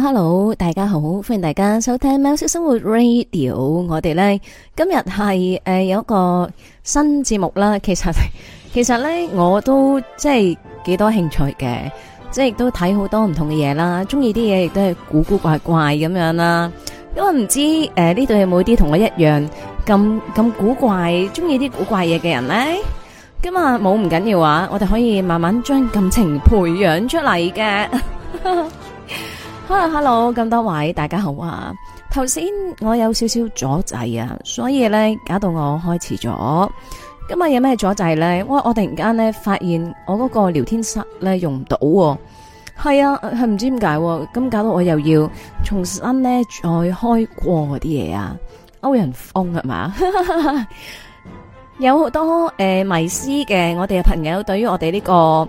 Hello，大家好，歡迎大家收聽《喵式生活 Radio》。我哋呢今日係誒有一個新節目啦。其實其實呢，我都即係幾多興趣嘅，即係都睇好多唔同嘅嘢啦。中意啲嘢亦都係古古怪怪咁樣啦，啊。因為唔知誒呢度有冇啲同我一樣咁咁古怪，中意啲古怪嘢嘅人呢？今日冇唔緊要啊，我哋可以慢慢將感情培養出嚟嘅。 Hello，Hello，咁多位大家好啊！頭先我有少少阻滯啊，所以咧，搞到我開遲咗。今日有咩阻滯咧？我我突然間咧發現我嗰個聊天室咧用唔到，係啊，係唔知點解？咁搞到我又要重新咧再開過啲嘢啊！歐人風係嘛？ 有好多誒、呃、迷思嘅，我哋嘅朋友對於我哋呢、呢個。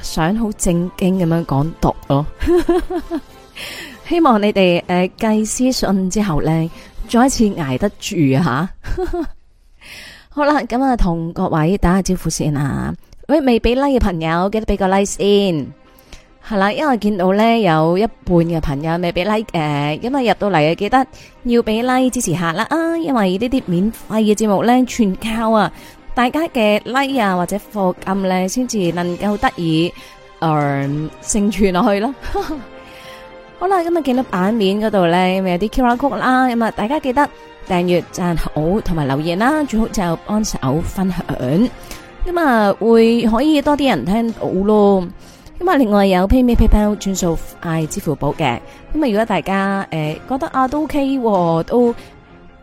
想好正經咁樣講讀咯， 希望你哋誒計私信之後咧，再一次捱得住吓。啊、 好啦，咁啊同各位打下招呼先啊！喂，未俾 like 嘅朋友記得俾個 like 先，係啦，因為見到咧有一半嘅朋友未俾 like 誒，咁啊入到嚟啊記得要俾 like 支持下啦啊，因為呢啲免費嘅節目咧全靠啊。大家嘅 like 啊或者課金咧，先至能夠得以誒生存落去咯。好啦，咁啊見到版面嗰度咧，咪有啲 QR code 啦。咁啊，大家記得訂閱、讚好同埋留言啦，最好就幫手分享，咁啊會可以多啲人聽到咯。咁啊，另外有 PayMe、PayPal 轉數係支付寶嘅。咁啊，如果大家誒覺得啊都 OK 喎，都。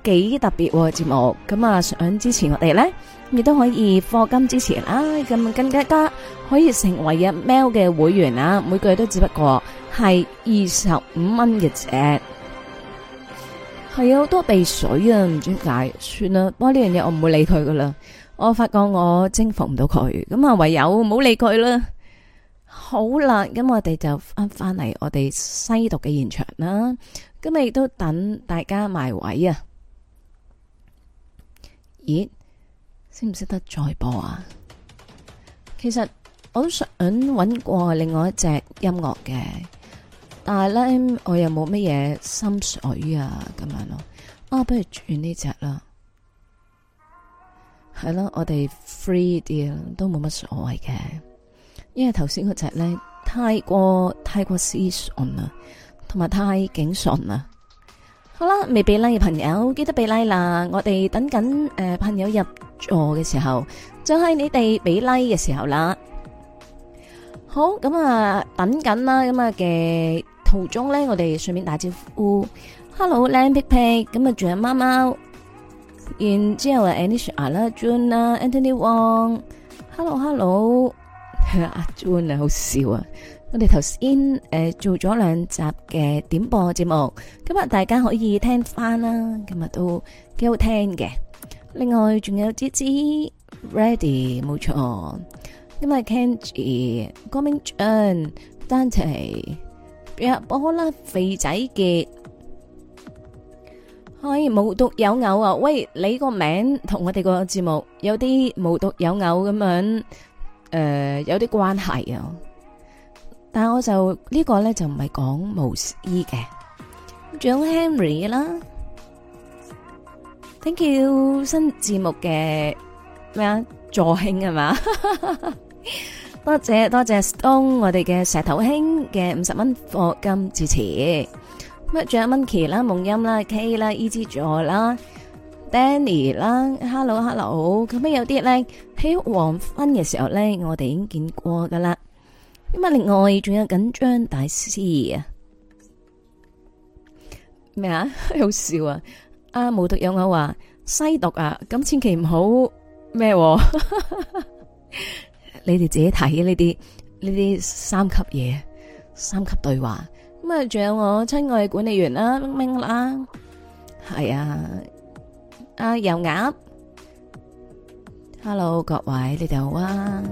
幾特別節目咁啊！想支持我哋呢，亦都可以課金支持啦。咁更加加可以成為一 mail 嘅會員啦。每個月都只不過係二十五蚊嘅啫。係有好多鼻水啊！唔知點解，算啦，不過呢樣嘢我唔會理佢噶啦。我發覺我征服唔到佢，咁啊，唯有唔好理佢啦。好啦，咁我哋就翻翻嚟我哋西毒嘅現場啦。咁亦都等大家埋位啊！咦，識唔識得再播啊？其實我都想搵過另外一隻音樂嘅，但係呢，我又冇乜嘢心水啊，咁樣咯。啊，不如轉呢隻啦，係咯，我哋 free 啲都冇乜所謂嘅，因為頭先嗰隻呢，太過太過絲順啦，同埋太緊順啦。好啦，未俾 like 嘅朋友記得俾 like 啦！我哋等緊，呃，朋友入座嘅時候，就係你哋俾 like 嘅時候啦。好，咁啊，等緊啦，咁啊嘅途中咧，我哋順便打招呼。Hello，靚皮皮，咁啊，仲有貓貓，然之後啊，Anisha 啦 June 啦 Anthony Wong，Hello，Hello，阿 June 啊，Wong, Hello, Hello 啊 June，好笑啊！我哋頭先誒做咗兩集嘅點播節目，今日大家可以聽返啦。今日都幾好聽嘅。另外仲有 Gigiready，冇錯，今日 Kenji 郭明俊 Dante 入波啦，肥仔杰，係無獨有偶啊！喂，你個名同我哋個節目有啲無獨有偶咁樣誒，有啲關係啊！但係我就呢個咧就唔係講毛衣嘅，仲有 Henry 啦，點叫新字幕嘅咩啊？助興係嘛？多謝多謝 Stone 我哋嘅石頭兄嘅五十蚊貨金支持，咁仲有 Monkey 啦、夢音啦、K 啦、E 字座啦、Danny 啦、Hello Hello 好，咁樣有啲咧喺黃昏嘅時候咧，我哋已經見過噶啦。咁啊！另外仲有緊張大師啊，咩啊？好笑啊！阿、啊、無獨有偶話、啊、西毒啊，咁千祈唔好咩？咩啊、 你哋自己睇呢啲呢啲三級嘢，三級對話。咁啊，仲有我親愛嘅管理員啦、啊，明明啦，係啊，啊，油鴨，hello 各位，你哋好啊，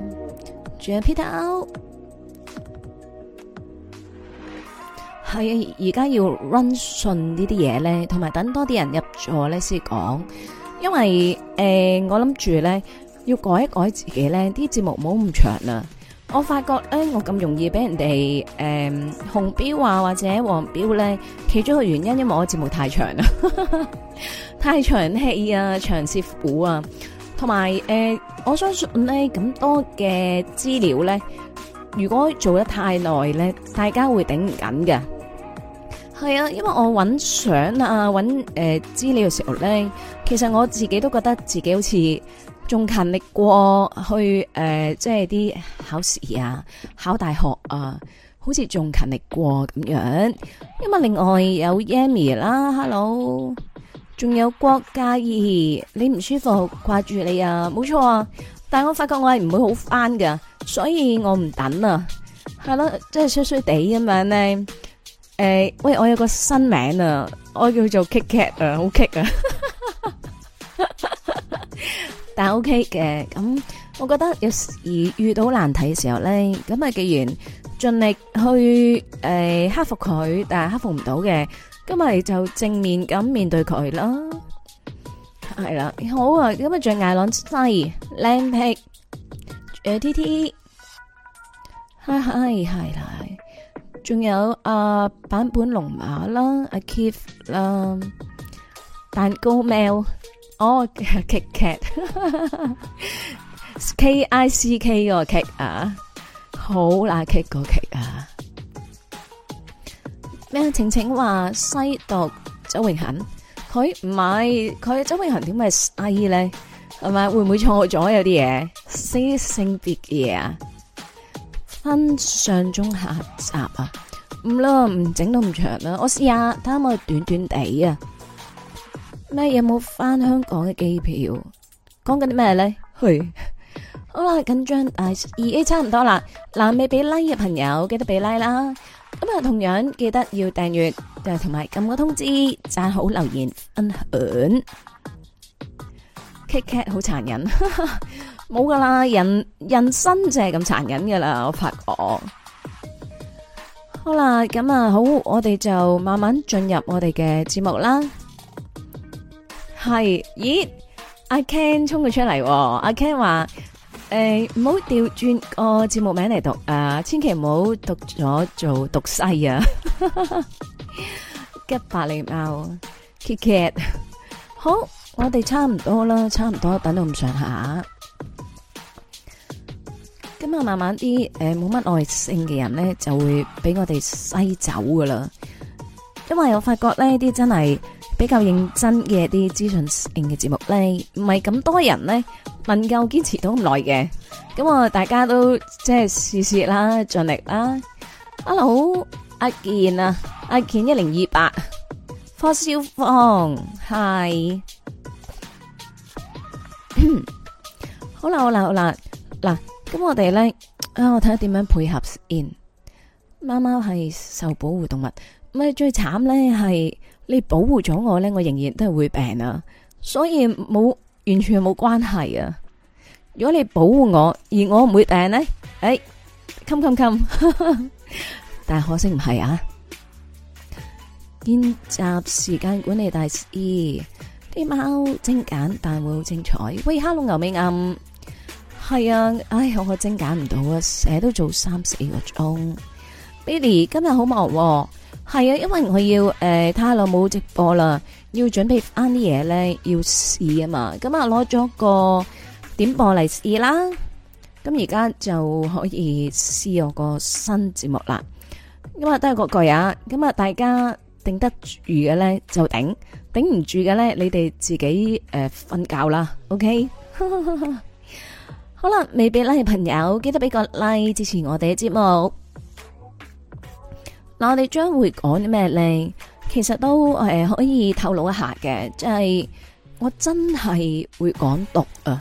仲有 Peter。係而家要 run 信呢啲嘢咧，同埋等多啲人入座咧先講。因為誒，我諗住咧要改一改自己咧，啲節目唔好咁長啦。我發覺咧，我咁容易俾人哋誒紅標啊，或者黃標咧，其中一個原因，因為我節目太長啦，太長氣啊，長舌婦啊，同埋誒，我相信咧咁多嘅資料咧，如果做得太耐咧，大家會頂唔緊嘅。係啊，因為我揾相啊，揾誒、呃、資料嘅時候咧，其實我自己都覺得自己好似仲勤力過去誒、呃，即係啲考試啊，考大學啊，好似仲勤力過咁樣。因為另外有 Yammy 啦，Hello，仲有郭嘉怡，你唔舒服掛住你啊，冇錯啊。但係我發覺我係唔會好返㗎，所以我唔等啊，係咯，即係衰衰地咁樣咧。誒，喂！我有個新名啊，我叫做 Kick Cat 啊，好 kick 啊，但係 OK 嘅。咁我覺得有時遇到難題嘅時候咧，咁啊，既然盡力去誒克服佢，但係克服唔到嘅，咁咪就正面咁面對佢啦。係啦，好啊！咁啊，James 朗西，靚皮，T T，嗨嗨嗨嗨。仲有、啊、版本龍馬啦，阿 Keith 啦，蛋糕喵，哦，cake cat，K、啊、I C K 個 c a k 啊，好啦 cake 個 c k 啊。咩、啊、晴晴話西毒周永恒，佢唔係佢周永恒點解係西咧？係咪會唔會錯咗有啲嘢？啲性別嘢啊！上中下集啊，唔咯唔整都唔長啦、啊，我試下睇下我短短地啊，咩有冇翻香港嘅機票？講緊啲咩咧？去好啦，緊張大二 A 差唔多啦，嗱未俾拉嘅朋友，記得俾 like 啦。咁啊，同樣記得要訂閱，誒，同埋撳個通知，讚好留言，嗯，嗯，Kit Kat 好殘忍。 冇噶啦，人人生就係咁殘忍噶啦，我發覺。我好啦，咁啊，好，我哋就慢慢進入我哋嘅節目啦。係，咦，阿 Ken 衝佢出嚟，阿 Ken 話，誒，唔好調轉個節目名嚟讀啊、呃，千祈唔好讀咗做讀西啊，呵呵吉百利貓 KitKat 好，我哋差唔多啦，差唔多，等到唔上下。咁啊，慢慢啲誒，冇乜耐性嘅人咧，就會俾我哋西走噶啦。因為我發覺咧，啲真係比較認真嘅啲資訊型嘅節目咧，唔係咁多人咧，能夠堅持到咁耐嘅。咁啊，大家都即係試試啦，盡力啦。Hello，阿健啊，阿健一零二八，柯少芳，係，好啦，好啦，好啦，嗱。咁我哋咧啊，我睇下點樣配合、S。in 貓貓係受保護動物，咪最慘咧係你保護咗我咧，我仍然都係會病啊！所以冇完全冇關係啊！如果你保護我而我唔會病咧，哎、欸、，come come come， 但係可惜唔係啊見習時間管理大師，啲貓精簡但會好精彩，喂哈龍牛尾暗。係啊，唉，我真揀唔到啊，成日都做三四個鐘。Biddy 今日好忙，係啊，因為我要誒太耐冇直播啦，要準備翻啲嘢咧，要試啊嘛。咁啊，攞咗個點播嚟試啦。咁而家就可以試我個新節目啦。今日都係嗰句啊，咁啊，大家頂得住嘅咧就頂，頂唔住嘅咧你哋自己誒瞓覺啦。OK。好啦，未俾拉嘅朋友，記得俾個 like 支持我哋嘅節目。嗱，我哋將會講啲咩咧？其實都誒可以透露一下嘅，即係我真係會講毒啊！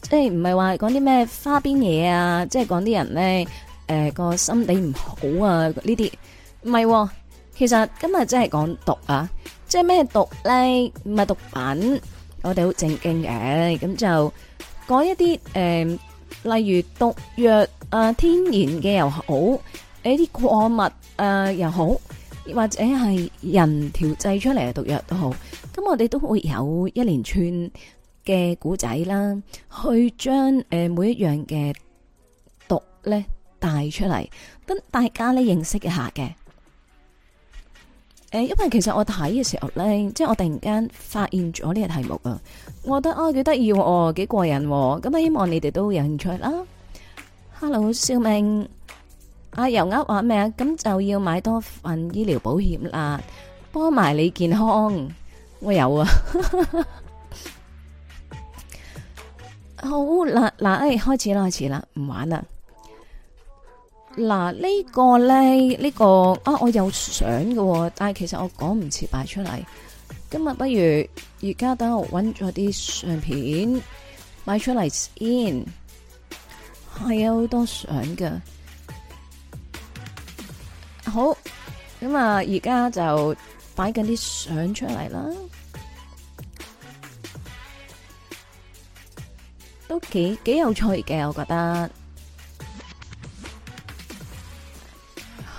即係唔係話講啲咩花邊嘢啊，即係講啲人咧誒個心地唔好啊呢啲，唔係。其實今日真係講毒啊，即係咩毒咧？唔係毒品，我哋好正經嘅，咁就。講一啲誒、呃，例如毒藥啊，天然嘅又好，一啲礦物誒又、啊、好，或者係人調製出嚟嘅毒藥都好，咁我哋都會有一連串嘅古仔啦，去將誒、呃、每一樣嘅毒咧帶出嚟，等大家咧認識一下嘅。.誒，因為其實我睇嘅時候咧，即係我突然間發現咗呢個題目啊，我覺得哦幾得意哦，幾過癮，哦，咁、嗯、啊希望你哋都有興趣啦。Hello，少明，阿油鴨話咩啊？咁就要買多份醫療保險啦，幫埋你健康。我有啊， 好，嗱嗱，誒、欸，開始啦，開始啦，唔玩啦。嗱，這個呢，這個咧，呢個啊，我有相嘅，但係其實我趕唔切擺出嚟。今日不如而家等我搵咗啲相片擺出嚟先，係、啊、有好多相噶。好，咁啊，而家就擺緊啲相出嚟啦，都幾幾有趣嘅，我覺得。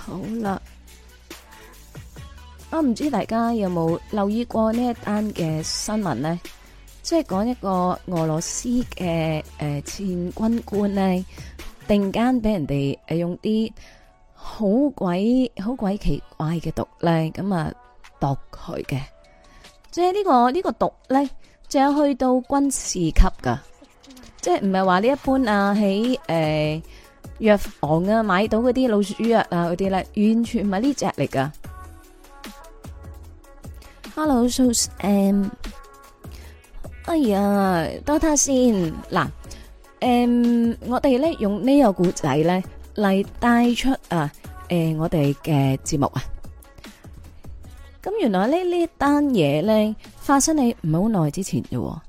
好啦，我唔知大家有冇留意過呢一單嘅新聞呢，即係講一個俄羅斯嘅誒前軍官呢，突然間俾人哋誒用啲好鬼好鬼奇怪嘅毒呢，咁啊毒佢嘅，即係呢個呢個毒呢，仲有去到軍事級㗎，即係唔係話呢一般啊喺誒。藥房啊，買到嗰啲老鼠藥啊，嗰啲咧，完全唔係呢隻嚟噶。Hello，so，誒、um,，哎呀，等我睇下先嗱，誒，um, 我哋咧用呢個故仔咧嚟帶出啊，誒、呃，我哋嘅節目啊。咁原來呢這件事呢單嘢咧發生喺唔係好耐之前嘅，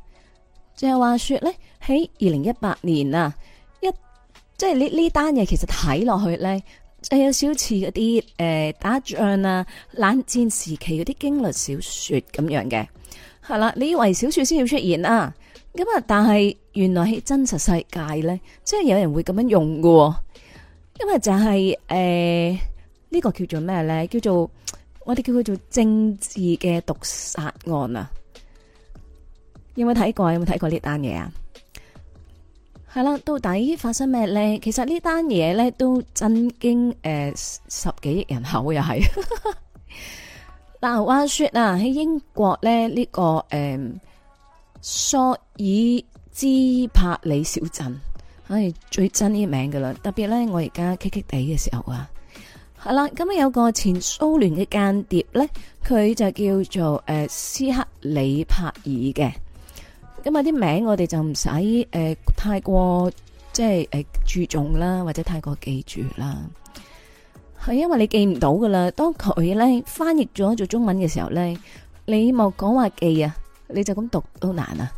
就係話說咧喺二零一八年啊。即係呢呢單嘢其實睇落去咧，有少似嗰啲誒打仗啊冷戰時期嗰啲驚慄小說咁樣嘅，係啦，你以為小說先要出現啊？咁啊，但係原來喺真實世界咧，即係有人會咁樣用喎。因為就係誒呢個叫做咩咧？叫做我哋叫佢做政治嘅毒殺案啊！有冇睇過？有冇睇過呢單嘢啊？係啦，到底發生咩咧？其實這呢單嘢咧都震驚誒、呃，十幾億人口又係。但係、 啊、話說啊，喺英國咧呢、這個誒、呃、索爾茲柏里小鎮，唉，最真啲名噶啦。特別咧，我而家揭揭地嘅時候啊，係啦，咁啊有個前蘇聯嘅間諜咧，佢就叫做誒、呃、斯克里帕爾嘅。因為啲名我哋就唔使誒太過即係誒、呃、注重啦，或者太過記住啦，係因為你記唔到噶啦。當佢咧翻譯咗做中文嘅時候咧，你莫講話記啊，你就咁讀都難啊。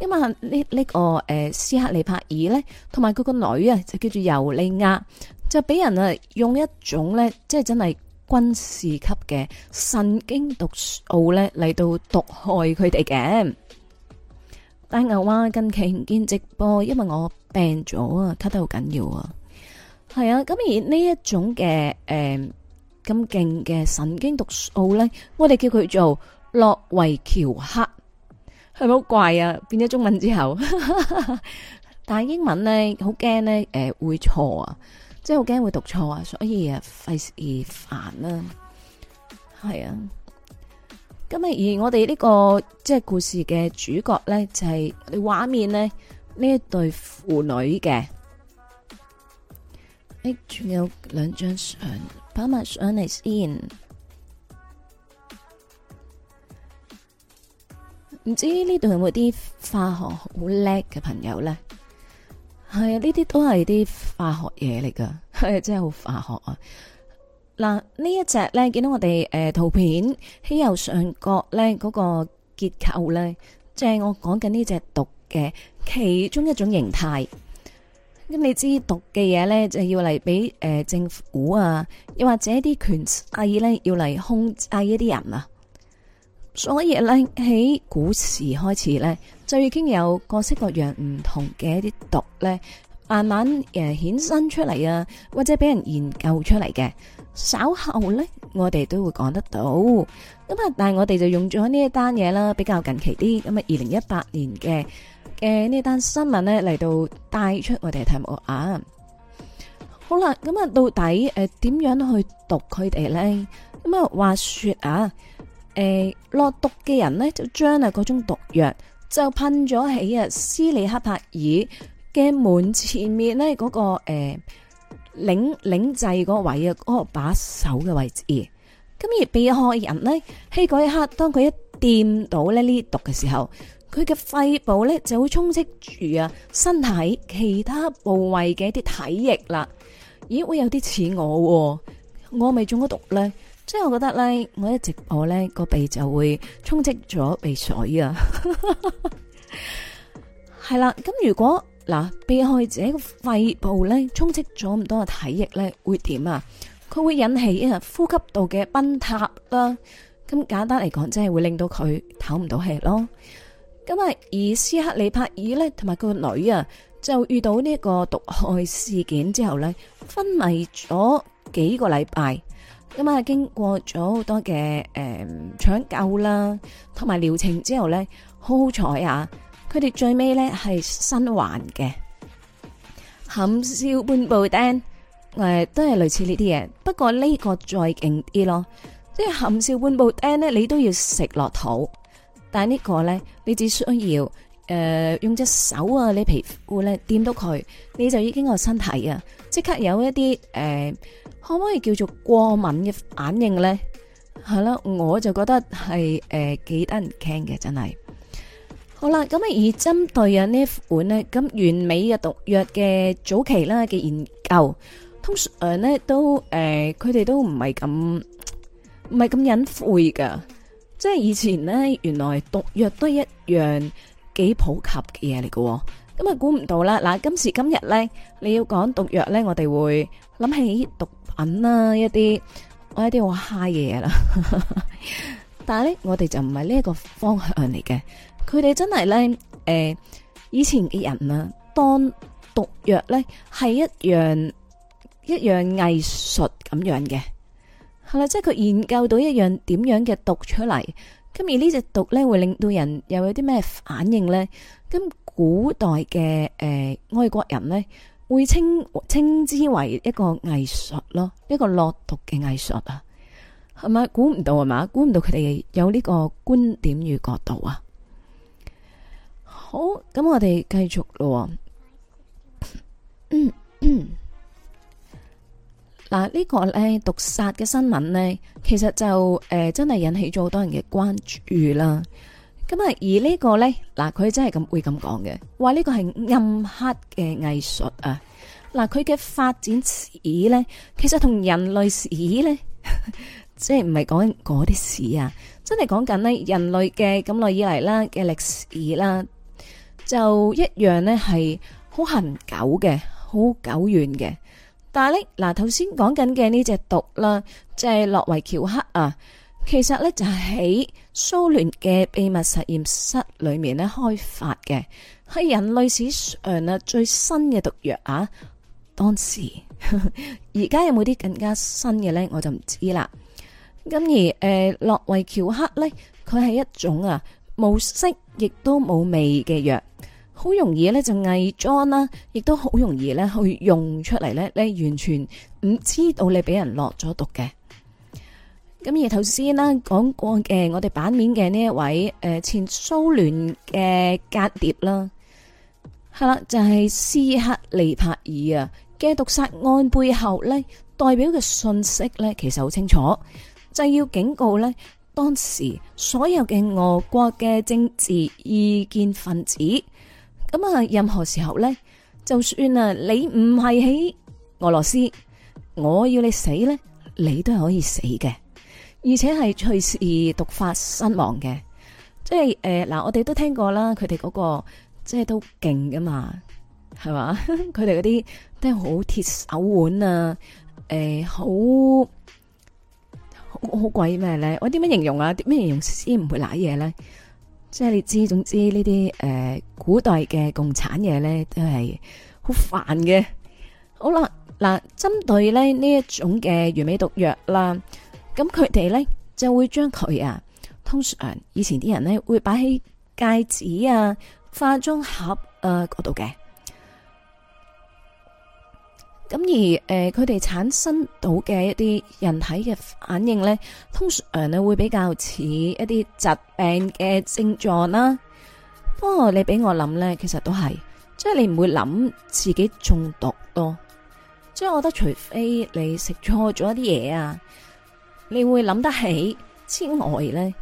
因為呢呢、呢個誒、呃、斯克里帕爾咧，同埋佢個女啊就叫做尤利婭，就俾人啊用一種咧即係真係軍事級嘅神經毒素咧嚟到毒害佢哋嘅。大牛蛙近期唔見直播，因為我病咗啊，咳得好緊要啊。係啊，咁而呢一種嘅誒咁勁嘅神經毒素咧，我哋叫佢做洛維喬克，係咪好怪啊？變咗中文之後， 但係英文咧好驚咧誒會錯啊，即係好驚會讀錯啊，所以啊費事而煩啊，係啊。咁啊！而我哋呢、這個即係故事嘅主角咧，就係、你、畫面咧呢一對婦女嘅。誒，仲有兩張相，擺埋上嚟先。唔知呢度有冇啲化學好叻嘅朋友咧？係啊，呢啲都係啲化學嘢嚟噶，係真係好化學啊！嗱，呢一隻咧見到我哋誒、呃、圖片喺右上角咧嗰、那個結構咧，即、就、係、是、我講緊呢隻毒嘅其中一種形態。咁你知毒嘅嘢咧，就要嚟俾誒政府啊，又或者啲權勢咧要嚟控制一啲人啊。所以咧喺古時開始咧，就已經有各式各樣唔同嘅一啲毒咧，慢慢誒衍生出嚟啊，或者俾人研究出嚟嘅。稍後咧，我哋都會講得到。咁啊，但係我哋就用咗呢一單嘢啦，比較近期啲。咁啊，二零一八年嘅嘅呢單新聞咧，嚟到帶出我哋嘅題目啊。好啦，咁、嗯、啊，到底誒點、呃、樣去讀佢哋咧？咁、嗯、啊，話說啊，誒、呃、落毒嘅人呢，就將啊嗰種毒藥就噴咗喺啊斯里克帕爾嘅門前面咧嗰、那個誒。呃領領制嗰位啊，嗰個把手嘅位置，咁而被害人呢，喺嗰一刻，當佢一掂到呢啲毒嘅時候，佢嘅肺部呢就會充斥住啊身體其他部位嘅一啲體液啦，咦，會有啲似我、哦，我未中咗毒呢。即係我覺得呢，我一直我呢個鼻就會充斥咗鼻水啊，係 啦，咁如果。嗱，被害者嘅肺部咧，充斥咗咁多嘅體液咧，會點啊？佢會引起啊呼吸道嘅崩塌啦。咁簡單嚟講，真係會令到佢唞唔到氣咯。咁啊，而斯克里帕爾咧同埋佢個女啊，就遇到呢個毒害事件之後咧，昏迷咗幾個禮拜。咁啊，經過咗好多嘅誒、呃、搶救啦，同埋療程之後咧，好好彩啊！佢哋最尾咧係生還嘅。含笑半步釘，誒、呃、都係類似呢啲嘢，不過呢個再勁啲咯，即係含笑半步釘咧，你都要食落肚。但係呢個咧，你只需要誒、呃、用隻手啊，你皮膚咧掂到佢，你就已經個身體啊即刻有一啲誒、呃、可唔可以叫做過敏嘅反應咧？係咯，我就覺得係誒幾得人驚嘅，真係。好啦，咁啊，而針對啊呢一款咧，咁完美嘅毒藥嘅早期啦嘅研究，通常咧都誒，佢、呃、哋都唔係咁唔係咁隱晦噶。即係以前咧，原來毒藥都一樣幾普及嘅嘢嚟嘅。咁啊，估唔到啦。嗱，今時今日咧，你要講毒藥咧，我哋會諗起毒品啦、啊，一啲我一啲好嗨嘢啦。但係咧，我哋 就唔係呢一個方向嚟嘅。佢哋真係咧，誒、欸，以前嘅人啊，當毒藥咧係一樣一樣藝術咁樣嘅，係啦，即係佢研究到一樣點樣嘅毒出嚟，咁而呢隻毒咧會令到人又有啲咩反應咧？咁古代嘅誒、欸、外國人咧會稱稱之為一個藝術咯，一個落毒嘅藝術啊，係咪？估唔到係嘛？估唔到佢哋有呢個觀點與角度啊！好，咁我哋繼續咯。嗱， 這個、呢個咧毒殺嘅新聞呢，其實就誒、呃、真係引起咗好多人嘅關注啦。咁啊，而呢個呢，嗱佢真係咁會咁講嘅，話呢個係暗黑嘅藝術啊。嗱，佢嘅發展史呢，其實同人類史呢， 即係唔係講緊嗰啲史啊，真係講緊呢人類嘅咁耐以嚟啦嘅歷史啦。就一樣呢係好恆久嘅，好久遠嘅。但係呢，嗱頭先講緊嘅呢隻毒啦，即係諾維喬克啊，其實呢，就喺蘇聯嘅秘密實驗室裏面呢開發嘅，係人類史上啊最新嘅毒藥啊。當時而家有冇啲更加新嘅呢？我就唔知啦。咁而誒諾維喬克呢，佢係一種啊無色亦都冇味嘅藥。好容易咧就偽裝啦，亦都好容易咧去用出嚟咧，完全唔知道你俾人落咗毒嘅。咁而頭先啦講過嘅，我哋版面嘅呢一位誒前蘇聯嘅間諜啦，係啦就係、是、斯克利帕爾啊嘅毒殺案背後呢，代表嘅信息呢，其實好清楚，就係要警告呢，當時所有嘅俄國嘅政治意見分子。咁啊，任何時候咧，就算啊，你唔係喺俄羅斯，我要你死咧，你都係可以死嘅，而且係隨時毒發身亡嘅。即係誒，嗱，呃，我哋都聽過啦，佢哋嗰個即係都勁噶嘛，係嘛？佢哋嗰啲都係好鐵手腕啊，誒，欸，好好鬼咩咧？我點樣形容啊？點咩形容先唔會瀨嘢咧？即係你知，總之呢啲誒古代嘅共產嘢咧，都係好煩嘅。好啦，嗱，針對咧呢一種嘅完美毒藥啦，咁佢哋咧就會將佢啊，通常以前啲人咧會擺喺戒指啊、化妝盒啊嗰度嘅。咁而誒，佢哋產生到嘅一啲人體嘅反應呢，通常咧會比較似一啲疾病嘅症狀啦。不過，你俾我諗呢，其實都係，即係你唔會諗自己中毒多。即係我覺得除非你食錯咗一啲嘢啊，你會諗得起之外呢，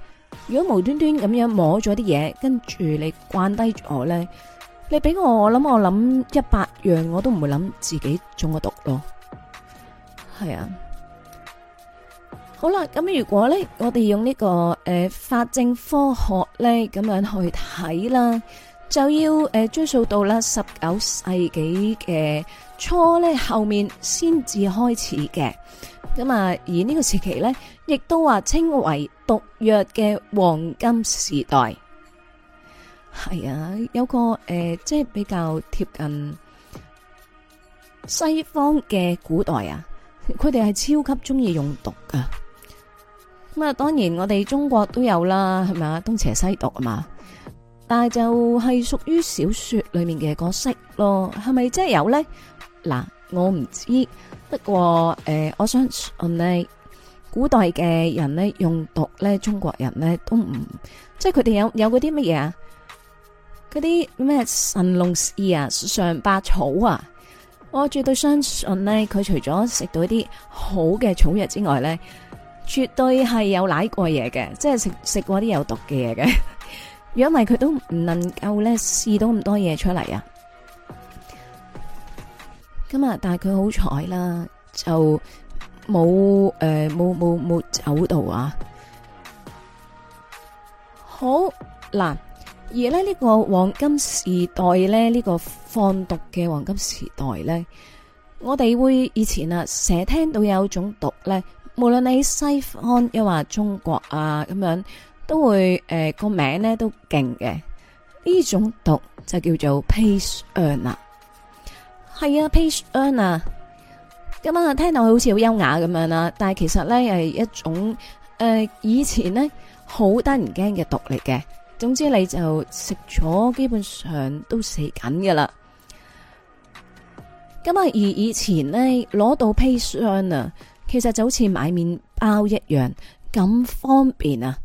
如果無端端咁樣摸咗啲嘢，跟住你慣低咗呢你俾我，我諗我諗一百樣，我都唔會諗自己中咗毒咯。係啊，好啦，咁如果呢、這個，我哋用呢個誒法證科學呢咁樣去睇啦，就要誒、呃，追溯到啦十九世紀嘅初呢後面先至開始嘅，咁啊而呢個時期呢，亦都話稱為毒藥嘅黃金時代。係啊，有個誒、呃，即係比較貼近西方嘅古代啊。佢哋係超級中意用毒噶。咁、嗯、啊，當然我哋中國都有啦，係咪啊？東邪西毒啊嘛。但係就係屬於小說裏面嘅角色咯。係咪即係有呢？嗱，我唔知道。不過誒、呃，我想問，古代嘅人呢，用毒呢，中國人呢，都唔即係佢哋有有嗰啲乜嘢啊？嗰啲咩神農氏啊、嘗百草啊，我絕對相信呢。佢除咗食到一啲好嘅草藥之外呢，絕對係有舐過嘢嘅，即係食食過啲有毒嘅嘢嘅，如果唔係，佢都唔能夠呢試到咁多嘢出嚟啊！今日但係佢好彩啦，就冇誒冇冇冇走到啊！好嗱。而呢呢、呢個黃金時代咧，呢、呢個放毒嘅黃金時代咧，我哋會以前啊，成日聽到有一種毒咧，無論你喺西方又話中國啊咁樣，都會誒個、呃、名咧都勁嘅。呢種毒就叫做砒霜啦係啊砒霜啊，咁、e、啊聽到好似好優雅咁樣啦，但係其實咧係一種誒、呃、以前呢好得人驚嘅毒嚟嘅。總之你就食咗，基本上都死緊㗎啦。咁啊，而以前呢，攞到砒霜啊，其實就好似買麵包一樣咁方便啊。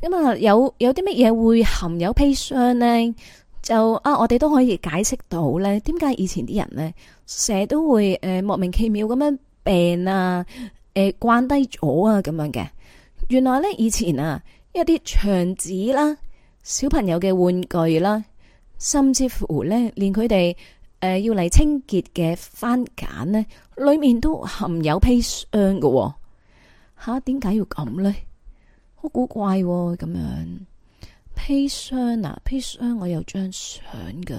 咁、嗯、啊，有有啲乜嘢會含有砒霜呢？就啊，我哋都可以解釋到呢點解以前啲人呢，成日都會誒、呃、莫名其妙咁樣病啊，誒、呃、瓜低咗啊咁樣嘅。原來呢，以前啊一啲牆紙啦。小朋友嘅玩具啦，甚至乎咧，連佢哋誒要嚟清潔嘅番梘咧，裏面都含有砒霜嘅吓。點解、哦啊、要咁咧？好古怪咁、哦、樣砒霜啊！砒霜，我有張相噶，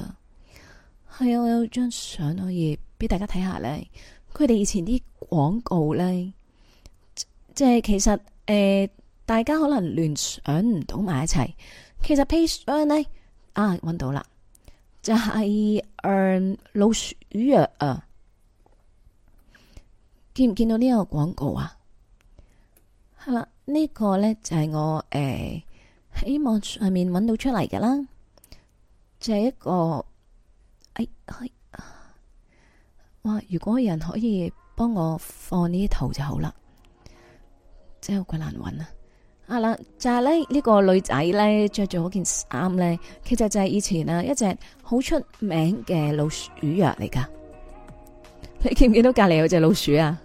係啊，我有張相可以俾大家睇下咧。佢哋以前啲廣告咧，即係其實誒、呃，大家可能聯想唔到埋一齊。其實砒霜咧啊，揾到啦，就係，誒老鼠藥啊，見唔見到呢個廣告啊？係啦，呢個咧就係我誒喺網上面揾到出嚟噶啦，就係一個誒，哇、哎哎！如果有人可以幫我放呢啲圖就好啦，真係好鬼難揾啊！係啦、嗯，就係咧呢個女仔咧着住件衫咧，其實就係以前啊一隻好出名嘅老鼠藥嚟噶。你見唔見到隔籬有隻老鼠啊？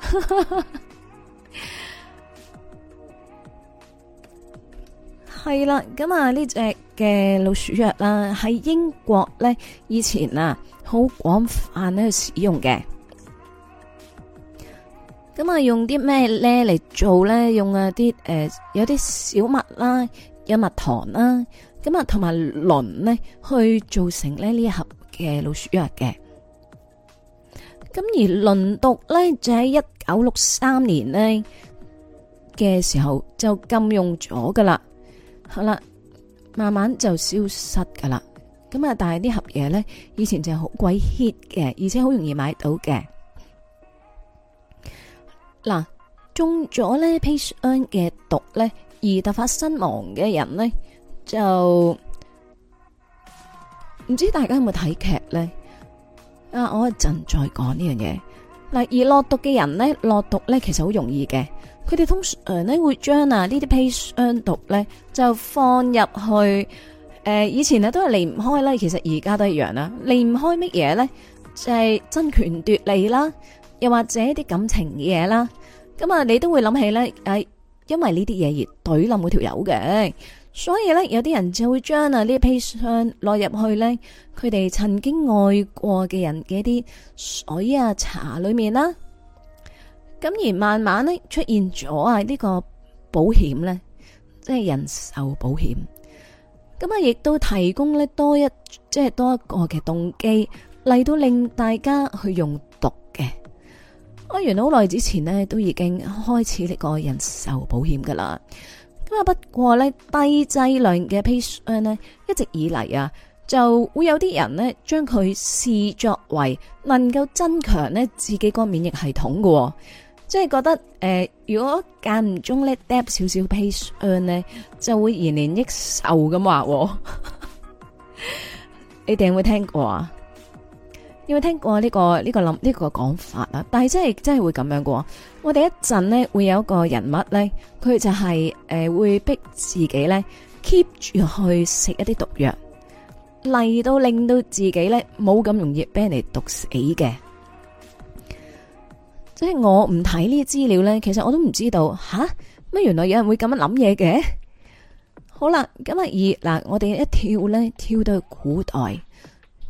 係 啦，咁啊呢隻嘅老鼠藥啦，喺英國咧以前啊好廣泛咧使用嘅。咁啊，用啲咩咧嚟做咧？用啊啲誒，有啲小麥啦，有蜜糖啦，咁啊，同埋磷咧去做成咧呢一盒嘅老鼠藥嘅。咁而磷毒咧，就喺一九六三年咧嘅時候就禁用咗噶啦，好啦，慢慢就消失噶啦。咁啊，但係呢盒嘢咧，以前就係好鬼 hit 嘅，而且好容易買到嘅。嗱，中咗呢砒霜嘅毒呢，而突發身亡嘅人呢，就唔知大家有冇睇劇呢？啊，我一陣再講呢樣嘢。嗱，而落毒嘅人呢，落毒呢其實好容易嘅，佢哋通常誒，你會將啊呢啲砒霜毒呢就放入去誒、呃，以前呢都係離唔開啦，其實而家都一樣啦，離唔開乜嘢呢？就係、是、爭權奪利啦。又或者啲感情嘅嘢啦，咁啊你都會諗起咧，誒、哎，因為呢啲嘢而懟冧嗰條友嘅，所以咧有啲人就會將啊呢批霜落入去咧，佢哋曾經愛過嘅人嘅一啲水啊茶裏面啦，咁而慢慢咧出現咗啊呢個保險咧，即係人壽保險，咁啊亦都提供咧多一即係多一個嘅動機嚟到令大家去用。我完好耐之前咧，都已經開始呢個人壽保險噶啦。咁啊，不過咧低劑量嘅砒霜咧，一直以嚟，啊，就會有啲人咧將佢視作為能夠增強咧自己個免疫系統喎、哦。即係覺得誒、呃，如果間唔中咧嗒少少砒霜咧，就會延年益壽咁話。 你哋有冇聽過啊？有冇聽過呢、呢個呢、呢個諗呢、呢個講法啊？但係真係真係會咁樣嘅。我哋一陣呢，會有一個人物呢，佢就係誒會逼自己呢 keep 住去食一啲毒藥，嚟到令到自己呢冇咁容易俾人嚟毒死嘅。即係我唔睇呢啲資料呢，其實我都唔知道吓？乜原來有人會咁樣諗嘢嘅。好啦，咁日二嗱，我哋一跳呢，跳到去古代。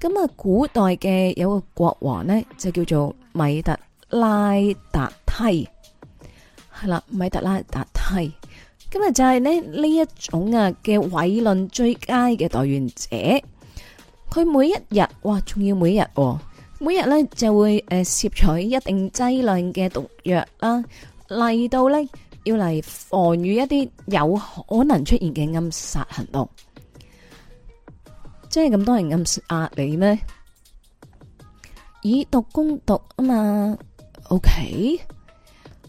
咁啊，古代嘅有個國王咧，就叫做米特拉達梯，係啦，米特拉達梯，今日就係咧呢一種啊嘅偉論最佳嘅代言者。佢每一日，哇，仲要每日，每日咧就會誒攝取一定劑量嘅毒藥啦，嚟到咧要嚟防御一啲有可能出現嘅暗殺行動。即係咁多人暗殺你咧，以毒攻毒啊嘛。OK，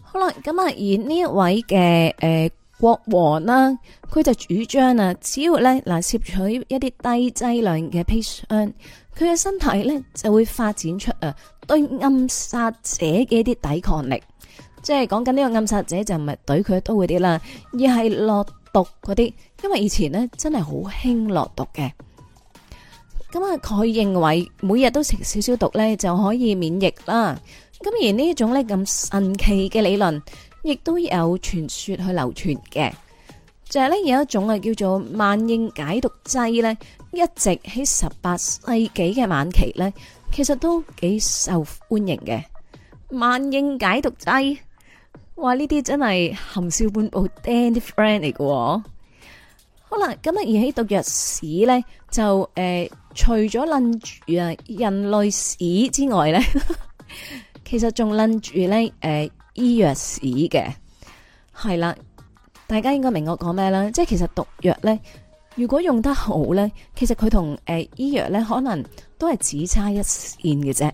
好啦，咁、呃、啊，而呢一位嘅誒國王啦，佢就主張啊，只要咧嗱攝取一啲低劑量嘅砒霜，佢嘅身體咧就會發展出啊對暗殺者嘅一啲抵抗力。即係講緊呢個暗殺者就唔係懟佢都會啲啦，而係落毒嗰啲，因為以前咧真係好興落毒嘅。咁啊，佢認為每日都食少少毒咧就可以免疫啦。咁而呢一種咧咁神奇嘅理論，亦都有傳說去流傳嘅。就係咧有一種啊叫做萬應解毒劑咧，一直喺十八世紀嘅晚期咧，其實都幾受歡迎嘅。萬應解毒劑，話呢啲真係含笑半步癲啲 friend 嚟嘅。好啦，咁啊而喺毒藥史咧就誒。除咗攣住啊人類史之外咧，其實仲攣住咧誒、呃、醫藥史嘅，係啦，大家應該明白我講咩啦？即係其實毒藥咧，如果用得好咧，其實佢同誒醫藥咧，可能都係只差一線嘅啫。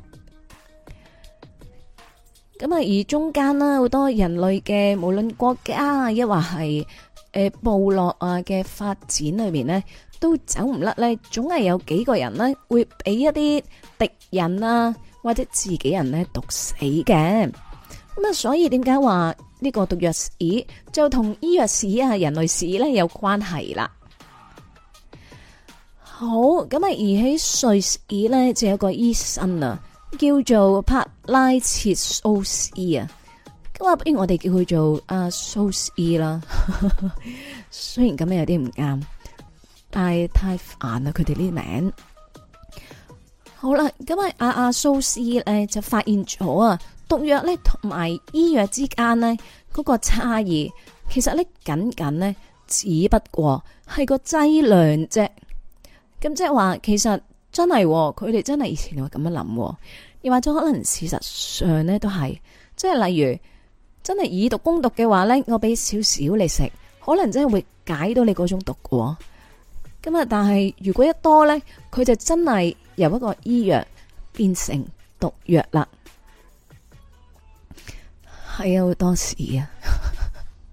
咁啊，而中間啦，好多人類嘅無論國家啊，抑或係誒部落啊嘅發展裏邊咧。都走唔甩咧，總係有幾個人咧會俾一啲敵人啊或者自己人咧毒死嘅。咁啊，所以點解話呢個毒藥史就同醫藥史啊人類史咧有關係啦？好，咁啊，而喺瑞士咧就有個醫生啊，叫做帕拉切蘇斯啊，咁啊不如我哋叫佢做啊蘇斯啦，雖然咁樣有啲唔啱。太太煩啦！佢哋呢名字好啦，咁啊，阿阿蘇斯咧就發現咗啊，毒藥咧同埋醫藥之間咧嗰個差異，其實咧僅僅咧只不過係個劑量啫。咁即係話，其實真係佢哋真係以前會咁樣諗喎，又或者可能事實上咧都係，即係例如真係以毒攻毒嘅話咧，我俾少少你食，可能真係會解到你嗰種毒喎。咁啊！但係如果一多呢，佢就真係由一個醫藥變成毒藥啦。係啊，好多事啊。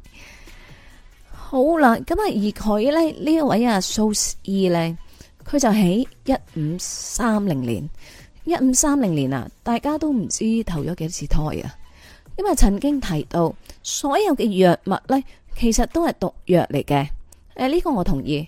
好啦，咁啊，而佢呢，呢一位啊蘇氏醫呢，佢就喺一五三零年，一五三零年啊，大家都唔知投咗幾多次胎啊。因為曾經提到所有嘅藥物呢，其實都係毒藥嚟嘅。誒，呢個我同意。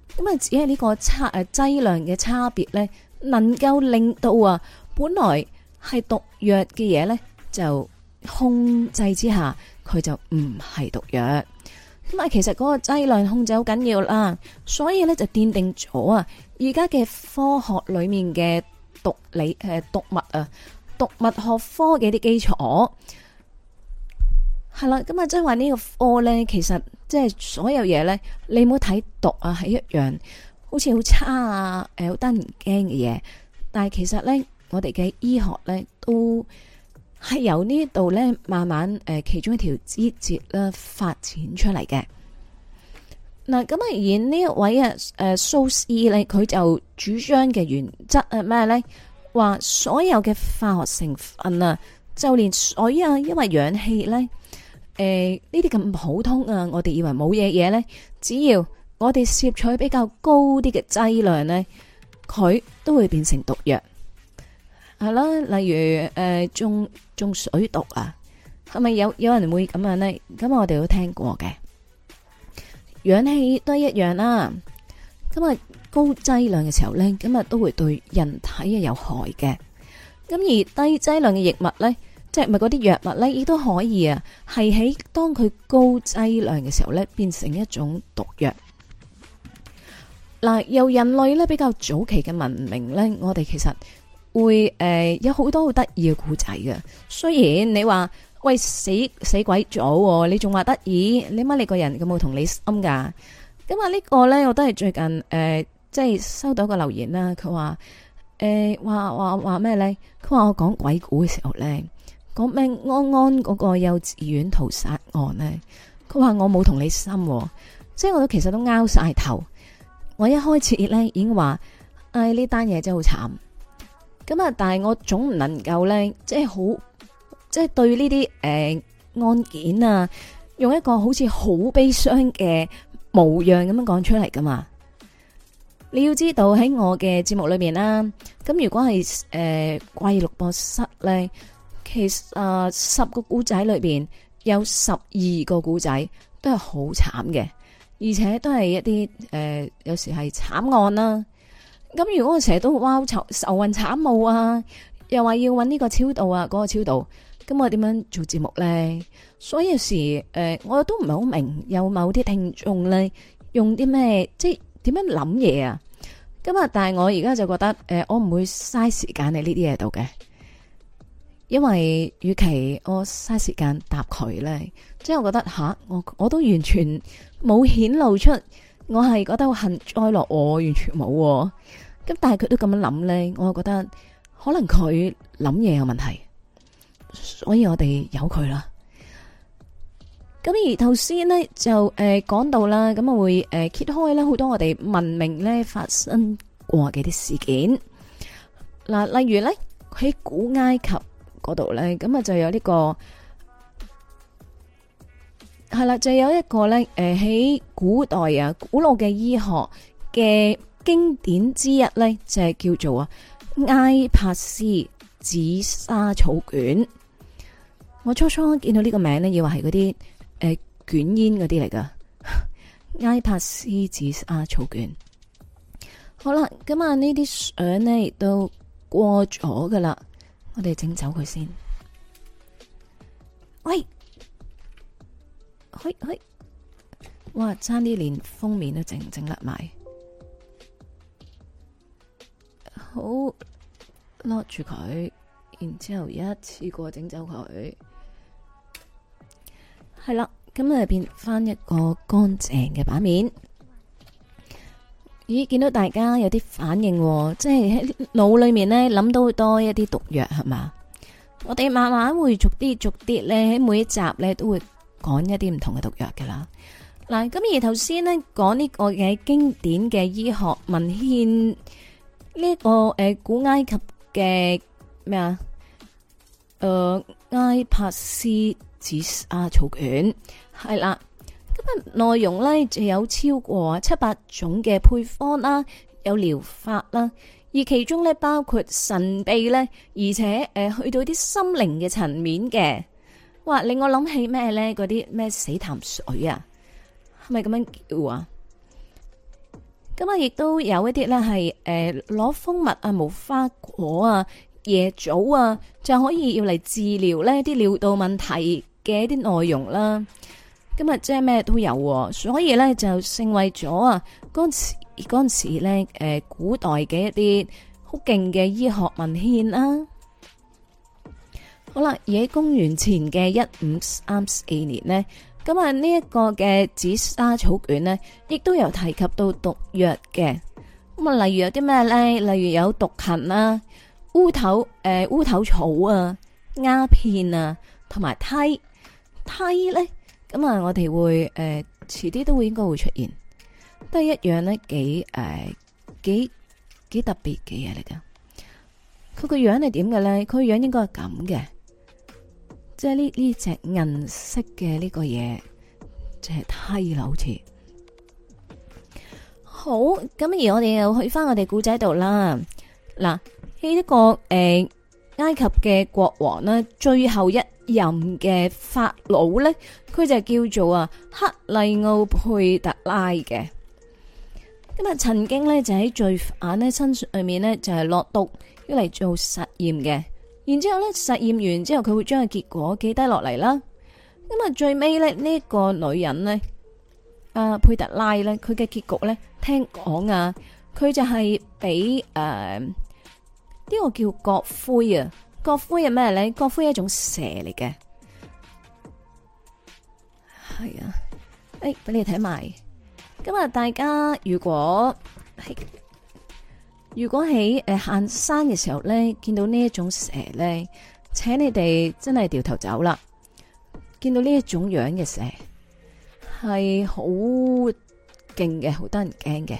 咁啊，只係呢個差誒，劑量嘅差別咧，能夠令到啊，本來係毒藥嘅嘢咧就控制之下佢就唔係毒藥。咁啊，其實嗰個劑量控制好緊要啦，所以咧就奠定咗啊，而家嘅科學裏面嘅毒理誒、毒物、啊、毒物學科嘅啲基礎。係啦，咁啊、嗯，即係話呢個科咧，其實即係所有嘢咧，你冇睇毒啊，係一樣好似好差啊，誒、呃，好得人驚嘅嘢。但係其實咧，我哋嘅醫學咧都係由呢度咧，慢慢誒、呃、其中一條枝節啦發展出嚟嘅。嗱、嗯、咁、嗯、啊，而呢一位啊誒蘇斯咧，佢、呃、就主張嘅原則係咩咧？話所有嘅化學成分啊，就連水啊，因為氧氣咧。誒，呢啲咁普通啊，我哋以為冇嘢嘢呢。只要我哋攝取比較高啲嘅劑量呢，佢都會變成毒藥，係咯？例如誒、呃，中中水毒啊，係咪有有人會咁樣呢？咁我哋都聽過嘅，氧氣都一樣啦。咁啊，高劑量嘅時候呢，咁啊都會對人體啊有害嘅。咁而低劑量嘅藥物呢。即係咪嗰啲藥物咧，亦都可以啊？係喺當佢高劑量嘅時候咧，變成一種毒藥嗱。由人類咧比較早期嘅文明咧，我哋其實會誒、呃、有好多好得意嘅古仔嘅。雖然你話喂，死死鬼咗，你仲，話得意你乜，你個人有冇同你心噶？咁啊？呢個咧我都係最近誒、呃，即係收到一個留言啦。佢話誒，話話話咩咧？佢、呃、話我講鬼故嘅時候咧。講咩安安嗰個幼稚園屠殺案呢，佢話我冇同你心，啊，即係我都其實都拗晒頭。我一開始咧已經話：唉、哎，呢單嘢真係好慘咁啊！但係我總唔能夠呢，即係好即係對呢啲誒案件啊，用一個好似好悲傷嘅模樣咁樣講出嚟噶嘛？你要知道喺我嘅節目裏面啦，咁如果係誒貴錄播室呢其實啊，十個古仔裏邊有十二個古仔都係好慘嘅，而且都係一啲誒、呃，有時係慘案啦、啊。咁如果我成日都哇好愁，愁雲慘霧啊，又話要揾呢個超度啊，嗰、那個超度，咁我點樣做節目呢？所以有時誒、呃，我都唔係好明，有某啲聽眾咧用啲咩，即係點樣諗嘢啊？咁啊，但係我而家就覺得誒、呃，我唔會嘥時間喺呢啲嘢度嘅。因為與其我嘥時間答佢咧，即係我覺得吓，我我都完全冇顯露出我係覺得好幸災樂，我完全冇咁。但係佢都咁樣諗咧，我又覺得可能佢諗嘢有問題，所以我哋由佢啦。咁而頭先咧就誒講、呃、到啦，咁啊會誒揭開咧好多我哋文明咧發生過嘅啲事件嗱，例如咧喺古埃及。嗰度咧，咁啊就有呢、這個係啦，就有一個咧，誒、呃、喺古代啊，古老嘅醫學嘅經典之一咧，就係、是、叫做啊埃帕斯紫砂草卷。我初初見到呢個名咧，以為係嗰啲誒捲煙嗰啲嚟噶。 埃帕斯紫砂草卷，好啦，咁啊呢啲相呢，亦都過咗噶啦。我哋整走佢先。喂，喂喂，哇，差啲連封面都整整甩埋。好，攞住佢，然之後一次過整走佢。係啦，咁啊變翻一個乾淨嘅版面。咦，見到大家有啲反應，即係喺腦裏面呢，諗到多一啲毒藥係嘛？我哋慢慢會逐啲逐啲咧喺每一集咧都會講一啲唔同嘅毒藥噶啦。嗱，咁而頭先呢，講呢個嘅經典嘅醫學文獻，呢個誒、呃、古埃及嘅咩啊？誒、呃，埃帕斯紙莎草卷係啦。內容呢就有超過七八種嘅配方啦，有療法啦，而其中呢包括神秘呢，而且誒、呃、去到啲心靈嘅層面嘅，哇！令我諗起咩呢？嗰啲咩死潭水啊，係咪咁樣叫啊？咁啊，亦都有一啲呢係誒攞蜂蜜啊、無花果啊、椰棗啊，就可以用嚟治療呢啲尿道問題嘅一啲內容啦。今日即係咩都有，所以咧就成為咗啊。嗰陣嗰陣時咧，誒、呃，古代嘅一啲好勁嘅醫學文獻啦。好啦，而喺公元前嘅一五三四年呢，咁啊，呢一個嘅《紫砂草卷》呢，亦都有提及到毒藥嘅咁啊。例如有啲咩咧，例如有毒菌啦、啊、烏頭誒、烏、呃、頭草啊、鴉片啊，同埋梯梯咧。咁啊，我哋會誒，遲啲都會應該會出現，都係一樣咧，幾誒幾幾特別嘅嘢嚟噶。佢個樣係點嘅咧？佢個樣應該係咁嘅，即係呢呢隻銀色嘅呢個嘢，即係梯樓好似。好，咁而我哋又去翻我哋古仔度啦。嗱，呢一個誒、呃、埃及嘅國王呢，最後一任嘅法老呢，佢就叫做啊克利奧佩特拉嘅。咁啊，曾經呢，就喺罪犯咧身上面呢，就係、是、落毒要嚟做實驗嘅。然之後咧，實驗完之後佢會將個結果記低落嚟啦。咁啊，最尾呢，呢、這個女人呢，啊、呃、佩特拉呢，佢嘅結局呢，聽講啊，佢就係俾誒呢個叫國灰啊。國灰係咩咧？國灰係一種蛇嚟嘅，係啊！誒、哎，俾你睇埋。今日大家如果、哎、如果喺誒行山嘅時候咧，見到呢一種蛇咧，請你哋真係掉頭走啦！見到呢一種樣嘅蛇，係好勁嘅，好得人驚嘅。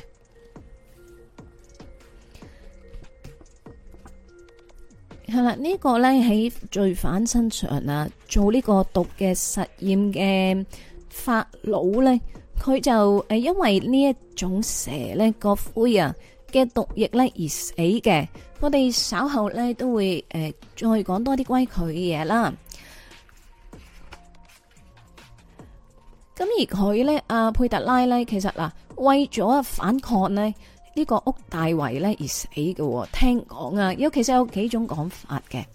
係啦，這個呢個咧喺罪犯身上啊，做呢個毒嘅實驗嘅法老咧，佢就誒因為呢一種蛇咧個灰啊嘅毒液咧而死嘅。我哋稍後咧都會誒、呃、再講多啲關於佢嘅嘢啦。咁而佢咧阿佩特拉咧，其實嗱為咗反抗呢。呢個屋大維呢而死嘅。聽講啊，尤其是有幾種講法嘅。呢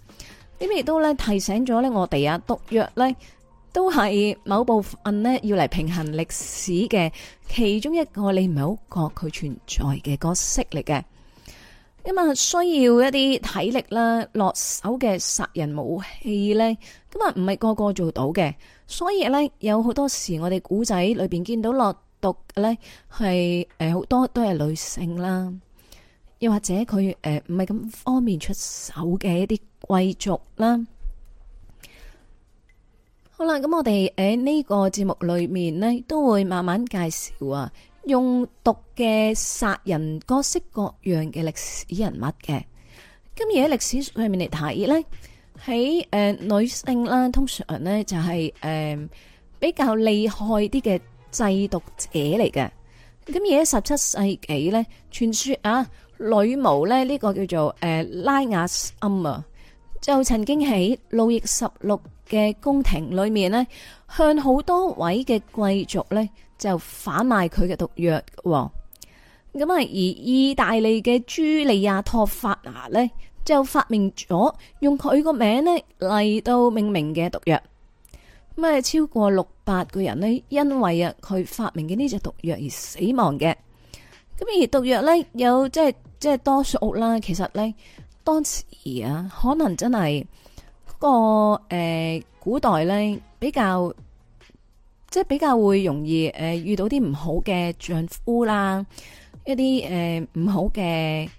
邊亦都咧提醒咗咧我哋啊，毒藥呢都係某部分呢要嚟平衡歷史嘅其中一個，你唔係好覺佢存在嘅角色嚟嘅。咁啊，需要一啲體力啦、落手嘅殺人武器呢。咁啊唔係個個做到嘅。所以呢，有好多時我哋古仔裏邊見到落，咧係誒，好多都係女性啦，又或者佢誒唔係咁方便出手嘅一啲貴族啦。好啦，咁我哋喺呢個節目裏面咧都會慢慢介紹啊，用毒嘅殺人各式各樣嘅歷史人物嘅。今日喺歷史上面嚟睇咧，喺誒女性啦，通常咧就係誒比較厲害啲嘅。製毒者嚟嘅，咁而喺十七世紀呢，傳說啊，女巫呢，呢、呢個叫做、呃、拉亞暗啊，就曾經喺路易十六嘅宮廷裏面呢，向好多位嘅貴族呢，就販賣佢嘅毒藥。咁啊，而意大利嘅朱莉亞托法牙呢，就發明咗用佢個名呢嚟到命名嘅毒藥。咁超過六百個人呢，因為啊，佢發明嘅呢隻毒藥而死亡嘅。咁而毒藥咧，有即係即係多數屋啦。其實咧，當時啊，可能真係、嗰個誒、呃、古代咧，比較即係比較會容易誒遇到啲唔好嘅丈夫啦，一啲誒唔好嘅，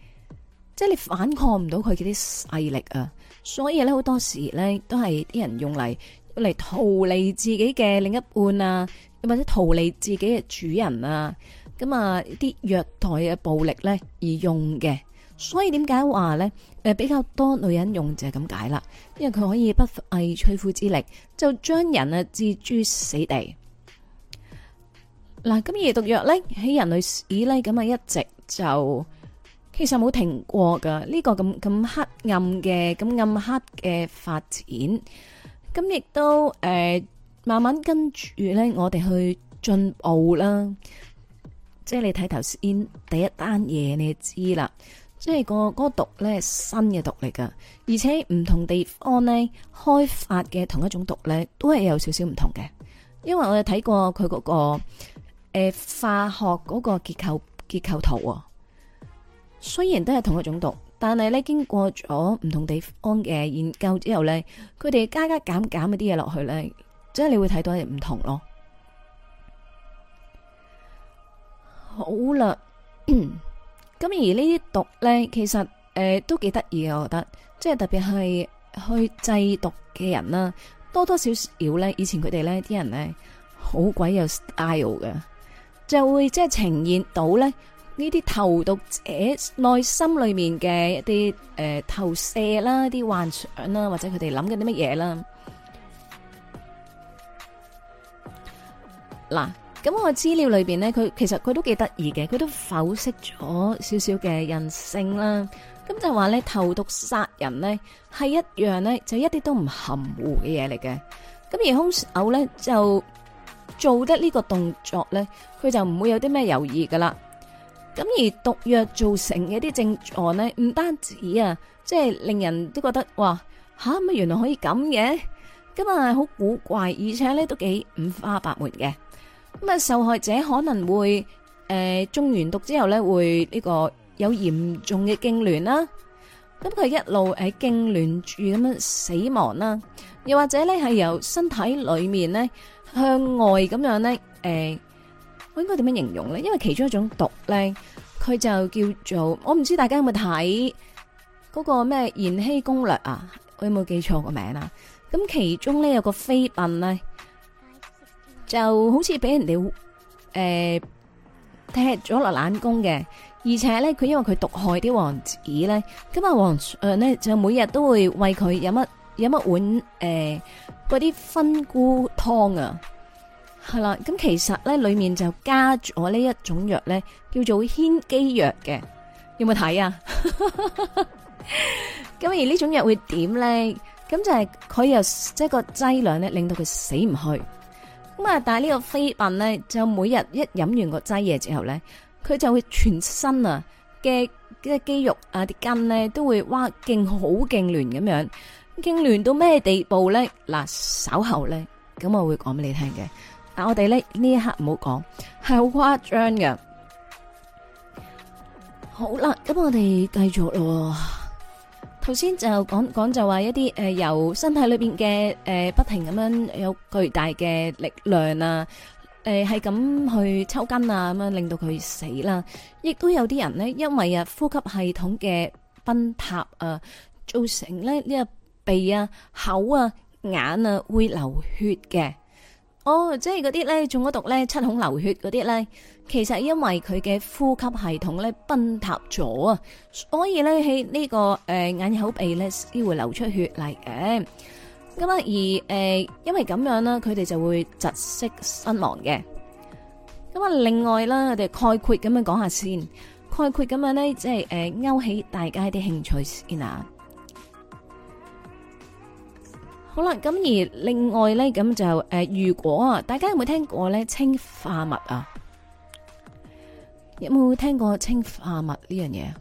即係你反抗唔到佢嗰啲勢力啊。所以咧，好多時咧都係啲人用嚟。嚟逃離自己嘅另一半啊，或者逃離自己嘅主人啊，咁啊啲虐待嘅暴力呢，而用嘅，所以點解話呢誒，比較多女人用就係咁解啦，因為佢可以不費吹灰之力就將人啊置諸死地。嗱，咁而毒藥呢，喺人類史呢，咁啊一直就其實冇停過噶，呢、呢個咁咁黑暗嘅咁暗黑嘅發展。咁亦都誒、呃，慢慢跟住咧，我哋去進步啦。即係你睇頭先第一單嘢，你就知啦。即係、嗰個、嗰個毒咧，新嘅毒嚟㗎，而且唔同地方咧，開發嘅同一種毒咧，都係有少少唔同嘅。因為我哋睇過佢嗰、嗰個誒、呃、化學嗰個結構結構圖、哦，雖然都係同一種毒。但係咧，經過咗唔同地方嘅研究之後咧，佢哋加加減減嗰啲嘢落去咧，即係你會睇到係唔同咯。好啦，咁 而呢啲毒咧，其實誒、呃、都幾得意嘅，我覺得，即係特別係去製毒嘅人啦，多多少少咧，以前佢哋咧啲人咧，好鬼有 style 嘅，就會即係呈現到咧。呢啲投毒者內心裏面嘅一啲誒投射啦，啲幻想啦，或者佢哋諗緊啲乜嘢啦。嗱，咁我資料裏邊咧，佢其實佢都幾得意嘅，佢都剖析咗少少嘅人性啦。咁就話咧，投毒殺人咧係一樣咧，就一啲都唔含糊嘅嘢嚟嘅。咁而凶手咧就做得呢個動作咧，佢就唔會有啲咩猶豫噶啦。咁而毒藥造成嘅一啲症狀咧，唔單止啊，即係令人都覺得嘩吓，咁啊原來可以咁嘅，咁啊好古怪，而且咧都幾五花八門嘅。咁啊受害者可能會誒中完毒之後咧，會呢個有嚴重嘅痙攣啦，咁佢一路誒痙攣住咁樣死亡啦，又或者咧係由身體裏面咧向外咁樣咧誒。應該點樣形容咧？因為其中一種毒咧，佢就叫做我唔知道大家有冇睇嗰個咩《延禧攻略》啊？我有冇記錯個名啊？咁其中咧有個妃嬪咧，就好似俾人哋誒、呃、踢咗落冷宮嘅，而且咧佢因為佢毒害啲王子咧，咁啊王誒咧就每日都會餵佢飲乜飲乜碗誒嗰啲分菇湯啊！係啦，咁、嗯、其實咧，裏面就加咗呢一種藥咧，叫做牽機藥嘅。有冇睇啊？咁 而這種藥呢種藥會點咧？咁就係佢又即係個劑量咧，令到佢死唔去咁啊。但係呢個飛笨咧，就每日一飲完個劑嘢之後咧，佢就會全身啊嘅嘅肌肉啊啲筋咧都會哇勁好勁攣咁樣勁攣到咩地步咧？嗱，稍後咧，咁我會講俾你聽嘅。但，我哋咧呢一刻唔好講，係好誇張嘅。好啦，咁我哋繼續咯。頭先就講講就話一啲誒，由身體裏邊嘅誒，不停咁樣有巨大嘅力量啊，誒，係咁去抽筋啊，咁樣令到佢死啦。亦都有啲人咧，因為啊呼吸系統嘅崩塌啊，造成咧呢個鼻啊、口啊、眼啊會流血嘅。哦，即係嗰啲咧中咗毒咧七孔流血嗰啲咧，其實因為佢嘅呼吸系統咧崩塌咗啊，所以咧喺呢個誒眼口鼻咧先會流出血嚟嘅。咁啊，而誒因為咁樣啦，佢哋就會窒息身亡嘅。咁啊，另外啦，我哋概括咁樣講下先，概括咁樣咧，即係誒勾起大家一啲興趣先啊。好啦，咁而另外咧，咁就誒，如果啊，大家有冇聽過咧？氰化物啊，有冇聽過氰化物呢樣嘢？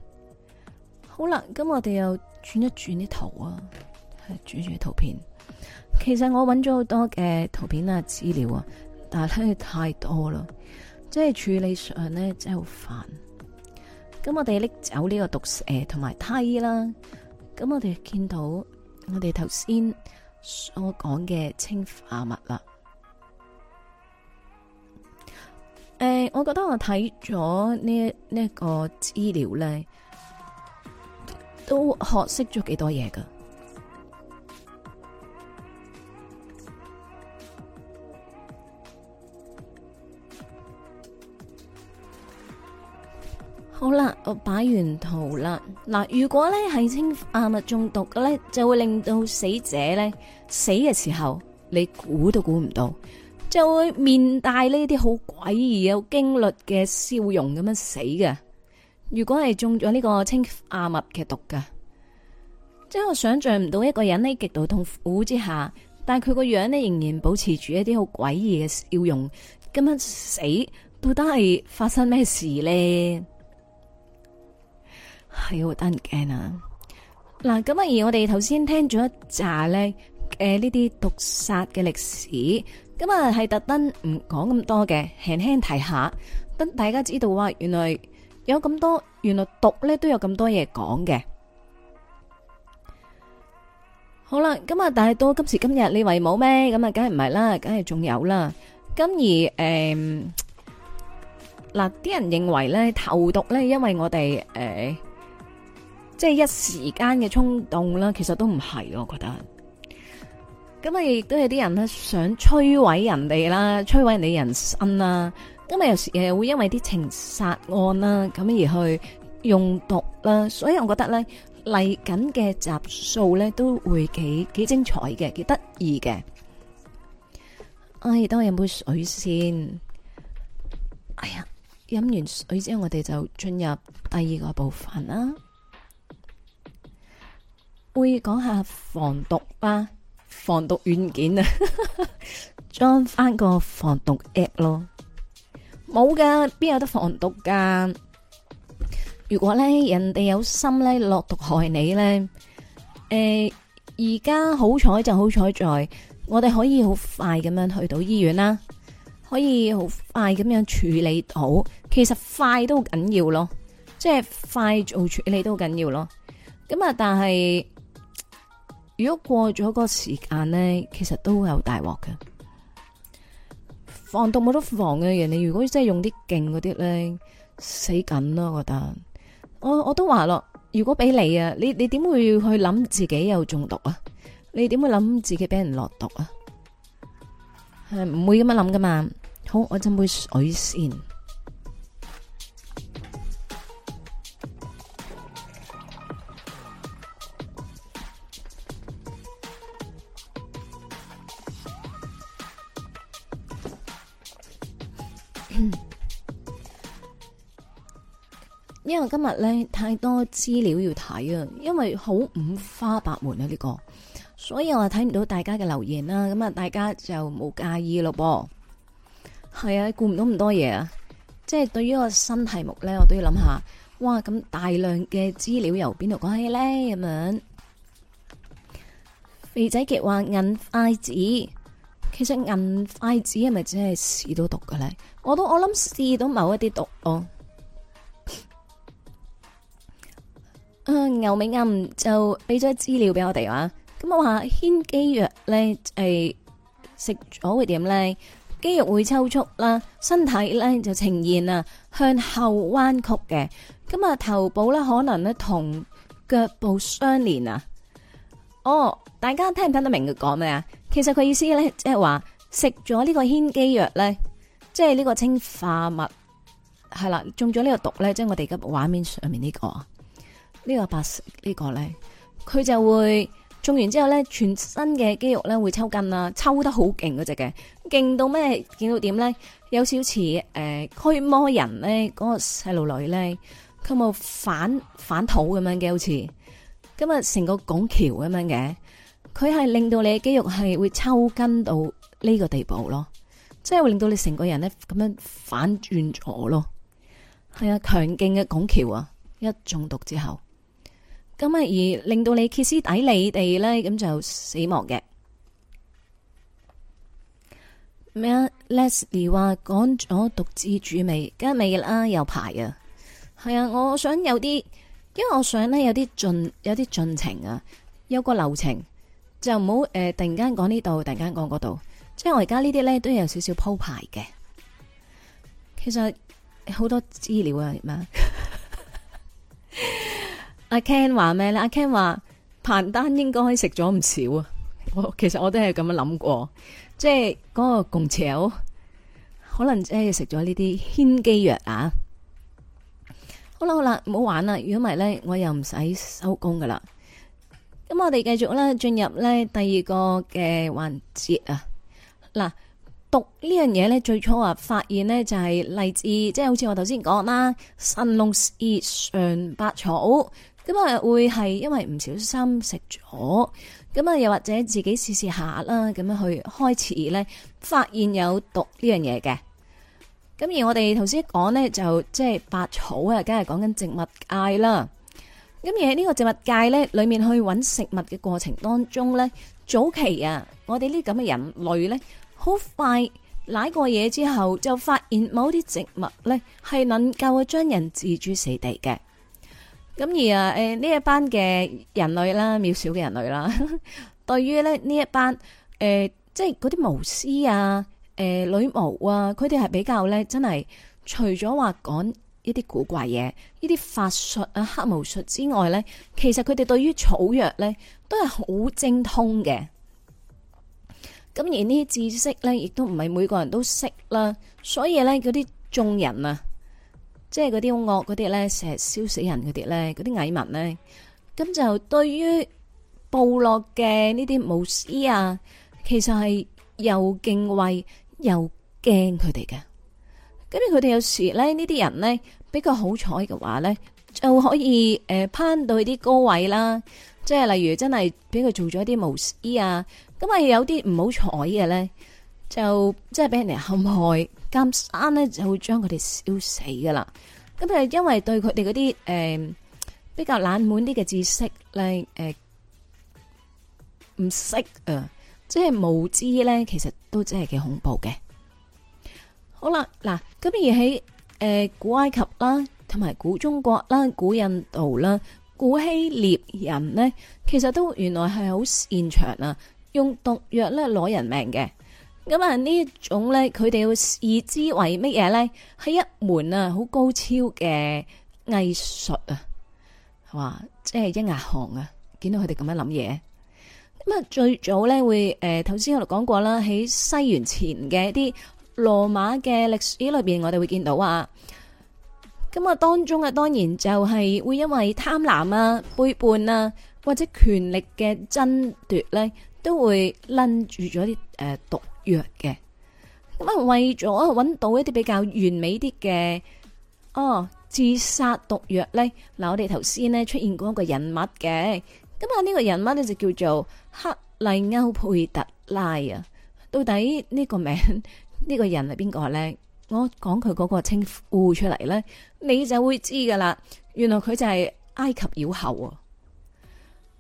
好啦，咁我哋又轉一轉啲圖啊，係轉轉啲圖片。其實我揾咗好多嘅圖片啊、資料啊，但係咧太多啦，即係處理上咧真係好煩。咁我哋拎走呢個毒蛇同埋梯啦。咁我哋見到我哋頭先。我講嘅氰化物啦，誒，我覺得我睇咗呢呢一個資料咧，都學識咗幾多嘢㗎。好啦，我擺完圖啦。嗱，如果咧係氰化物中毒嘅，咧，就會令到死者咧死嘅時候，你估都估唔到，就會面帶呢啲好詭異、好驚栗嘅笑容咁樣死嘅。如果係中咗呢個氰化物嘅毒嘅，即係我想象唔到一個人咧，極度痛苦之下，但係佢個樣呢仍然保持住一啲好詭異嘅笑容，咁樣死，到底係發生咩事呢？係好得驚啊！嗱，咁啊，而我哋頭先聽咗一紮呢，誒呢啲毒殺嘅歷史，咁啊係特登唔講咁多嘅，輕輕提下，等大家知道啊，原來有咁多，原來毒呢都有咁多嘢講嘅。好啦，咁啊，但係到今時今日，你話冇咩？咁啊，梗係唔係啦，梗係仲有啦。咁而誒，嗱，啲人認為呢，投毒呢，因為我哋誒。即係一時間嘅衝動啦，其實都唔係我覺得也是。咁啊，亦都有啲人咧想摧毀人哋啦，摧毀你人，人生啦。咁啊，有時誒會因為啲情殺案啦，咁而去用毒啦。所以我覺得咧，嚟緊嘅集數咧都會幾幾精彩嘅，幾得意嘅。唉，等我飲杯水先。哎呀，飲完水之後，我哋就進入第二個部分啦。會講下防毒啊，防毒軟件啊，裝 翻個防毒 app 咯。冇噶，邊有得防毒噶？如果咧，人哋有心咧落毒害你咧，誒、呃，而家好彩就好彩，在我哋可以好快咁樣去到醫院啦，可以好快咁樣處理到。其實快都好緊要咯，即係快做處理都好緊要咯。咁啊，但係。如果過咗嗰個時間呢，其實都有大鑊嘅防毒冇得防嘅人，你如果真係用啲勁嗰啲呢，死緊咯，我覺得我我都話咯，如果俾你啊，你你點會去諗自己有中毒啊？你點會諗自己俾人落毒啊？係唔會咁樣諗噶嘛？好，我斟杯水先。因為今日咧太多資料要睇啊，因為好五花八門啊呢個，所以我睇唔到大家嘅留言啦，咁啊大家就冇介意咯噃。係啊，顧唔到咁多嘢啊，即係對於個新題目呢，我都要諗下。哇，咁大量嘅資料由邊度講起呢？咁樣肥仔傑話銀筷子，其實銀筷子係咪真係試到毒嘅呢？我都我諗試到某一啲毒咯。牛尾銀就俾咗資料俾我哋話。咁我話牽機藥咧，係食咗會點咧？肌肉會抽搐啦，身體咧就呈現啊向後彎曲嘅，咁啊頭部咧可能咧同腳部相連啊。哦，大家聽唔聽得明佢講咩啊？其實佢意思咧即係話食咗呢個牽機藥咧，即係呢個氰化物係啦，中咗呢個毒咧，即係我哋而家畫面上面呢個。呢個白色，這個、呢個咧，佢就會中完之後咧，全身嘅肌肉咧會抽筋啊，抽得好勁嗰隻嘅，勁到咩？勁到點咧？有少少似誒驅魔人咧，嗰、那個細路女咧，佢冇反反肚咁樣嘅，好似咁日成個拱橋咁樣嘅，佢係令到你嘅肌肉係會抽筋到呢個地步咯，即係會令到你成個人咧咁樣反轉咗咯。係啊，強勁嘅拱橋啊，一中毒之後。咁啊，而令到你歇斯底里地咧，咁就死亡嘅。咩啊？Leslie 話講咗獨自煮味，梗係未啦，有排啊。係啊，我想有啲，因為我想咧有啲進有啲進程啊，有個流程就唔好誒，突然間講呢度，突然間講嗰度，即係我而家呢啲咧都有少少鋪排嘅。其實好多資料啊，嘛？ 阿 Ken 話咩咧？阿 Ken 話彭丹應該食咗唔少啊！我其實我都係咁樣諗過，即係嗰個貢朝可能即係食咗呢啲牽機藥啊！好啦好啦，唔好玩啦！如果唔係咧，我又唔使收工噶啦。咁我哋繼續咧，進入咧第二個嘅環節啊！嗱，毒呢樣嘢咧，最初話發現呢就係嚟自，即係好似我頭先講啦，神農氏嘗百草。咁啊，會係因為唔小心食咗，咁啊，又或者自己試試下啦，咁樣去開始咧，發現有毒呢樣嘢嘅。咁而我哋頭先講呢，就即係百草啊，梗係講緊植物界啦。咁而喺呢個植物界咧，裏面去搵食物嘅過程當中咧，早期啊，我哋呢咁嘅人類咧，好快舐過嘢之後，就發現某啲植物咧係能夠將人置諸死地嘅。咁而啊，誒、呃、呢一班嘅人類啦，渺小嘅人類啦，對於咧呢一班誒、呃，即係嗰啲巫師啊，誒、呃、女巫啊，佢哋係比較咧，真係除咗話講一啲古怪嘢，呢啲法術啊、黑巫術之外咧，其實佢哋對於草藥咧都係好精通嘅。咁而呢啲知識咧，亦都唔係每個人都識啦，所以咧嗰啲眾人啊。即係嗰啲好惡嗰啲咧，成日燒死人嗰啲咧，嗰啲蟻民咧，咁就對於部落嘅呢啲巫師啊，其實係又敬畏又驚佢哋嘅。跟住佢哋有時咧，呢啲人咧比較好彩嘅話咧，就可以誒攀到去啲高位啦。即係例如真係俾佢做咗一啲巫師啊，咁啊有啲唔好彩嘅咧，就即係俾人哋陷害。監生咧就會將佢哋燒死噶啦，咁係因為對佢哋嗰啲誒比較冷門啲嘅知識咧誒唔識啊、呃，即係無知咧，其實都真係幾恐怖嘅。好啦，嗱，咁而喺誒、呃、古埃及啦，同埋古中國啦，古印度啦，古希臘人呢，其實都原來係好擅長啊用毒藥咧攞人命嘅。咁啊！嗯、呢一種咧，佢哋會視之為乜嘢咧？係一門啊，好高超嘅藝術啊，係嘛？即係一牙行啊！見到佢哋咁樣諗嘢咁啊、嗯，最早咧會誒，頭、呃、先我哋講過啦，喺西元前嘅一啲羅馬嘅歷史裏邊，我哋會見到啊。咁、嗯、啊，當中啊，當然就係會因為貪婪啊、背叛啊，或者權力嘅爭奪咧，都會拎住咗啲誒毒。藥嘅咁啊，為咗揾到一啲比較完美啲嘅哦，自殺毒藥呢，嗱，我哋頭先咧出現過一個人物嘅，咁啊呢個人物呢，就叫做克利歐佩特拉啊。到底呢個名呢、呢個人係邊個呢？我講佢嗰個稱呼出嚟呢，你就會知噶啦。原來佢就係埃及妖后啊。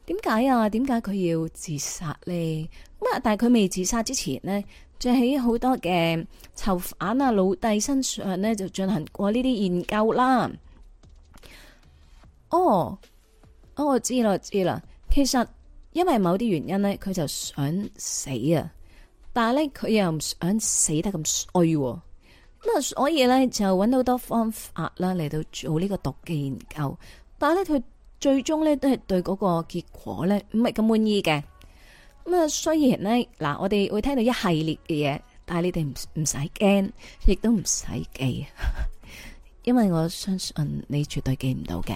點解啊？點解佢要自殺呢？咁啊！但係佢未自殺之前呢，就喺好多嘅囚犯啊、老弟身上咧就進行過呢啲研究啦。哦，我知啦，知啦。其實因為某啲原因咧，佢就想死啊，但係咧佢又唔想死得咁衰。咁啊，所以咧就揾到好多方法啦嚟到做呢個毒嘅研究，但係咧佢最終咧都係對嗰個結果咧唔係咁滿意嘅。咁啊，雖然咧，嗱，我哋會聽到一系列嘅嘢，但係你哋唔唔使驚，亦都唔使記，因為我相信你絕對記唔到嘅。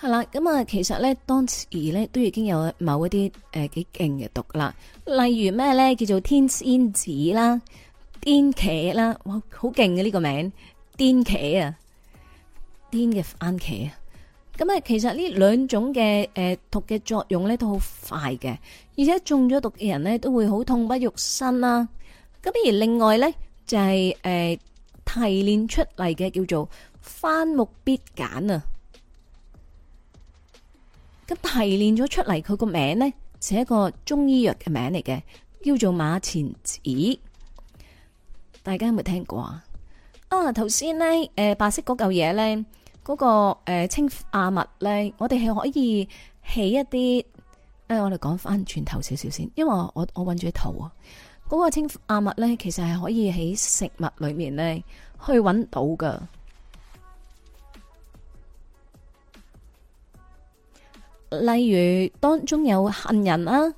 係啦，咁啊，其實咧當時咧都已經有某一啲誒幾勁嘅毒啦，例如咩咧叫做天仙子啦、癲茄啦，哇，好勁嘅呢個名，癲茄啊，癲嘅番茄啊。咁啊，其實呢兩種嘅誒毒嘅作用咧都好快嘅，而且中咗毒嘅人咧都會好痛不欲生啦。咁而另外咧就係誒提煉出嚟，嘅叫做番木鱉鹼啊。咁提煉咗出嚟，佢個名咧係一個中醫藥嘅名嚟嘅，叫做馬錢子。大家有冇聽過啊？啊，頭先咧誒，白色嗰嚿嘢咧。嗰、那個誒、呃、氰化物咧，我哋係可以起一啲，誒、呃、我哋講返轉頭少少先，因為我我我揾住啲圖啊，嗰、那個氰化物咧，其實係可以喺食物裏面咧去揾到嘅，例如當中有杏仁啦、啊，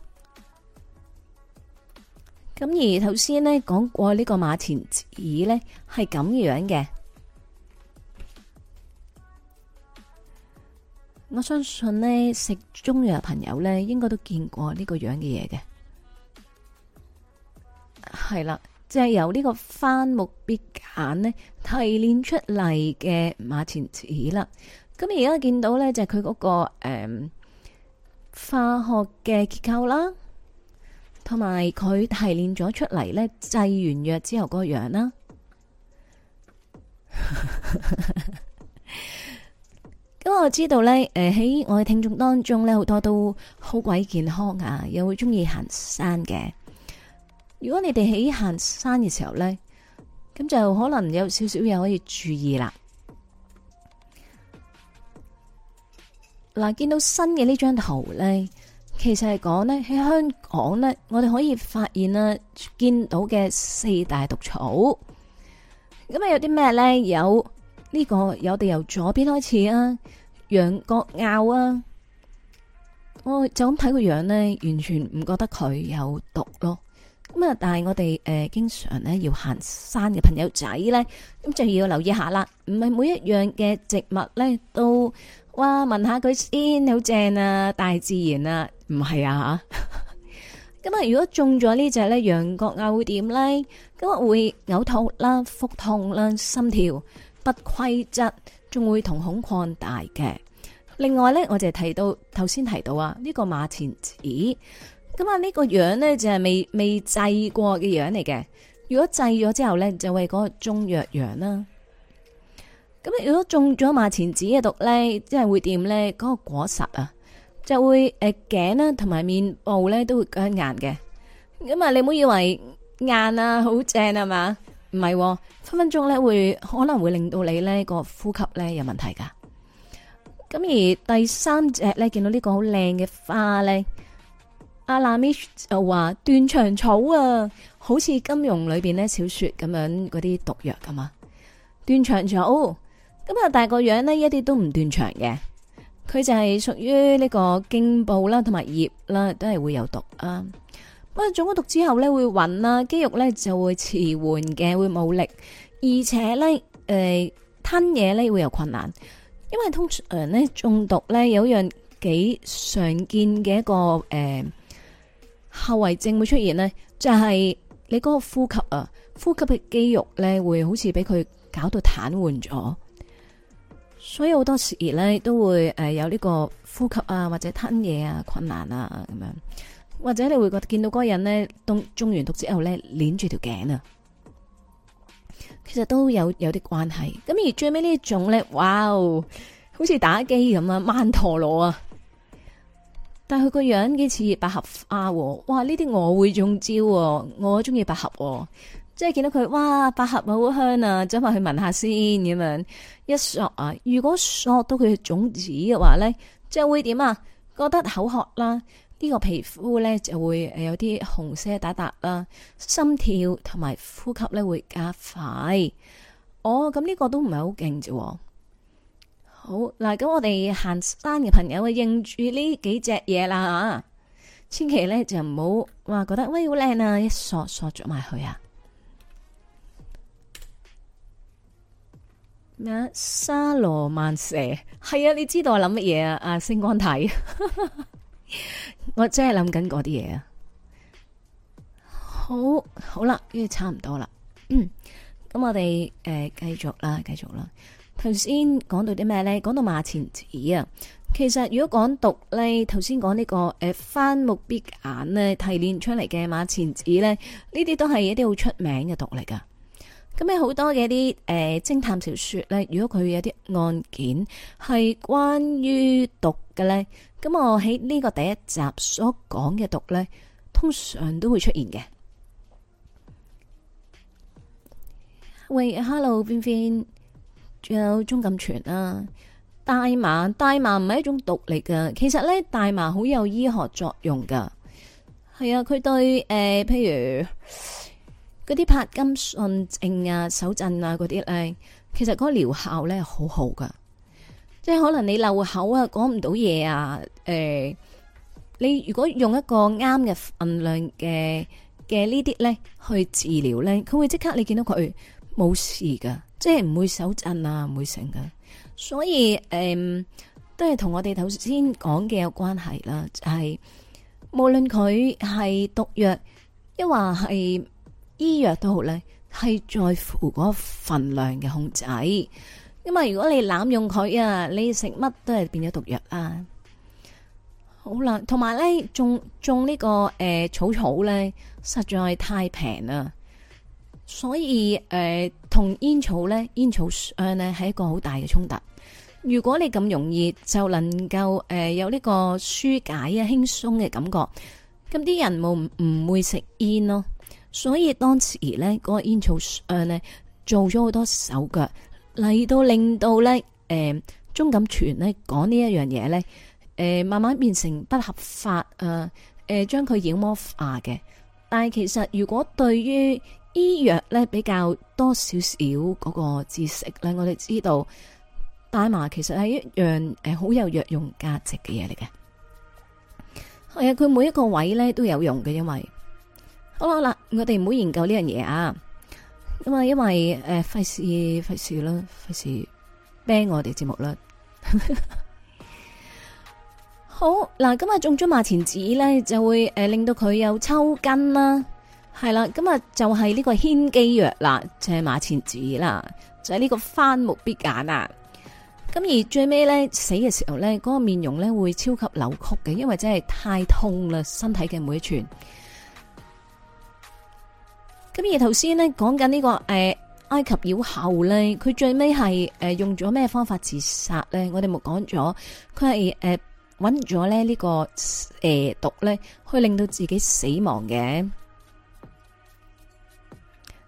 咁而頭先咧講過呢個馬錢子咧係咁樣嘅。我相信呢，食中藥嘅朋友呢應該都見過呢個樣嘅嘢嘅，係啦，即係由呢個番木必鹼呢提煉出嚟嘅馬錢子啦。咁而家見到呢，就係佢嗰個誒化學嘅結構啦，同埋佢提煉咗出嚟呢製完藥之後個樣啦。 不過我知道咧，誒喺我嘅聽眾當中咧，好多都好鬼健康啊，又會中意行山嘅。如果你哋喺行山嘅時候咧，咁就可能有少少嘢可以注意啦。嗱，見到新嘅呢張圖咧，其實係講呢，喺香港呢，我哋可以發現啦，見到嘅四大毒草。咁啊，有啲咩咧？有呢個，我哋由左邊開始啊。羊角拗啊，我就咁睇個樣呢，完全唔覺得佢有毒咯。咁啊，但係我哋誒、呃、經常咧要行山嘅朋友仔呢，咁就要留意一下啦。唔係每一樣嘅植物呢，都哇，聞下佢先好正啊，大自然啊，唔係啊咁啊。 如果中咗呢隻咧，羊角拗會點咧？咁會嘔吐啦、腹痛啦、心跳不規則。仲會瞳孔擴大嘅。另外咧，我就提到頭先提到啊，呢個馬前子，咁啊呢個樣咧就係未未製過嘅樣嚟嘅。如果製咗之後咧，就為嗰個中藥樣啦。咁如果中咗馬前子嘅毒咧，即係會點咧？嗰個果實啊，就會誒頸啦同埋面部咧都會僵硬嘅。咁啊，你唔好以為硬啊好正啊嘛？唔係，分分鐘咧會可能會令到你呢個呼吸咧有問題噶咁而第三隻咧見到呢個好靚嘅花咧，阿娜咪就話斷腸草啊，好似金庸裏邊呢小說咁樣嗰啲毒藥咁啊。斷腸草，咁啊大個樣呢，一啲都唔斷腸嘅，佢就係屬於呢個莖部啦，同埋葉啦都係會有毒啊。我中咗毒之後咧會暈啦，肌肉咧就會遲緩嘅，會冇力，而且咧誒、呃、吞嘢咧會有困難，因為通常誒咧、呃、中毒咧有一樣幾常見嘅一個誒、呃、後遺症會出現呢，就係、是、你嗰個，個呼吸啊，呼吸嘅肌肉咧會好似俾佢搞到癱瘓咗，所以好多時咧都會誒有呢個呼吸啊或者吞嘢啊困難啊咁樣。或者你會覺見到嗰個人呢，中中完毒之後呢，攣住條頸啊，其實都有有啲關係。咁而最尾呢一種呢哇哦，好似打機咁啊，曼陀羅啊，但係佢個樣幾似百合花喎、啊。哇，呢啲我會中招喎、啊，我中意百合，即係見到佢哇，百合好香啊，走埋去聞下先咁樣。一索啊，如果索到佢嘅種子嘅話呢，即係會點啊？覺得口渴啦。呢個皮膚咧，就會誒有啲紅色打笪啦，心跳同埋呼吸咧會加快。哦，咁呢個都唔係好勁啫。好嗱，咁我哋行山嘅朋友啊，認住呢幾隻嘢啦啊，千祈咧就唔好話覺得喂好靚啊，一索索着埋去啊。咩沙羅曼蛇係啊，你知道我諗乜嘢啊？啊，星光體。 我真係諗緊嗰啲嘢啊！好，好啦，跟住差唔多啦。咁、嗯、我哋誒繼續啦，繼續啦。頭先講到啲咩呢？講到馬前子啊，其實如果講毒呢，頭先講呢個誒翻、啊、目必眼呢，提煉出嚟嘅馬前子呢，呢啲都係一啲好出名嘅毒嚟噶。咁有好多嘅啲誒偵探小說咧，如果佢有啲案件係關於毒嘅咧，咁我喺呢個第一集所講嘅毒咧，通常都會出現嘅。喂，Hello，Binbin，仲有鍾錦泉啦，大麻，大麻唔係一種毒嚟㗎，其實咧大麻好有醫學作用㗎，係啊，佢對、呃、譬如。嗰啲柏金遜症啊、手震啊嗰啲咧，其實嗰療效咧好好噶，即係可能你漏口啊、講唔到嘢啊，誒、呃，你如果用一個啱嘅份量嘅嘅呢啲咧去治療咧，佢會即刻你見到佢冇事噶，即係唔會手震啊，唔會成噶。所以誒、呃，都係同我哋頭先講嘅有關係啦，係、就係、無論佢係毒藥，抑或係。醫藥都好呢，係在乎嗰份量嘅控制。因為，如果你濫用佢啊，你食乜都係變咗毒藥啦、啊。好啦，同埋呢種種呢、呢個誒、呃、草草呢，實在太平啦。所以誒，同、呃、煙草呢，煙草誒咧，係一個好大嘅衝突。如果你咁容易就能夠誒、呃、有呢個舒解啊、輕鬆嘅感覺，咁啲人冇唔會食煙咯。所以當時咧，嗰、那個煙草商咧做咗好多手腳，嚟到令到咧，誒、呃，鍾錦全咧講呢一樣嘢咧，誒、呃，慢慢變成不合法啊，誒、呃，將佢妖魔化嘅。但係其實如果對於醫藥咧比較多少少嗰個知識咧，我哋知道大麻其實係一樣誒好有藥用價值嘅嘢嚟嘅。係啊，佢每一個位咧都有用嘅，因為。好啦，嗱，我哋唔好研究呢樣嘢啊，咁啊，因為誒，費事費事啦，費事 ban 我哋節目啦。 好，嗱，咁日中咗馬錢子咧，就會誒、呃、令到佢有抽筋啦，係啦，咁啊就係呢個牽機藥啦，就係、是、馬錢子啦，就係、是、呢個番木必眼啊。咁而最尾咧，死嘅時候咧，嗰、那個面容咧會超級扭曲嘅，因為真係太痛啦，身體嘅每一寸。咁而頭先咧講緊呢個誒埃及妖后咧，佢最尾係誒用咗咩方法自殺咧？我哋冇講咗，佢係誒搵咗咧呢個誒毒咧，去令到自己死亡嘅。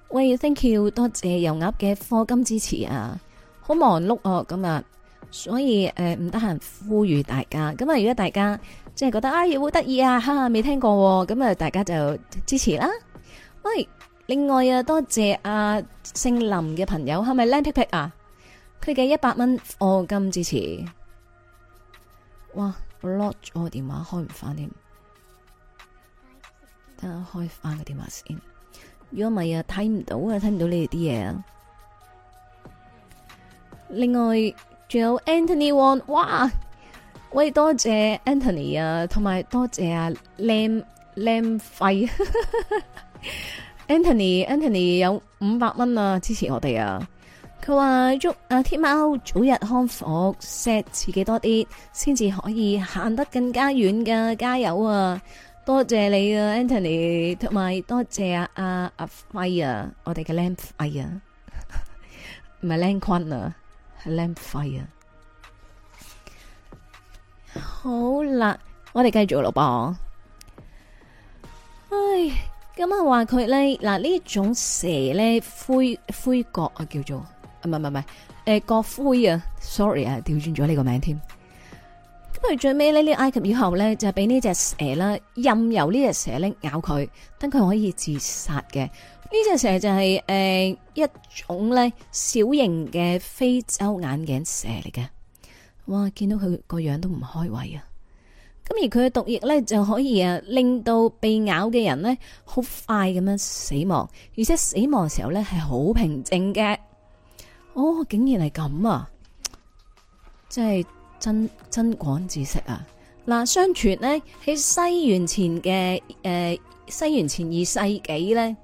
喂，Thank you，多謝油鴨嘅課金支持啊！好忙碌哦，咁啊，所以誒唔得閒呼籲大家。咁啊，如果大家即係覺得啊，好得意啊，哈，未聽過咁啊，大家就支持啦。喂。另外啊，多謝阿姓林嘅朋友，係咪靚皮皮啊？佢嘅一百蚊貨金支持，哇！我 lock 咗個電話開唔翻添，等下開翻個電話先。如果唔係啊，睇唔到啊，睇唔到你哋啲嘢。另外仲有 Anthony Wong，哇！喂，多謝 Anthony 啊，同埋多謝啊，Lam Lam 費。Anthony，Anthony Anthony 有五百蚊啊，支持我哋啊！佢話祝阿天貓早日康復，set 自己多啲，先至可以行得更加遠噶，加油啊！多謝你啊，Anthony，同埋多謝阿阿阿輝啊，啊啊 fire，我哋嘅 lamp fire，唔係 lamp corner，係 lamp fire。好啦，我哋繼續咯噃。唉。咁啊話佢咧，嗱，呢種蛇咧，灰灰角啊叫做，唔係唔係，誒角，呃，灰啊，sorry 啊，調轉咗呢，這個名添。咁佢最尾咧，呢個埃及以後咧就俾呢隻蛇啦，任由呢隻蛇咧咬佢，等佢可以自殺嘅。呢隻蛇就係、是、誒、呃，一種咧小型嘅非洲眼鏡蛇嚟嘅。哇，見到佢、這個樣都唔開胃啊！咁而佢嘅毒液咧就可以啊，令到被咬嘅人呢好快咁樣死亡，而且死亡嘅時候呢係好平靜嘅。哦，竟然係咁啊！即係增增廣知識啊。嗱、啊，相傳呢喺西元前嘅誒、呃，西元前二世紀呢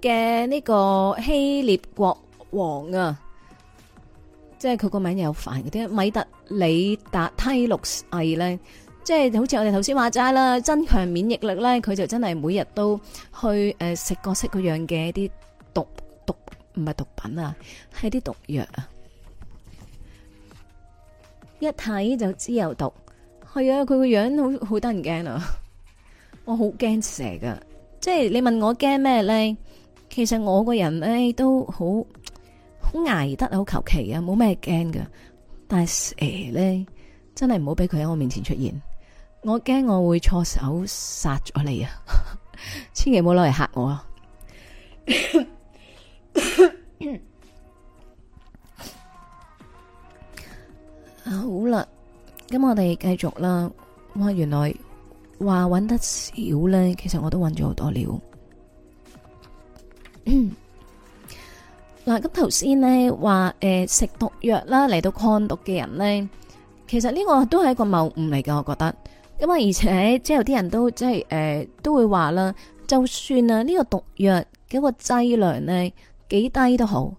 嘅呢個希臘國王啊，即係佢個名有煩啲米特里達梯六世呢。即係好似我哋頭先話齋啦，增強免疫力呢，佢就真係每日都去誒食各式各樣嘅啲毒毒，唔係毒品啊，係啲毒藥啊，一睇就知有毒。係啊，佢個樣好好得人驚啊！ 我好驚蛇噶，即係你問我驚咩呢？其實我個人呢都好好捱得好求其啊，冇咩驚噶。但係蛇呢，真係唔好俾佢喺我面前出現。我驚我會錯手殺咗你啊！千祈唔 好攞嚟吓我啊！好啦，咁我哋繼續啦。哇，原來話揾得少咧，其實我都揾咗好多料。嗱，咁頭先呢話誒食毒藥啦，嚟到抗毒嘅人咧，其實呢個都係一個謬誤嚟㗎，我覺得。咁啊，而且即係有啲人都即係誒，都會話啦，就算啊呢個毒藥嗰個劑量咧幾低都好，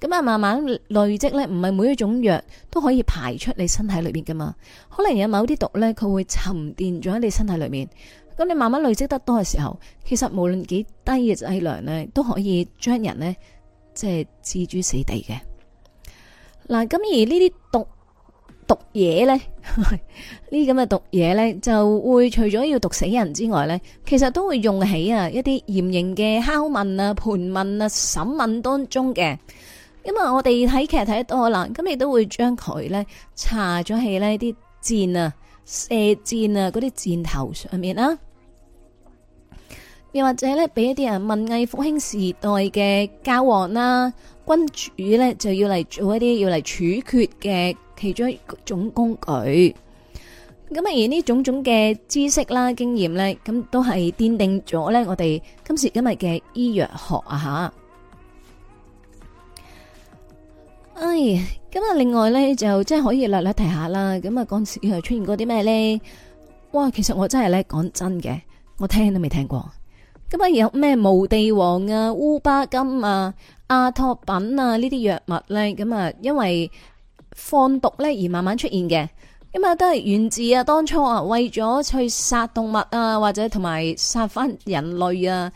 咁啊慢慢累積咧，唔係每一種藥都可以排出你身體裏面噶嘛，可能有某啲毒咧佢會沉澱咗喺你身體裏面，咁你慢慢累積得多嘅時候，其實無論幾低嘅劑量咧，都可以將人咧即係置諸死地嘅。嗱，咁而呢啲毒。毒嘢呢，呢咁嘅毒嘢呢，就會除咗要毒死人之外呢，其實都會用起啊一啲嚴刑嘅拷問啊、盤問啊、審問當中嘅。因為我哋睇劇睇得多啦，咁亦都會將佢呢搽咗喺呢啲箭啊、射箭啊嗰啲箭頭上面啦、啊，又或者呢俾一啲人文藝復興時代嘅教皇啦、君主呢，就要嚟做一啲要嚟處決嘅。其中一種工具，咁啊而呢種種嘅知識啦、經驗咧，咁都係奠定咗咧我哋今時今日嘅醫藥學啊吓。哎，咁啊另外咧就即係可以略略提下啦，咁啊嗰時又出現過啲咩咧？哇，其實我真係咧講真嘅，我聽都未聽過。咁啊有咩毛地黃啊、烏巴金啊、阿托品啊呢啲藥物咧，咁啊因為。放毒呢，而慢慢出現嘅，咁啊都係源自啊當初啊為咗去殺動物啊或者同埋殺翻人類啊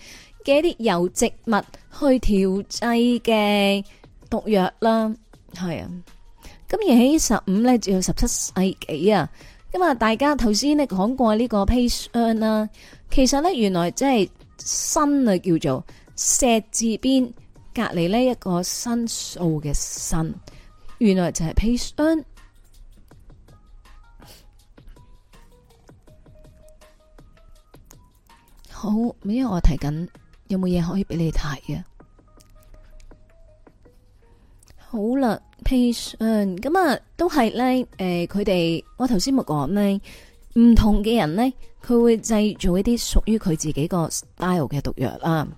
嘅一啲由植物去調製嘅毒藥啦，係啊。咁而喺十五呢，至到十七世紀啊，咁啊大家頭先呢講過呢個砒霜啦，其實呢，原來即係砷啊叫做石字邊隔籬呢一個申訴嘅申。原來就係砒 n 好，因為我提緊有冇嘢，可以俾你睇嘅。好啦，砒 n 咁啊都係咧，誒、呃，佢哋我頭先咪講，呢唔同嘅人呢，佢會製造一啲屬於佢自己個 style 嘅毒藥啦。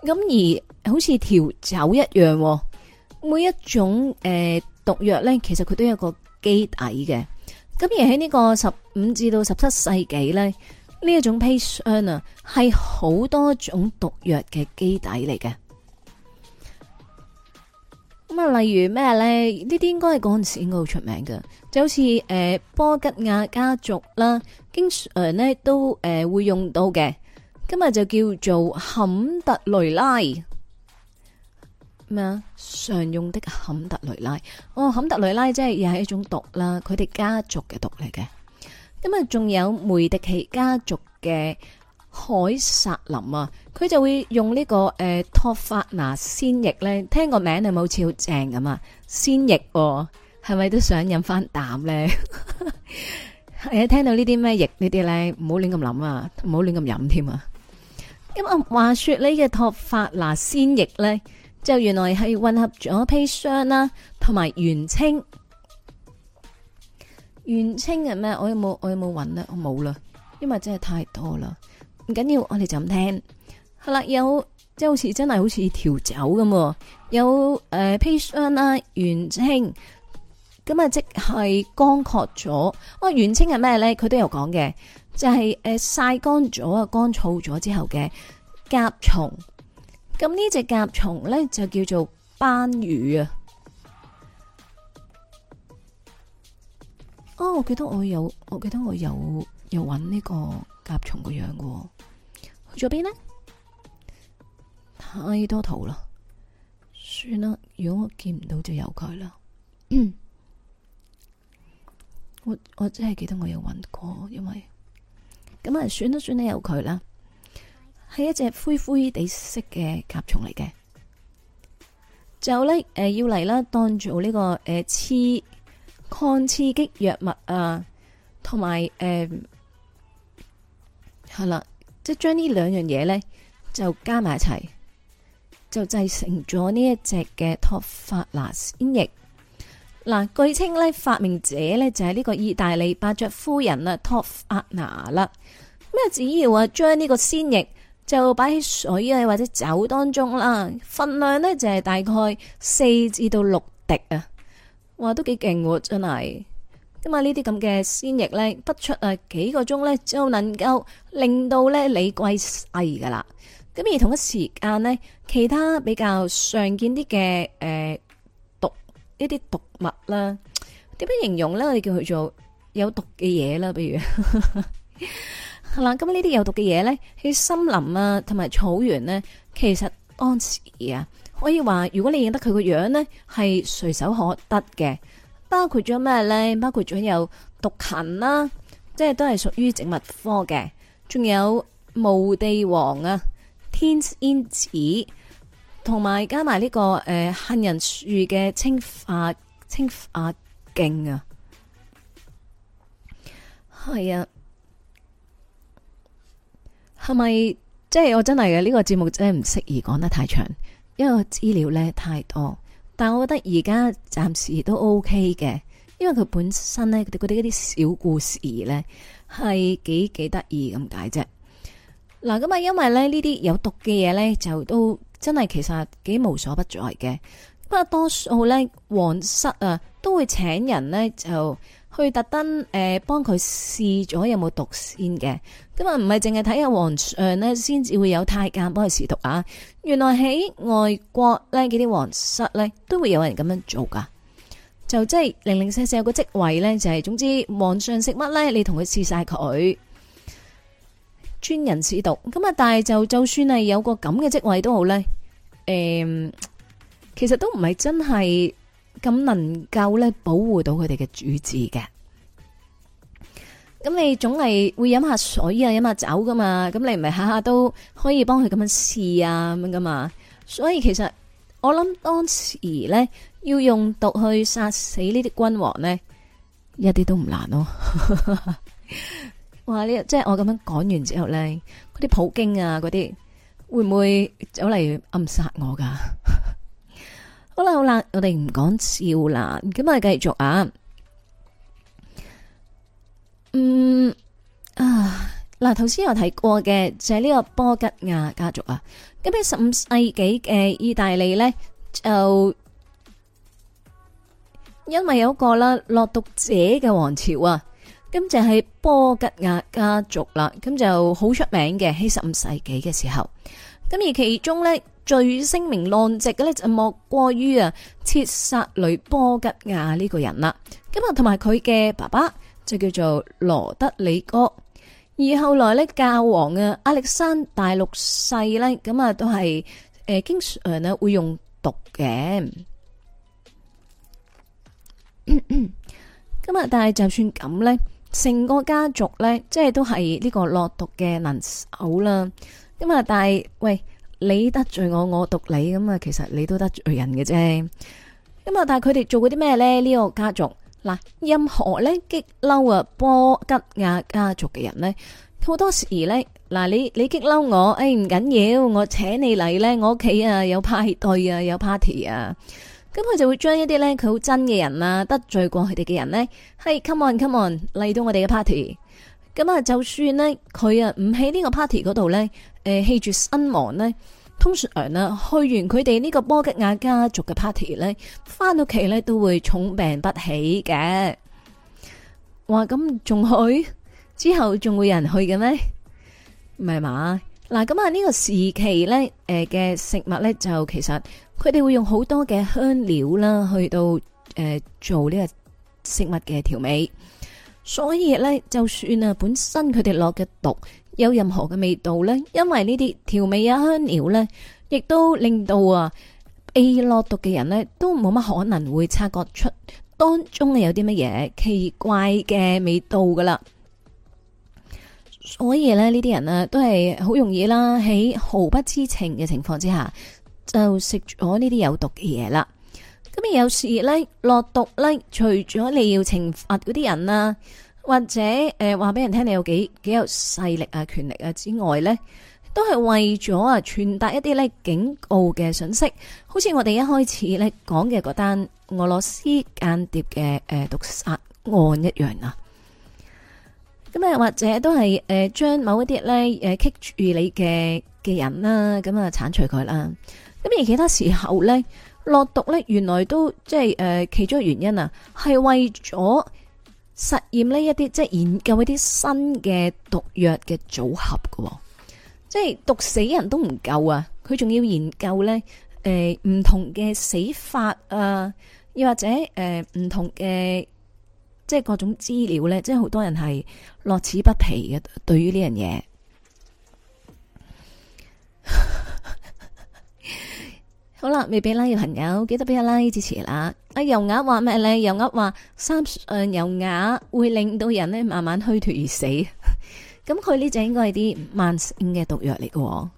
咁而好似條酒一樣。每一種誒、呃、毒藥咧，其實佢都有個基底嘅。咁而喺呢個十五至到十七世紀咧，呢一種砒霜啊，係好多種毒藥嘅基底嚟嘅。咁啊，例如咩咧？呢啲應該係嗰陣時應該好出名嘅，就好似誒、呃、波吉亞家族啦，經常咧都誒、呃、會用到嘅。今日就叫做坎特雷拉。咩常用的坎特雷拉哦，坎特雷拉即係又係一種毒啦，佢哋家族嘅毒嚟嘅。咁啊，仲有梅迪奇家族嘅凱撒林啊，佢就會用呢、這個誒、欸、托法拿鮮液咧。聽個名啊，你好似好正咁啊！鮮液係咪都想飲翻啖咧？係 啊，聽到呢啲咩液呢啲咧，唔好亂咁諗啊，唔好亂咁飲添啊。咁啊，話說你嘅、這個、托法拿鮮液咧。就原來係混合咗砒霜啦、啊，同埋原青，原青係咩？我有冇我有冇搵咧？我冇啦，因為真係太多啦。唔緊要，我哋就咁聽。係啦，有即係好,真好似真係好似調酒咁。有誒砒、呃、霜啦、啊，原青咁啊即係乾涸咗。我、哦、原青係咩咧？佢都有講嘅，就係、是、誒晒乾咗啊，乾燥咗之後嘅甲蟲。咁呢隻甲蟲咧就叫做斑魚啊！哦，我記得我有，我記得我有，有搵呢個甲蟲個樣噶，去咗邊呢？太多圖啦，算啦，如果我見唔到就由佢啦、嗯。我我真係記得我有搵過，因為咁啊，算啦，算啦，由佢啦。係一隻灰灰地色嘅甲蟲嚟嘅，就咧誒要嚟啦，當做呢、這個誒刺、呃、抗刺激藥物啊，同埋誒係啦，即係將呢兩樣嘢咧就加埋一齊，就製成咗呢一隻嘅托法拿仙液。嗱、啊，據稱咧發明者咧就係、是、呢個意大利伯爵夫人啊托法拿啦。咩？只要啊將呢將個仙液。就擺喺水啊或者酒當中啦，份量呢就係大概四至到六滴啊，哇都幾勁喎真係。咁啊呢啲咁嘅仙液呢，不出啊幾個鐘呢就能夠令到呢你歸西噶啦咁而同一時間呢，其他比較常見啲嘅誒毒一啲毒物啦，點樣形容呢？我哋叫佢做有毒嘅嘢啦，比如。 係啦，咁呢啲有毒嘅嘢咧，喺森林啊，同埋草原呢，其實當時啊，可以話如果你認得佢個樣呢，係隨手可得嘅。包括咗咩咧？包括咗有毒芹啦、啊，即係都係屬於植物科嘅，仲有毛地黃啊、天仙子，同埋加埋呢、這個誒、呃、杏仁樹嘅氰化氰化莖啊，係啊。係咪？即係我真係嘅呢個節目真係唔適宜講得太長，因為資料咧太多。但係我覺得而家暫時都 OK 嘅，因為佢本身咧佢哋嗰啲小故事咧係幾幾得意咁解啫。嗱咁啊，因為咧呢啲有毒嘅嘢咧就都真係其實幾無所不在嘅。不過多數咧皇室啊都會請人咧就。去特登誒，幫佢試咗有冇毒先嘅，咁啊唔係淨係睇下皇上呢先至會有太監幫佢試毒啊！原來喺外國咧，嗰啲皇室咧都會有人咁樣做噶就即係零零四四有個職位咧，就係總之皇上食乜咧，你同佢試晒佢專人試毒。咁啊，但係就就算係有個咁嘅職位都好咧，誒、嗯，其實都唔係真係。咁能夠咧保護到佢哋嘅主治嘅，咁你總係會飲下水啊，飲下酒噶嘛，咁你唔係下下都可以幫佢咁樣試啊咁樣噶嘛，所以其實我諗當時咧要用毒去殺死呢啲君王呢，一啲都唔難咯。 哇！呢即係我咁樣講完之後咧，嗰啲普京啊，嗰啲會唔會走嚟暗殺我噶？ 好啦好啦，我哋唔講笑啦，我哋繼續啊。嗯啊，嗱，頭先有睇過嘅就係、是、呢個波吉亞家族啊。咁喺十五世紀嘅意大利咧，就因為有一個啦，落毒者嘅王朝啊，咁就係波吉亞家族啦，咁就好出名嘅喺十五世紀嘅時候，咁而其中咧。最聲名狼藉嘅咧，就莫過於啊切薩雷波吉亞呢個人啦。咁啊，同埋佢嘅爸爸就叫做羅德里哥。而後來咧，教皇啊亞歷山大六世咧，咁啊都係誒經常咧會用毒嘅。咁啊咳咳，但係就算咁咧，成個家族咧，即係都係呢個落毒嘅能手啦。咁啊，但係喂。你得罪我，我毒你，咁啊，其實你都得罪人嘅啫。咁啊，但係佢哋做過啲咩呢？呢個家族，嗱，任何呢激嬲啊波吉亞家族嘅人呢，好多時呢，嗱，你你激嬲我，誒、哎，唔緊要，我請你嚟呢。我屋企啊有派對啊，有 party 啊，咁佢就會將一啲呢，佢好憎嘅人啊，得罪過佢哋嘅人呢，係、 hey, come on come on 嚟到我哋嘅 party。咁啊，就算呢，佢啊唔喺呢個 party 嗰度呢。誒，氣絕身亡呢，通常呢去完佢哋呢個波吉亞家族嘅 party 呢，翻到屋企呢都會重病不起嘅。哇，咁仲去？之後仲會有人去嘅咩？唔係嘛？嗱，咁啊呢個時期呢誒嘅食物呢，就其實佢哋會用好多嘅香料啦，去到誒做呢個食物嘅調味。所以呢，就算啊本身佢哋落嘅毒。有任何嘅味道呢，因為呢啲調味啊香料呢，亦都令到啊被落毒嘅人呢，都冇乜可能會察覺出當中有啲乜嘢奇怪嘅味道噶啦。所以呢，呢啲人呢都係好容易啦，喺毫不知情嘅情況之下就食咗呢啲有毒嘅嘢啦。咁有時呢，落毒呢，除咗你要懲罰嗰啲人啊，或者誒話俾人聽，你有幾幾有勢力啊、權力啊之外呢，都係為咗啊傳達一啲呢警告嘅訊息，好似我哋一開始呢講嘅嗰單俄羅斯間諜嘅誒毒殺案一樣啊。咁啊，或者都係誒將某一啲咧誒棘住你嘅嘅人啦，咁啊鏟除佢啦。咁而其他時候呢落毒呢，原來都即係誒、呃、其中原因啊，係為咗。實驗呢一啲即係研究一啲新嘅毒藥嘅組合㗎喎，即係毒死人都唔夠啊！佢仲要研究呢誒呃、唔同嘅死法啊，又或者誒呃、唔同嘅即係各種資料呢。即係好多人係樂此不疲嘅，對於呢樣嘢。好啦，未俾拉嘅朋友，記得俾阿拉支持啦！阿油鴨話咩咧？油鴨話三誒油鴨會令到人咧慢慢虛脫而死，咁佢呢隻應該係啲慢性嘅毒藥嚟嘅。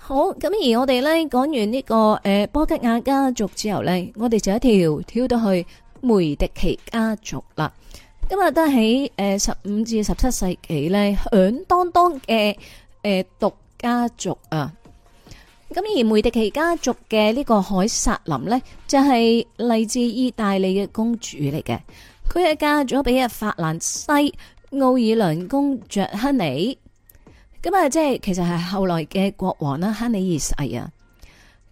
好，咁而我哋咧講完呢個誒波吉亞家族之後咧，我哋就一條跳到去梅迪奇家族啦。今日都係喺誒十五至十七世紀咧響當當嘅誒毒家族啊！咁而梅迪奇家族嘅呢個凱薩琳呢，就係、是、嚟自意大利嘅公主嚟嘅，佢係嫁咗俾啊法蘭西奧爾良公爵亨尼，咁啊即係其實係後來嘅國王啦，亨尼二世啊。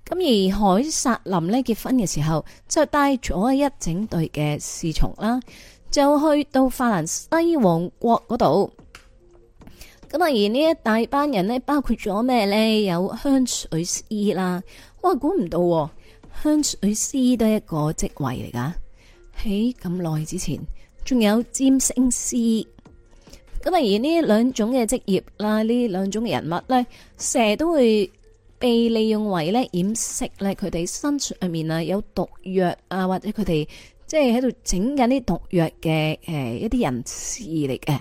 咁而凱薩琳呢，結婚嘅時候，就帶咗一整隊嘅侍從啦，就去到法蘭西王國嗰度。咁啊！而呢一大班人咧，包括咗咩咧？有香水師啦，哇！估唔到、啊、香水師都係一個職位嚟噶，喺咁耐之前，仲有占星師。咁啊！而呢兩種嘅職業啦，呢兩種嘅人物咧，成日都會被利用為咧掩飾咧佢哋身上面啊有毒藥啊，或者佢哋即係喺度整緊啲毒藥嘅誒一啲人士嚟嘅。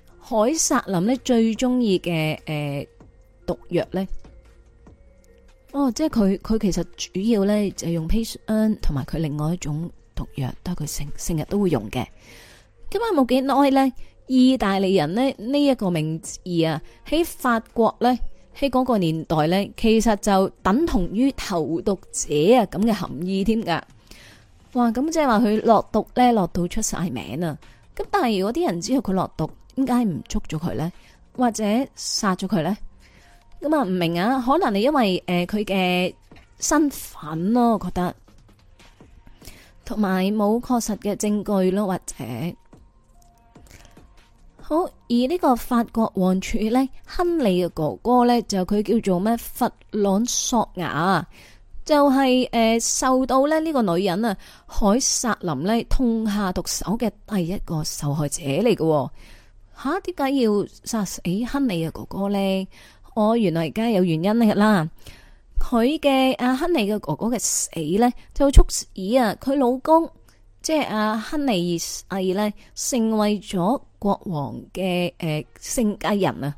凱撒林咧最中意嘅誒毒藥呢，哦，即係佢佢其實主要呢，就係、用砒霜，同埋佢另外一種毒藥，都係佢成成日都會用嘅。咁啊冇幾耐呢，意大利人呢，呢、這、一個名字啊，喺法國呢，喺嗰個年代呢，其實就等同於投毒者啊咁嘅含義添噶。哇，咁即係話佢落毒呢，落到出晒名啊！咁但係如果啲人知道佢落毒，點解唔捉咗佢呢？或者殺咗佢呢？咁啊，唔明啊。可能你因為誒佢嘅身份咯，我覺得同埋冇確實嘅證據咯，或者，好，而呢個法國王儲呢，亨利嘅哥哥呢，就佢叫做咩弗朗索瓦，就係、是、誒、呃、受到咧呢個女人啊凱撒林呢，痛下毒手嘅第一個受害者嚟嘅。吓，點解、啊、要殺死亨利嘅哥哥呢？哦，原來而家有原因啦。佢嘅阿亨利嘅哥哥嘅死呢，就促使啊佢老公，即係阿、啊、亨利二世呢，成為咗國王嘅誒聖家人啊。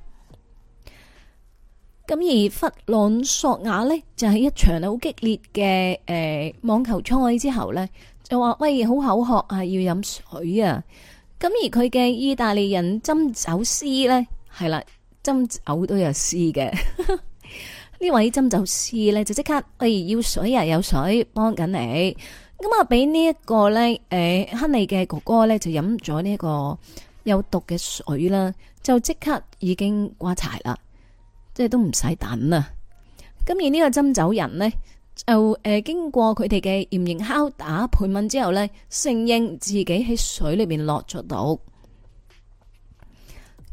咁而弗朗索瓦呢，就喺一場好激烈嘅誒、呃、網球賽之後呢，就話喂，好口渴啊，要飲水啊。咁而佢嘅意大利人斟酒師咧係啦，斟酒都有師嘅呢位斟酒師咧就即刻誒、哎、要水啊，有水幫緊你咁啊，俾呢一個咧誒亨利嘅哥哥咧就飲咗呢個有毒嘅水啦，就即刻已經瓜柴啦，即係都唔使等啦。咁而呢個斟酒人咧。就誒，經過佢哋嘅嚴刑拷打、盤問之後呢，承認自己喺水裏邊落咗毒。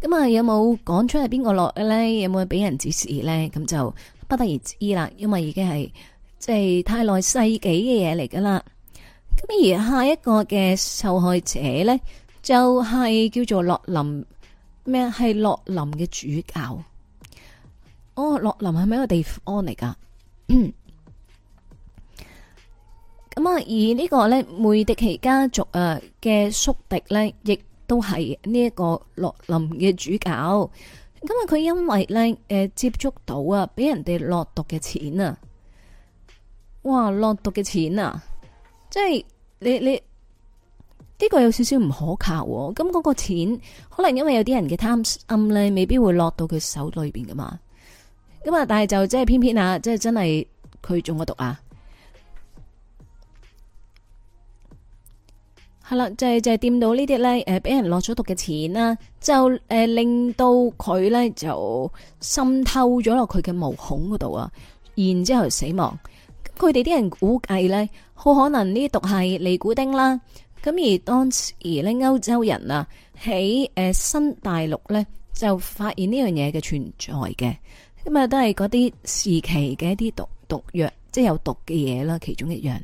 咁啊，有冇講出係邊個落嘅呢？有冇俾人指示呢？咁就不得而知啦。因為已經係即係太耐世紀嘅嘢嚟噶啦。咁而下一個嘅受害者呢，就係、是、叫做洛林咩？係洛林嘅主教。哦，洛林係咪一個地方嚟噶？ 咁啊，而呢個咧，梅迪奇家族啊嘅宿敵咧，亦都係呢一個洛林嘅主教。咁啊，佢因為咧，誒，接觸到啊，俾人哋落毒嘅錢啊，哇，落毒嘅錢啊，即係你你呢個有少少唔可靠。咁嗰個錢，可能因為有啲人嘅貪心咧，未必會落到佢手裏邊噶嘛。咁啊，但係就即係偏偏啊，即係真係佢中咗毒啊！係啦，就係就係掂到呢啲咧，誒俾人落咗毒嘅錢啦，就誒令到佢咧就滲透咗落佢嘅毛孔嗰度啊，然之後死亡。佢哋啲人估計咧，好可能呢毒係尼古丁啦。咁而當時咧，歐洲人啊喺誒新大陸咧就發現呢樣嘢嘅存在嘅，咁啊都係嗰啲時期嘅一啲毒毒藥，即係有毒嘅嘢啦，其中一樣。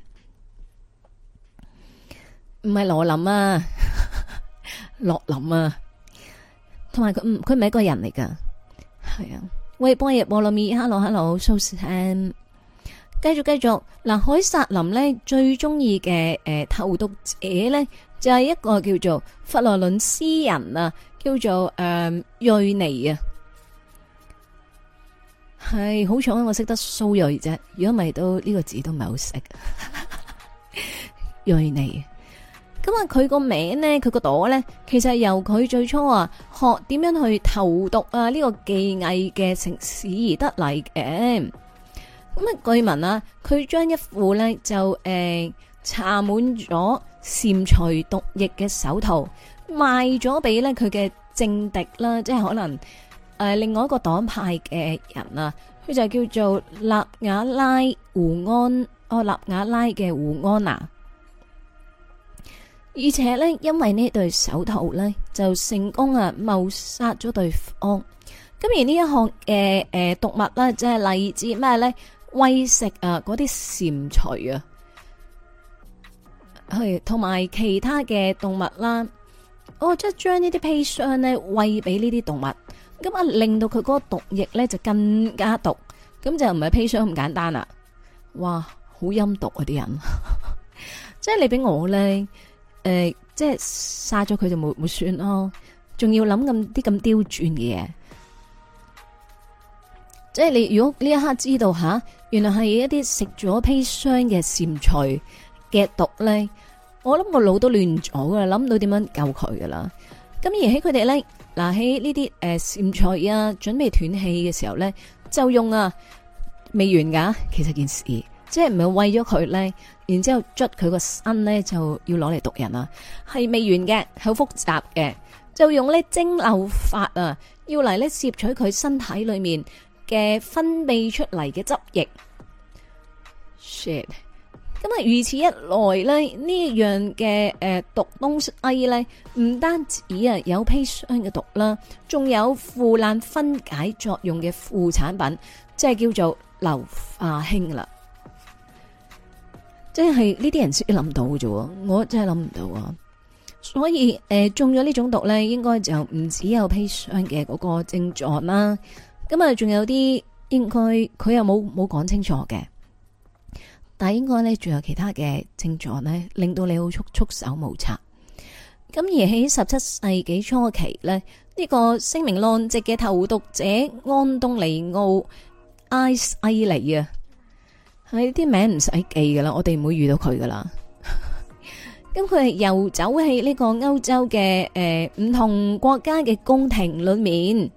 唔係羅林啊， 洛林啊他，同埋佢唔佢唔係一個人嚟噶，係啊。喂，波熱波洛米，hello hello，蘇士騰，繼續繼續。嗱，凱撒林呢，最中意嘅誒投毒者呢，就係、是、一個叫做佛羅倫斯人啊，叫做誒、呃、瑞尼啊、哎。係好彩我識得蘇瑞啫，如果唔係都呢個字都唔係好識。瑞尼。咁啊，佢個名呢，佢個朵呢，其實係由佢最初啊學點樣去投毒啊呢個技藝嘅城市而得嚟嘅。咁啊，據聞啊，佢將一副呢，就誒搽滿咗蟾蜍毒液嘅手套賣咗俾呢佢嘅政敵啦，即係可能誒、呃、另外一個黨派嘅人啊，佢就叫做納瓦拉胡安哦，納瓦拉嘅胡安娜、啊。而且咧，因為呢對手頭咧，就成功啊謀殺咗對方。咁而呢一項嘅誒毒物咧，即係嚟自咩咧？餵食啊，嗰啲蟾蜍啊，係同埋其他嘅動物啦。我即係將呢啲砒霜咧餵俾呢啲動物，咁啊令到佢嗰個毒液咧就更加毒。咁就唔係砒霜咁簡單啦。哇，好陰毒啊！啲人，即係你俾我咧。誒、呃，即係殺咗佢就冇冇算咯，仲要諗咁啲咁刁鑽嘅嘢，即係你如果呢一刻知道吓、啊，原來係一啲食咗砒霜嘅蟾蜍嘅毒咧，我諗個腦都亂咗噶啦，諗唔到點樣救佢噶啦。咁而喺佢哋咧，嗱喺呢啲誒蟾蜍啊，準備斷氣嘅時候咧，就用啊未完噶、啊，其實件事即係唔係為咗佢咧。然之後捽佢個身呢，就要攞嚟毒人啦。係未完嘅，好複雜嘅，就用呢蒸餾法啊，要嚟呢攝取佢身體裏面嘅分泌出嚟嘅汁液。shit，咁啊如此一來呢，呢樣嘅誒毒東西呢，唔單止啊有砒霜嘅毒啦，仲有腐爛分解作用嘅副產品，即係叫做硫化氫啦。即係呢啲人識諗到嘅啫，我真係諗唔到啊！所以誒、呃，中咗呢種毒咧，應該就唔止有砒霜嘅嗰個症狀啦。咁啊，仲有啲應該佢又冇冇講清楚嘅，但係應該咧仲有其他嘅症狀咧，令到你好束束手無策。咁而喺十七世紀初期咧，呢、這個聲名浪藉嘅投毒者安東尼奧埃斯埃尼啊。係啲名唔使記噶啦，我哋唔會遇到佢噶啦。咁佢係遊走喺呢個歐洲嘅誒唔同國家嘅宮廷裏面。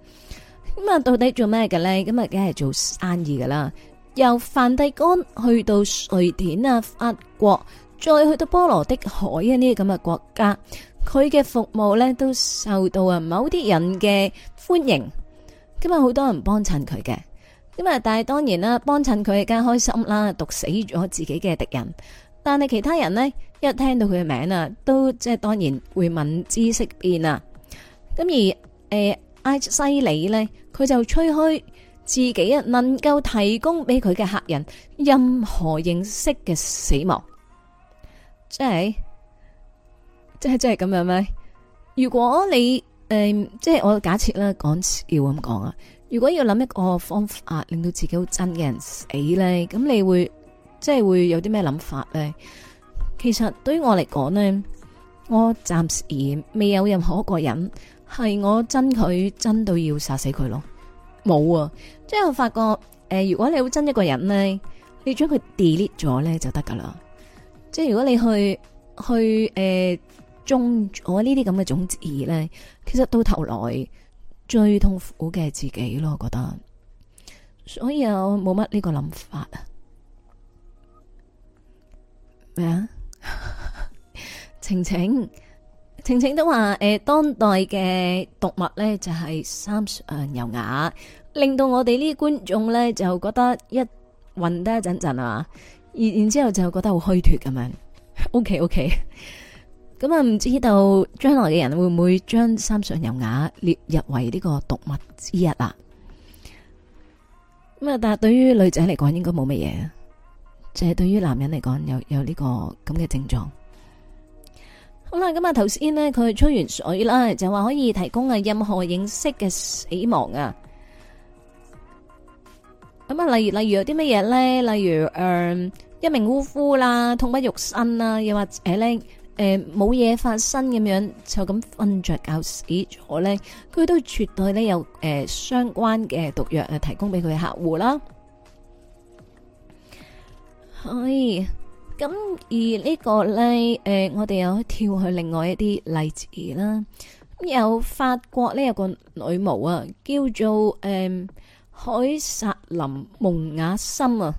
咁啊，到底做咩嘅咧？咁啊，梗係做生意噶啦。由梵蒂岡去到瑞典啊，法國，再去到波羅的海啊呢啲咁嘅國家，佢嘅服務咧都受到啊某啲人嘅歡迎。今日好多人幫襯佢嘅。咁啊！但係當然啦，幫襯佢更加開心啦，毒死咗自己嘅敵人。但係其他人呢，一聽到佢嘅名啊，都即係當然會聞之色變啊。咁而誒，埃西里呢，佢就吹噓自己啊，能夠提供俾佢嘅客人任何形式嘅死亡。即係，即係，即係咁樣咩？如果你誒、呃，即係我假設啦，講笑咁講啊。如果要諗一個方法令到自己好憎嘅人死咧，咁你會，即係會有啲咩諗法咧？其實對於我嚟講咧，我暫時未有任何一個人係我憎佢憎到要殺死佢咯，冇啊！即係我發覺，誒、呃，如果你好憎一個人咧，你將佢 delete 咗咧就得噶啦。即係如果你去去誒種我呢啲咁嘅種子咧，其實到頭來。最痛苦嘅係自己咯，我覺得，所以我冇乜呢個諗法啊。咩啊？ 晴晴，晴晴都話，誒、呃，當代嘅毒物呢，就係、是、三上悠亞，令到我哋呢啲觀眾呢，就覺得一暈得一陣陣啊，然然之後就覺得好虛脫咁樣。O K O K。咁啊，唔知道將來嘅人會唔會將三上悠亞列入為呢個毒物之一啦？咁啊，但係對於女仔嚟講，應該冇乜嘢，即係對於男人嚟講，有有、這、呢個咁嘅症狀。好啦，咁啊，頭先呢，佢吹完水啦，就話可以提供啊任何形式嘅死亡啊。咁啊，例如例如有啲乜嘢呢？例如誒、呃，一命嗚呼啦，痛不欲生啦，又或者呢。誒，冇嘢發生咁樣，就咁瞓著，搞死咗咧，佢都絕對咧有誒相關嘅毒藥誒提供俾佢嘅客戶啦。係，咁而呢個咧，誒，我哋又跳去另外一啲例子啦。咁有法國咧有個女巫啊，叫做誒凱撒琳蒙雅森啊，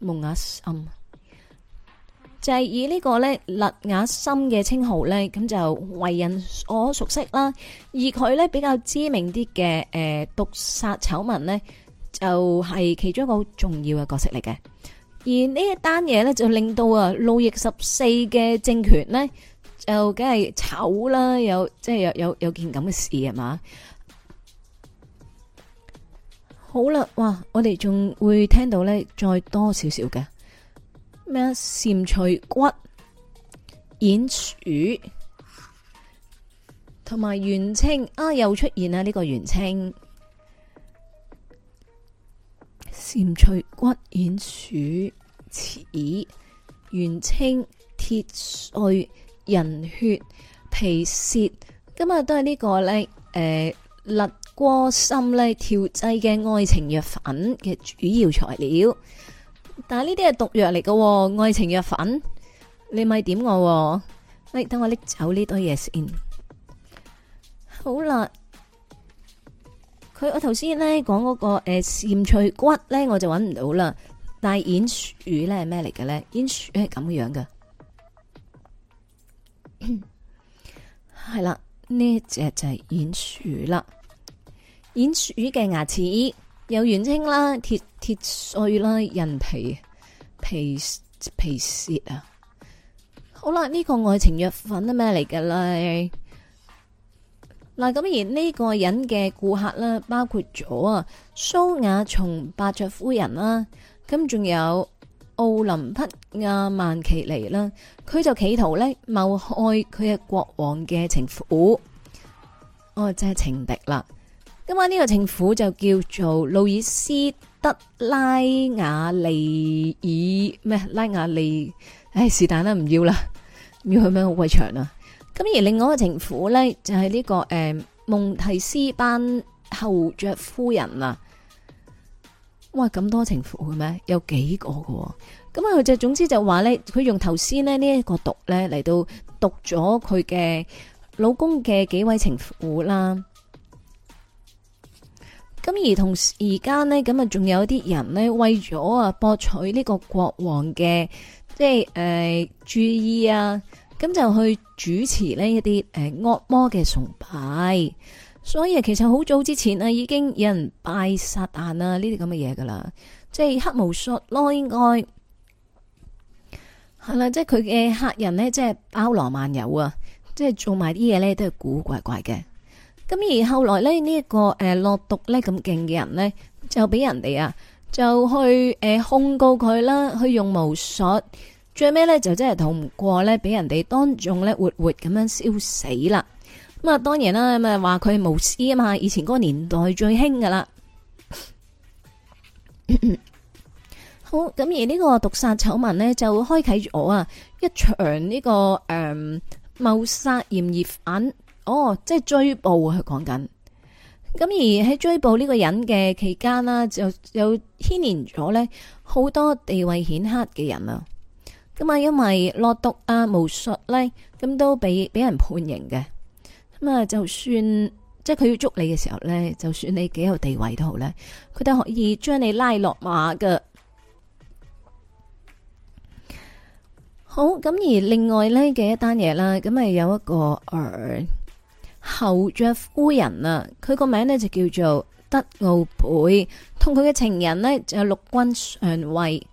蒙雅森。就係以呢個咧勒雅森嘅稱號咧，咁就為人所熟悉啦。而佢咧比較知名啲嘅誒毒殺醜聞咧，就係其中一個好重要嘅角色嚟嘅。而呢一單嘢咧，就令到啊路易十四嘅政權咧，就梗係醜啦，有即係有有有件咁嘅事係嘛。好啦，哇！我哋仲會聽到咧，再多少少嘅。咩？蟬蛻骨、偃鼠，同埋元青啊，又出現啊！呢個元青、蟬蛻骨、偃鼠、齒、元青、鐵碎、人血、皮屑，今日都係呢個咧，誒、呃，濾過心咧調製嘅愛情藥粉嘅主要材料。但係呢啲係毒藥嚟嘅，愛情藥粉，你咪點我、啊，你等我拎走呢堆嘢先。好啦，佢我頭先咧講嗰個誒、呃、脆骨咧，我就揾唔到啦。但鼴鼠咧係咩嚟嘅咧？鼴鼠係咁嘅樣嘅，係啦，呢隻就係鼴鼠啦，鼴鼠嘅牙齒。有原青啦、鐵鐵碎啦、人皮皮皮屑啊！好啦，呢、這個愛情藥粉係咩嚟噶啦？嗱，咁而呢個人嘅顧客啦，包括咗啊蘇雅松伯爵夫人啦，咁仲有奧林匹亞曼奇尼啦，佢就企圖呢，謀害佢嘅國王嘅情婦，哦，即係情敵啦。咁啊，呢個情婦就叫做路易斯德拉雅利爾咩？拉雅利，唉，是但啦，唔要啦，要去咩好鬼長啊！咁而另外一個情婦咧，就係、是、呢、這個誒蒙、嗯、提斯班侯爵夫人啊！哇，咁多情婦嘅咩？有幾個喎、哦。咁啊，佢就總之就話咧，佢用頭先咧呢一個毒咧嚟到毒咗佢嘅老公嘅幾位情婦啦。咁而同時而家咁啊，仲有啲人呢，為咗啊博取呢個國王嘅即係誒注意啊，咁就去主持呢一啲誒惡魔嘅崇拜。所以其實好早之前啊，已經有人拜撒旦啊呢啲咁嘅嘢噶啦，即係黑巫術咯，應該係啦。即係佢嘅客人呢，即係包羅萬有啊，即係做埋啲嘢呢，都係古怪怪嘅。咁而後來咧，呢、這、一個誒、呃、落毒咧咁勁嘅人呢就俾人哋啊，就去誒、呃、控告佢啦，去用巫術，最尾呢就真係逃唔過呢俾人哋當眾呢活活咁樣燒死啦。咁啊，當然啦，咁啊話佢巫師啊嘛，以前嗰個年代最興噶啦。 好，咁而呢個毒殺醜聞呢就開啟住我啊一場呢、這個誒、呃、謀殺嫌疑案。哦，即係追捕啊，佢講緊，咁而喺追捕呢個人嘅期間啦，就又牽連咗呢好多地位顯赫嘅人啊！咁啊，因為落毒啊、巫術呢、啊，咁都被俾人判刑嘅。咁啊，就算即係佢要捉你嘅時候呢，就算你幾有地位都好呢，佢都可以將你拉落馬嘅。好，咁而另外呢嘅一單嘢啦，咁啊有一個誒。侯爵夫人啊，佢個名呢就叫做德奧佩，同佢嘅情人呢就係陸軍上尉，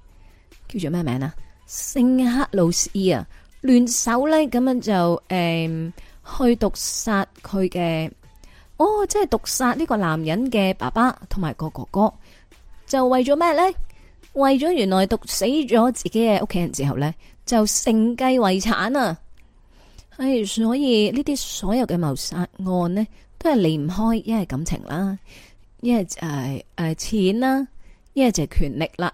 叫做咩名啊？聖克魯斯啊，聯手呢，咁樣就誒去毒殺佢嘅，哦，即係毒殺呢個男人嘅爸爸同埋個哥哥，就為咗咩呢？為咗原來毒死咗自己嘅屋企人之後呢，就承繼遺產啊！哎、所以呢啲所有嘅謀殺案呢，都係離唔開一係感情啦，一係誒誒錢啦，一係就係權力啦。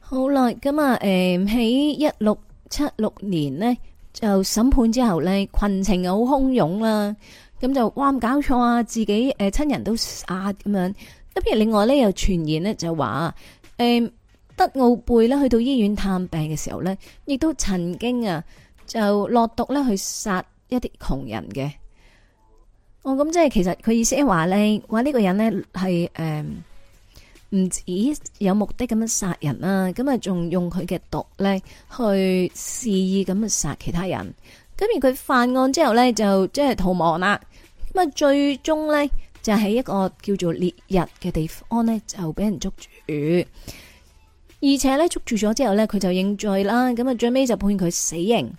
好啦，咁啊，誒喺一六七六年呢，就審判之後呢，群情又好洶湧啦，咁就哇唔搞錯啊，自己誒呃、親人都殺咁樣。一如另外呢，又傳言呢，就話，誒、嗯、德奧貝呢去到醫院探病嘅時候呢，亦都曾經啊。就落毒咧去殺一啲窮人嘅、哦，哦咁即係其實佢意思話咧，話呢個人呢係誒唔止有目的咁樣殺人啦，咁啊仲用佢嘅毒咧去示意咁啊殺其他人，咁而佢犯案之後呢，就即係逃亡啦，咁啊最終呢，就喺一個叫做烈日嘅地方呢，就俾人捉住，而且呢，捉住咗之後呢，佢就認罪啦，咁啊最尾就判佢死刑。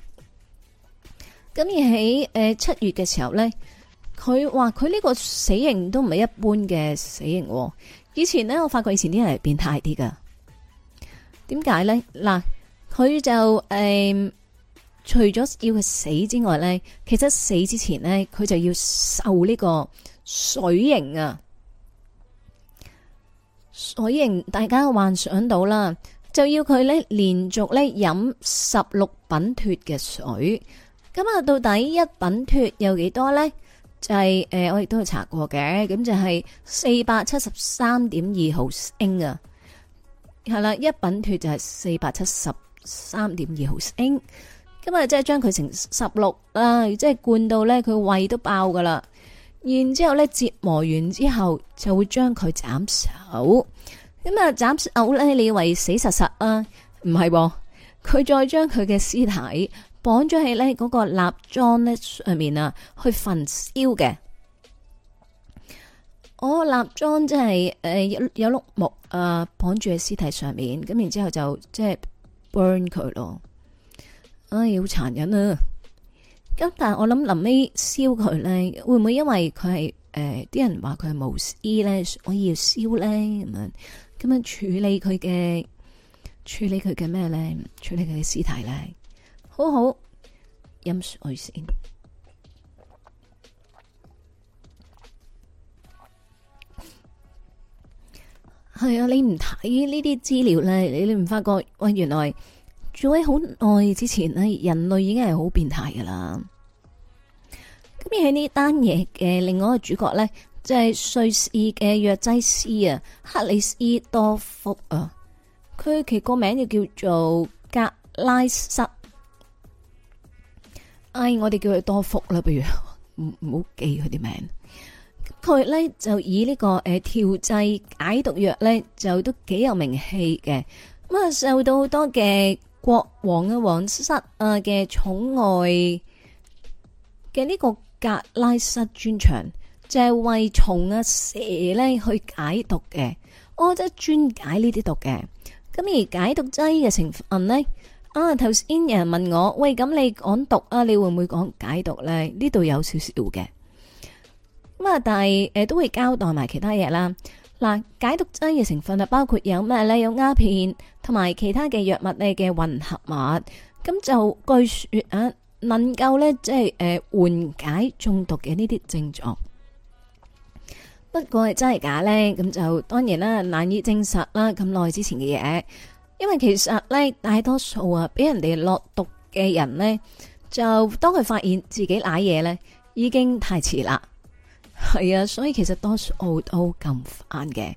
咁而喺誒七月嘅時候咧，佢話佢呢個死刑都唔係一般嘅死刑。以前咧，我發覺以前啲人係變態啲噶。點解咧？嗱，佢就誒，除咗要佢死之外咧，其實死之前咧，佢就要受呢個水刑啊。水刑大家幻想到啦，就要佢咧連續咧飲十六品脱嘅水。咁啊，到底一品脫有幾多呢？就係、是、誒、呃，我亦都有查過嘅，咁就係四百七十三點二毫升啊。係啦，一品脫就係四百七十三點二毫升。咁日即係將佢成十六啊，即係灌到咧，佢胃都爆噶啦。然之後咧，折磨完之後就會將佢斬首。咁啊，斬首咧，你以為死實實啊？唔係、啊，佢再將佢嘅屍體。綁咗喺咧嗰個蠟莊咧上面啊，去焚燒嘅。我個蠟莊即係誒有碌木啊，綁住喺屍體上面，咁然之後就即係 burn 佢咯。唉，好殘忍啊！咁但係我諗臨尾燒佢咧，會唔會因為佢係誒啲人話佢係巫師咧，我要燒咧咁樣？咁樣處理佢嘅處理佢嘅咩咧？處理佢嘅屍體咧？好好飲水先係啊！你唔睇呢啲資料咧，你你唔發覺喂？原來住喺好耐之前咧，人類已經係好變態噶啦。咁喺呢單嘢嘅另外一個主角咧，即係瑞士嘅藥劑師啊，克里斯多福啊，佢其個名就叫做格拉塞。哎，我哋叫佢多福啦，不如唔唔好記佢啲名。佢咧就以呢個誒調製解毒藥咧，就都幾有名氣嘅。咁啊，受到好多嘅國王啊、王室啊嘅寵愛嘅呢個格拉塞專長，就係為蟲啊蛇咧去解毒嘅。我覺得專解呢啲毒嘅。咁而解毒劑嘅成分咧？啊，頭先有人問我，喂，咁你講毒啊，你會唔會講解毒咧？呢度有少少嘅。咁啊，但係誒、呃、都會交代埋其他嘢啦。嗱，解毒劑嘅成分啊，包括有咩咧？有鴉片同埋其他嘅藥物嘅混合物，咁就據說啊，能夠咧即係誒緩解中毒嘅呢啲症狀。不過係真係假咧？咁就當然啦，難以證實啦，咁耐之前嘅嘢。因為其實咧，大多數啊俾人哋落毒嘅人呢，就當佢發現自己瀨嘢呢已經太遲啦。係啊，所以其實多數都咁煩嘅。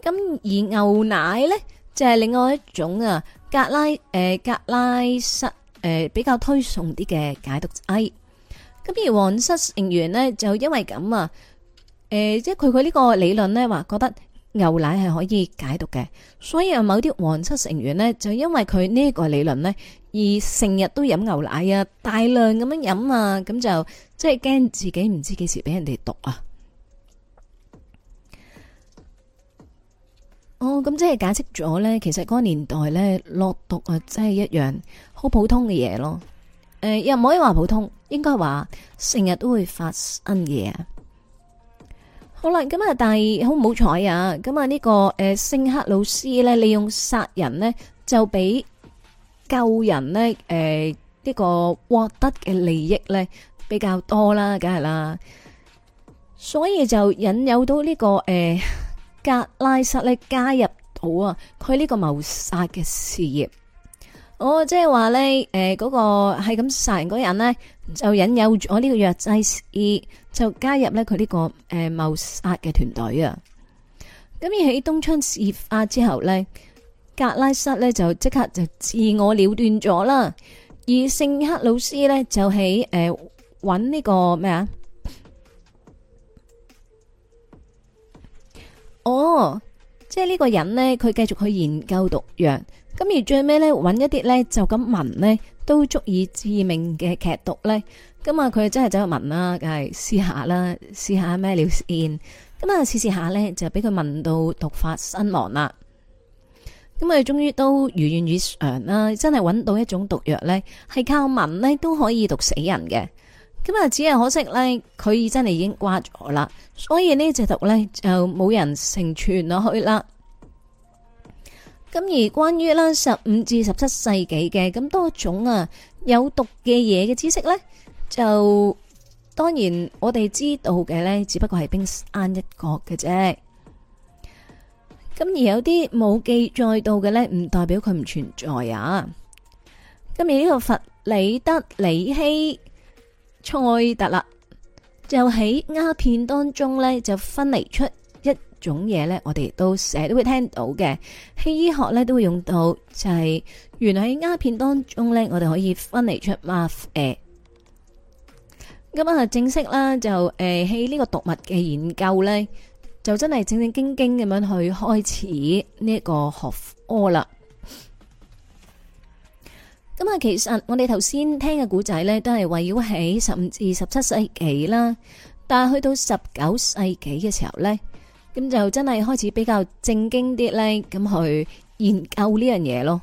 咁而牛奶呢，就係、是、另外一種啊，格拉誒格、呃、拉塞誒、呃、比較推崇啲嘅解毒劑。咁而王室成員呢，就因為咁啊，誒、呃、即係佢佢呢個理論呢，話覺得。牛奶係可以解毒嘅，所以啊，某啲皇室成員呢，就因為佢呢個理論呢而成日都飲牛奶啊，大量咁樣飲啊，咁就即係驚自己唔知幾時俾人哋毒啊！哦，咁即係解釋咗呢，其實嗰個年代呢，落毒啊，真係一樣好普通嘅嘢咯。呃，又唔可以話普通，應該話成日都會發生嘅。好啦，咁啊，但係好唔好彩啊？咁啊，呢個誒，聖克老師咧，利用殺人咧，就俾救人咧，誒，呢個獲得嘅利益咧，比較多啦，梗係啦。所以就引誘到呢個誒格拉塞咧，加入到啊，佢呢個謀殺嘅事業。我即係話咧，誒，嗰個係咁殺人嗰人咧，就引誘咗呢個藥劑師。就加入呢、這個，佢呢個誒謀殺嘅團隊啊！咁而喺東窗事發之後呢，格拉塞呢就即刻就自我了斷咗啦。而聖克老師呢，就喺誒揾呢個咩啊？哦。即係呢個人呢，佢繼續去研究毒藥，咁而最尾呢，揾一啲呢，就咁聞呢，都足以致命嘅劇毒呢。咁啊，佢真係走去聞啦，係試下啦，試下咩料先。咁啊，試試下呢，就俾佢聞到毒發身亡啦。咁啊，終於都如願以償啦，真係揾到一種毒藥呢，係靠聞呢都可以毒死人嘅。咁啊，只係可惜呢，佢已真係已經瓜咗啦，所以呢，隻毒呢就冇人承傳落去啦。咁而關於啦，十五至十七世紀嘅咁多種啊有毒嘅嘢嘅知識呢，就當然我哋知道嘅呢，只不過係冰山一角嘅啫。咁而有啲冇記載到嘅呢，唔代表佢唔存在啊。今日呢個佛里德里希。賽特啦，就喺鴉片當中咧，就分離出一種嘢咧，我哋都成日都會聽到嘅，喺醫學咧都會用到，就係、是、原來喺鴉片當中咧，我哋可以分離出嗎啡，咁啊正式啦，就誒喺呢個毒物嘅研究咧，就真係正正經經咁樣去開始呢一個學科啦。咁啊，其實我哋頭先聽嘅古仔呢，都係圍繞喺十五至十七世紀啦。但係去到十九世紀嘅時候呢，咁就真係開始比較正經啲呢。咁去研究呢樣嘢咯。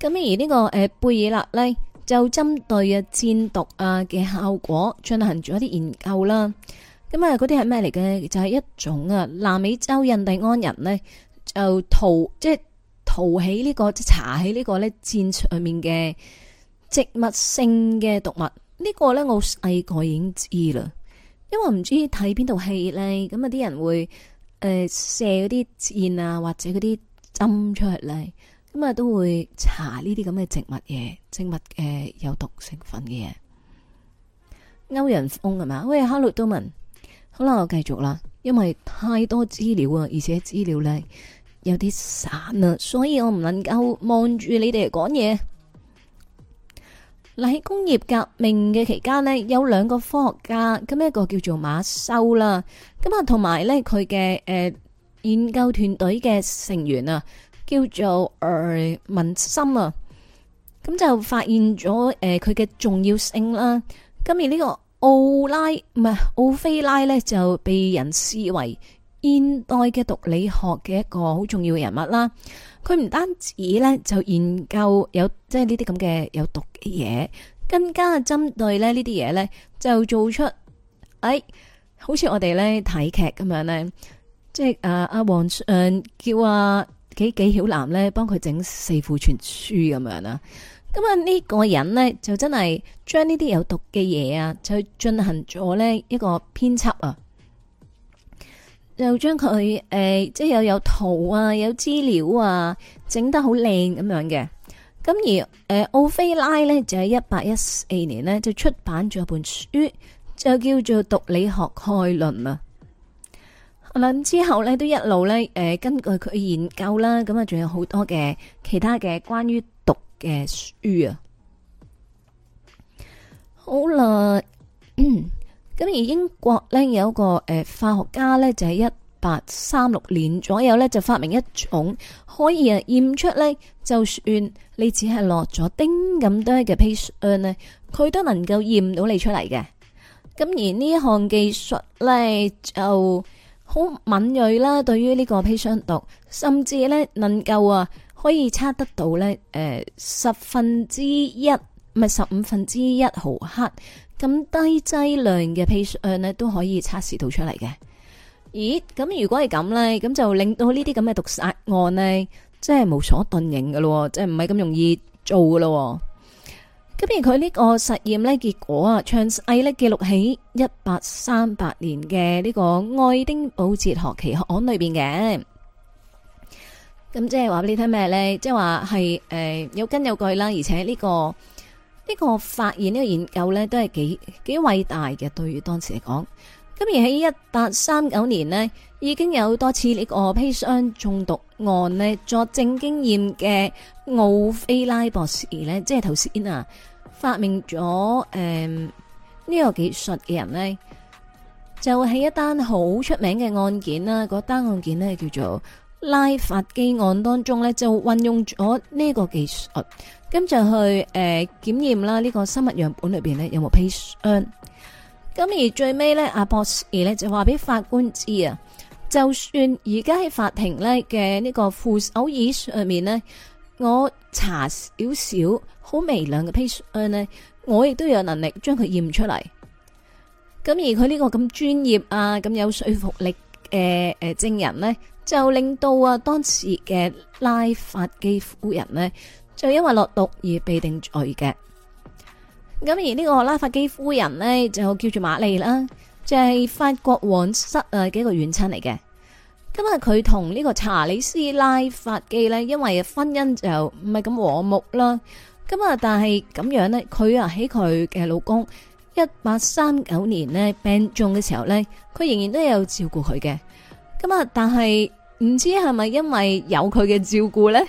咁而呢個誒貝爾納呢就針對啊箭毒啊嘅效果進行咗一啲研究啦。咁啊，嗰啲係咩嚟嘅？就係、是、一種啊南美洲印第安人呢，就圖。即。淘起呢、這個，搽起呢個咧，戰場面嘅植物性嘅毒物，呢、這個咧我細個已經知啦，因為唔知睇邊度戲咧，咁啊啲人會誒射嗰啲箭啊，或者嗰啲針出嚟，咁啊都會搽呢啲咁嘅植物嘢，植物嘅有毒成分嘅嘢。歐陽鋒係嘛？喂，Hello，Do 文，Hello，好啦，我繼續啦，因為太多資料啊，而且資料咧。有啲散啦，所以我唔能夠望住你哋講嘢。嗱，喺工業革命嘅期間咧，有兩個科學家，咁一個叫做馬修啦，咁啊同埋咧佢嘅誒研究團隊嘅成員啊，叫做誒文森啊，咁就發現咗誒佢嘅重要性啦。咁而呢個奧拉唔係奧菲拉咧，就被人視為。現代嘅毒理學嘅一個好重要嘅人物啦，佢唔單止咧就研究有即係呢啲咁嘅有毒嘅嘢，更加針對咧呢啲嘢咧就做出，誒、哎，好似我哋咧睇劇咁樣咧，即係阿阿王嗯叫阿紀紀曉嵐咧幫佢整四庫全書咁樣啦，咁啊呢個人咧就真係將呢啲有毒嘅嘢啊就進行咗呢一個編輯啊。又將佢誒，即係又有圖啊，有資料啊，整得好靚咁樣嘅。咁而誒，奧菲拉咧就喺一八一四年呢，就出版咗一本書，就叫做《毒理學概論》啊。咁之後咧都一路咧，誒、呃，根據佢研究啦，咁啊，仲有好多嘅其他嘅關於毒嘅書啊。好啦，嗯。咁而英國咧有一個、呃、化學家咧，就喺一八三六年左右咧，就發明一種可以啊驗出咧，就算你只係落咗丁咁多嘅砒霜咧，佢都能夠驗到你出嚟嘅。咁而呢一項技術咧就好敏銳啦，對於呢個砒霜毒，甚至咧能夠啊可以測得到咧誒、呃、十分之一唔係十五分之一毫克。咁低劑量嘅砒霜呢都可以測試到出嚟嘅，咦？咁如果係咁呢，咁就令到呢啲咁嘅毒殺案呢，即係無所遁形嘅咯，即係唔係咁容易做嘅咯。咁而佢呢個實驗呢結果啊，詳細呢記錄喺一八三八年嘅呢個愛丁堡哲學期刊裏邊嘅。咁即係話俾你聽咩呢？即係話係誒有根有據啦，而且呢、這個。呢個發現呢、呢個研究呢，都係幾幾偉大嘅對於當時嚟講。今而喺一八三九年呢，已經有多次呢個砒霜中毒案呢，作證經驗嘅奧菲拉博士呢，即係頭先啊發明咗誒呢個技術嘅人呢，就係一單好出名嘅案件啦。嗰單案件呢，叫做。拉法基案當中呢，就運用咗呢個技術，咁就去誒檢驗啦呢、呢個生物樣本裏邊呢有冇砒霜。咁而最尾呢，阿博士呢就話俾法官知啊，就算而家喺法庭呢嘅呢個扶手椅上面呢，我查少少好微量嘅砒霜呢我亦都有能力將佢驗出嚟。咁而佢呢個咁專業啊，咁有說服力嘅誒、呃呃、證人呢。就令到啊，當時嘅拉法基夫人呢，就因為落毒而被定罪嘅。咁而呢個拉法基夫人呢，就叫做瑪麗啦，就係法國皇室啊嘅一個遠親嚟嘅。咁啊，佢同呢個查理斯拉法基呢，因為婚姻就唔係咁和睦啦。咁啊，但係咁樣呢，佢啊喺佢嘅老公一八三九年呢，病重嘅時候呢，佢仍然都有照顧佢嘅。咁啊，但係。唔知係咪因為有佢嘅照顧呢？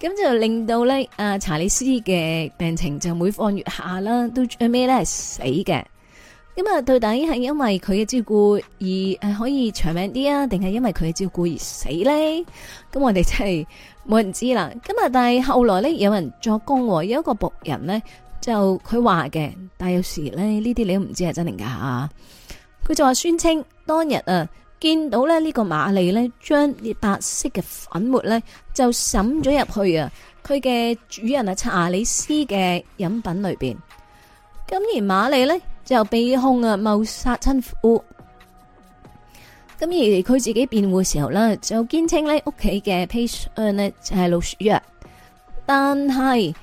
咁就令到咧啊，查理斯嘅病情就每況愈下啦，到最尾咧係死嘅。咁啊，到底係因為佢嘅照顧而誒可以長命啲啊，定係因為佢嘅照顧而死呢？咁我哋真係冇人知啦。咁啊，但係後來呢，有人作供，有一個僕人呢，就佢話嘅，但係有時呢呢啲你都唔知係真定假啊。佢就話宣稱當日啊。見到咧呢個瑪麗呢將啲白色嘅粉末呢就滲咗入去啊！佢嘅主人啊查理斯嘅飲品裏邊。咁而瑪麗呢就被控啊謀殺親夫。咁而佢自己辯護嘅時候呢，就堅稱呢屋企嘅砒霜呢就係老鼠藥。但係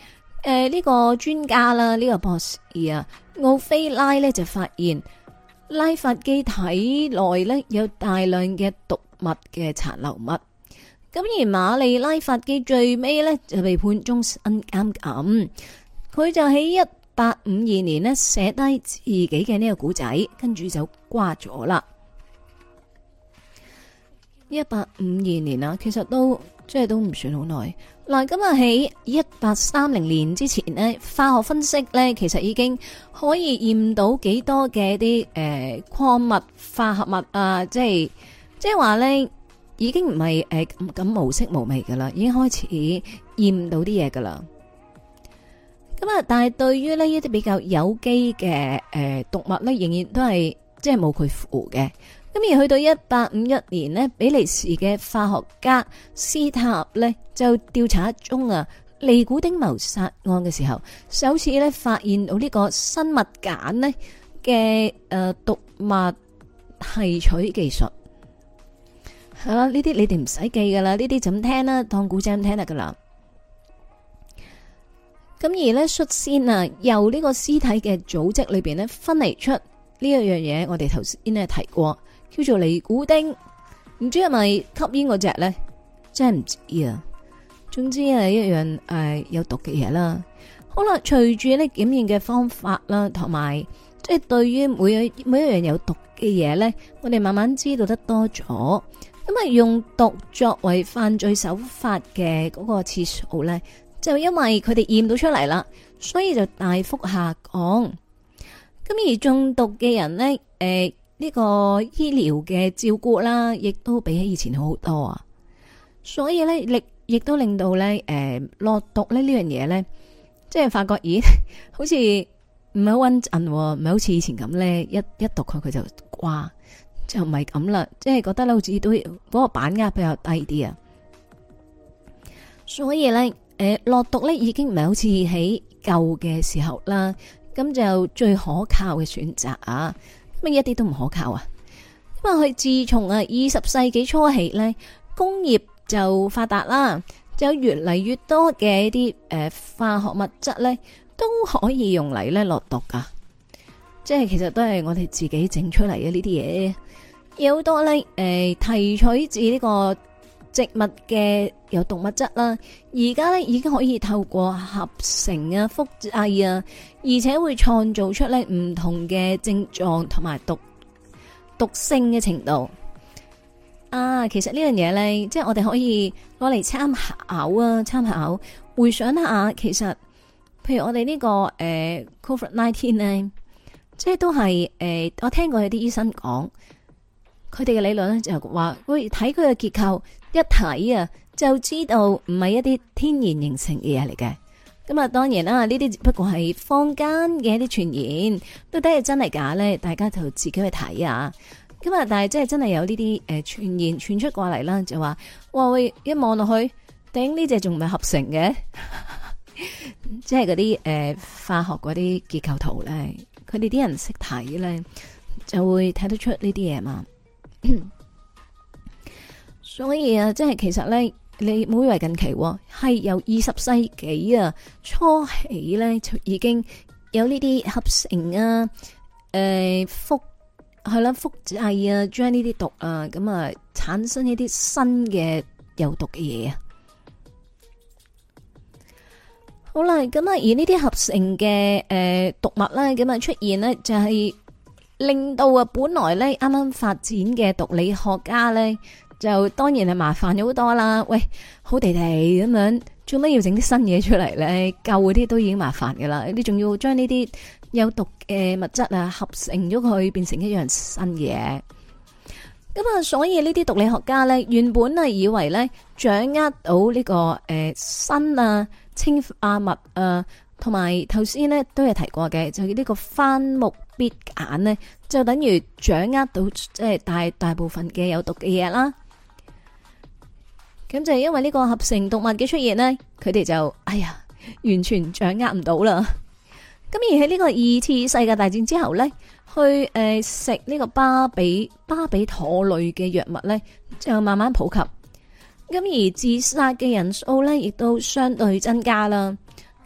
誒呢個專家啦呢個博士啊奧菲拉呢，就發現。拉法基體內呢有大量嘅毒物嘅殘留物，咁而瑪麗拉法基最尾呢就被判終身監禁，佢就喺一八五二年呢寫低自己嘅呢個故仔，跟住就瓜咗啦。一八五二年啊，其實都。即係都唔算好耐。嗱，今日喺一八三零年之前呢，化學分析呢，其實已經可以驗到幾多嘅啲誒礦物化合物啊，即係即係話咧，已經唔係誒咁無色無味噶啦，已經開始驗到啲嘢噶啦。咁啊，但係對於咧呢啲比較有機嘅誒毒物呢，仍然都係即係冇佢符嘅。咁而去到一八五一年呢，比利時嘅化學家斯塔呢，就調查一宗啊尼古丁謀殺案嘅時候，首次呢發現到呢個生物鹼呢嘅誒毒物提取技術。係啦，呢啲你哋唔使記噶啦，呢啲就咁聽啦，當古仔咁聽得噶啦。咁而呢，率先啊由呢個屍體嘅組織裏邊呢，分離出呢一樣嘢，我哋頭先咧提過。叫做尼古丁，唔知係咪吸煙嗰隻咧，真係唔知啊。總之係一樣誒、呃、有毒嘅嘢啦。好啦，隨住呢檢驗嘅方法啦，同埋即係對於每一每一樣有毒嘅嘢咧，我哋慢慢知道得多咗。咁啊，用毒作為犯罪手法嘅嗰個次數咧，就因為佢哋驗到出嚟啦，所以就大幅下降。咁而中毒嘅人咧，誒、呃。呢個醫療嘅照顧啦，亦都比起以前好好多啊！所以咧，亦亦都令到咧，誒、呃，落毒咧呢樣嘢咧，即係發覺咦、哎，好似唔係好穩陣、啊，唔係好似以前咁咧，一一毒佢佢就瓜，就唔係咁啦，即係覺得咧好似都嗰個板壓比較低啲啊！所以咧，誒、呃，落毒咧已經唔係好似喺舊嘅時候啦，咁就最可靠嘅選擇啊！乜一啲都唔可靠啊！因為佢自從啊二十世紀初起呢，工業就發達啦，就有越嚟越多嘅一啲誒化學物質呢都可以用嚟呢落毒噶，即係其實都係我哋自己整出嚟嘅呢啲嘢，有好多呢誒、呃、提取自呢、這個。植物嘅有毒物質啦，而家咧已經可以透過合成啊、複製啊，而且會創造出咧唔同嘅症狀同埋毒毒性嘅程度。啊，其實呢樣嘢咧，即係我哋可以攞嚟參考啊，參考回想一下，其實譬如我哋呢、這個誒、呃、Covid nineteen 咧，19, 即係都係誒、呃，我聽過有啲醫生講，佢哋嘅理論咧就係話，喂，睇佢嘅結構。一睇啊，就知道唔係一啲天然形成嘅嘢嚟嘅。咁啊，當然啦，呢啲不過係坊間嘅一啲傳言，到底係真係假咧？大家就自己去睇啊。咁啊，但係即係真係有呢啲誒傳言傳出過嚟啦，就話哇會一望落去，頂呢隻仲唔係合成嘅？即係嗰啲誒化學嗰啲結構圖咧，佢哋啲人識睇咧，就會睇得出呢啲嘢嘛。 所以啊，即係其實咧，你唔好以為近期，係由二十世紀啊初起咧就已經有呢啲合成啊，誒複係啦，複製啊，將呢啲毒啊，咁啊產生一啲新嘅有毒嘅嘢啊。好啦，咁啊，而呢啲合成嘅誒毒物咧，咁啊出現咧，就係令到啊本來咧啱啱發展嘅毒理學家咧。就當然係麻煩咗好多啦。喂，好地地咁樣做咩要整啲新嘢出嚟咧？舊嗰啲都已經麻煩㗎啦，你仲要將呢啲有毒嘅物質啊合成咗佢，變成一樣新嘢。咁啊，所以呢啲毒理學家咧，原本係以為咧掌握到呢、呢個、呃、新啊氰化物啊，同埋頭先咧都係提過嘅，就係呢個番木鱉鹼咧，就等於掌握到即係大大部分嘅有毒嘅嘢啦。咁就係因為呢個合成毒物嘅出現呢，佢哋就哎呀，完全掌握唔到啦。咁而喺呢個二次世界大戰之後呢，去誒食呢個巴比巴比妥類嘅藥物呢，就慢慢普及。咁而自殺嘅人數呢，亦都相對增加啦。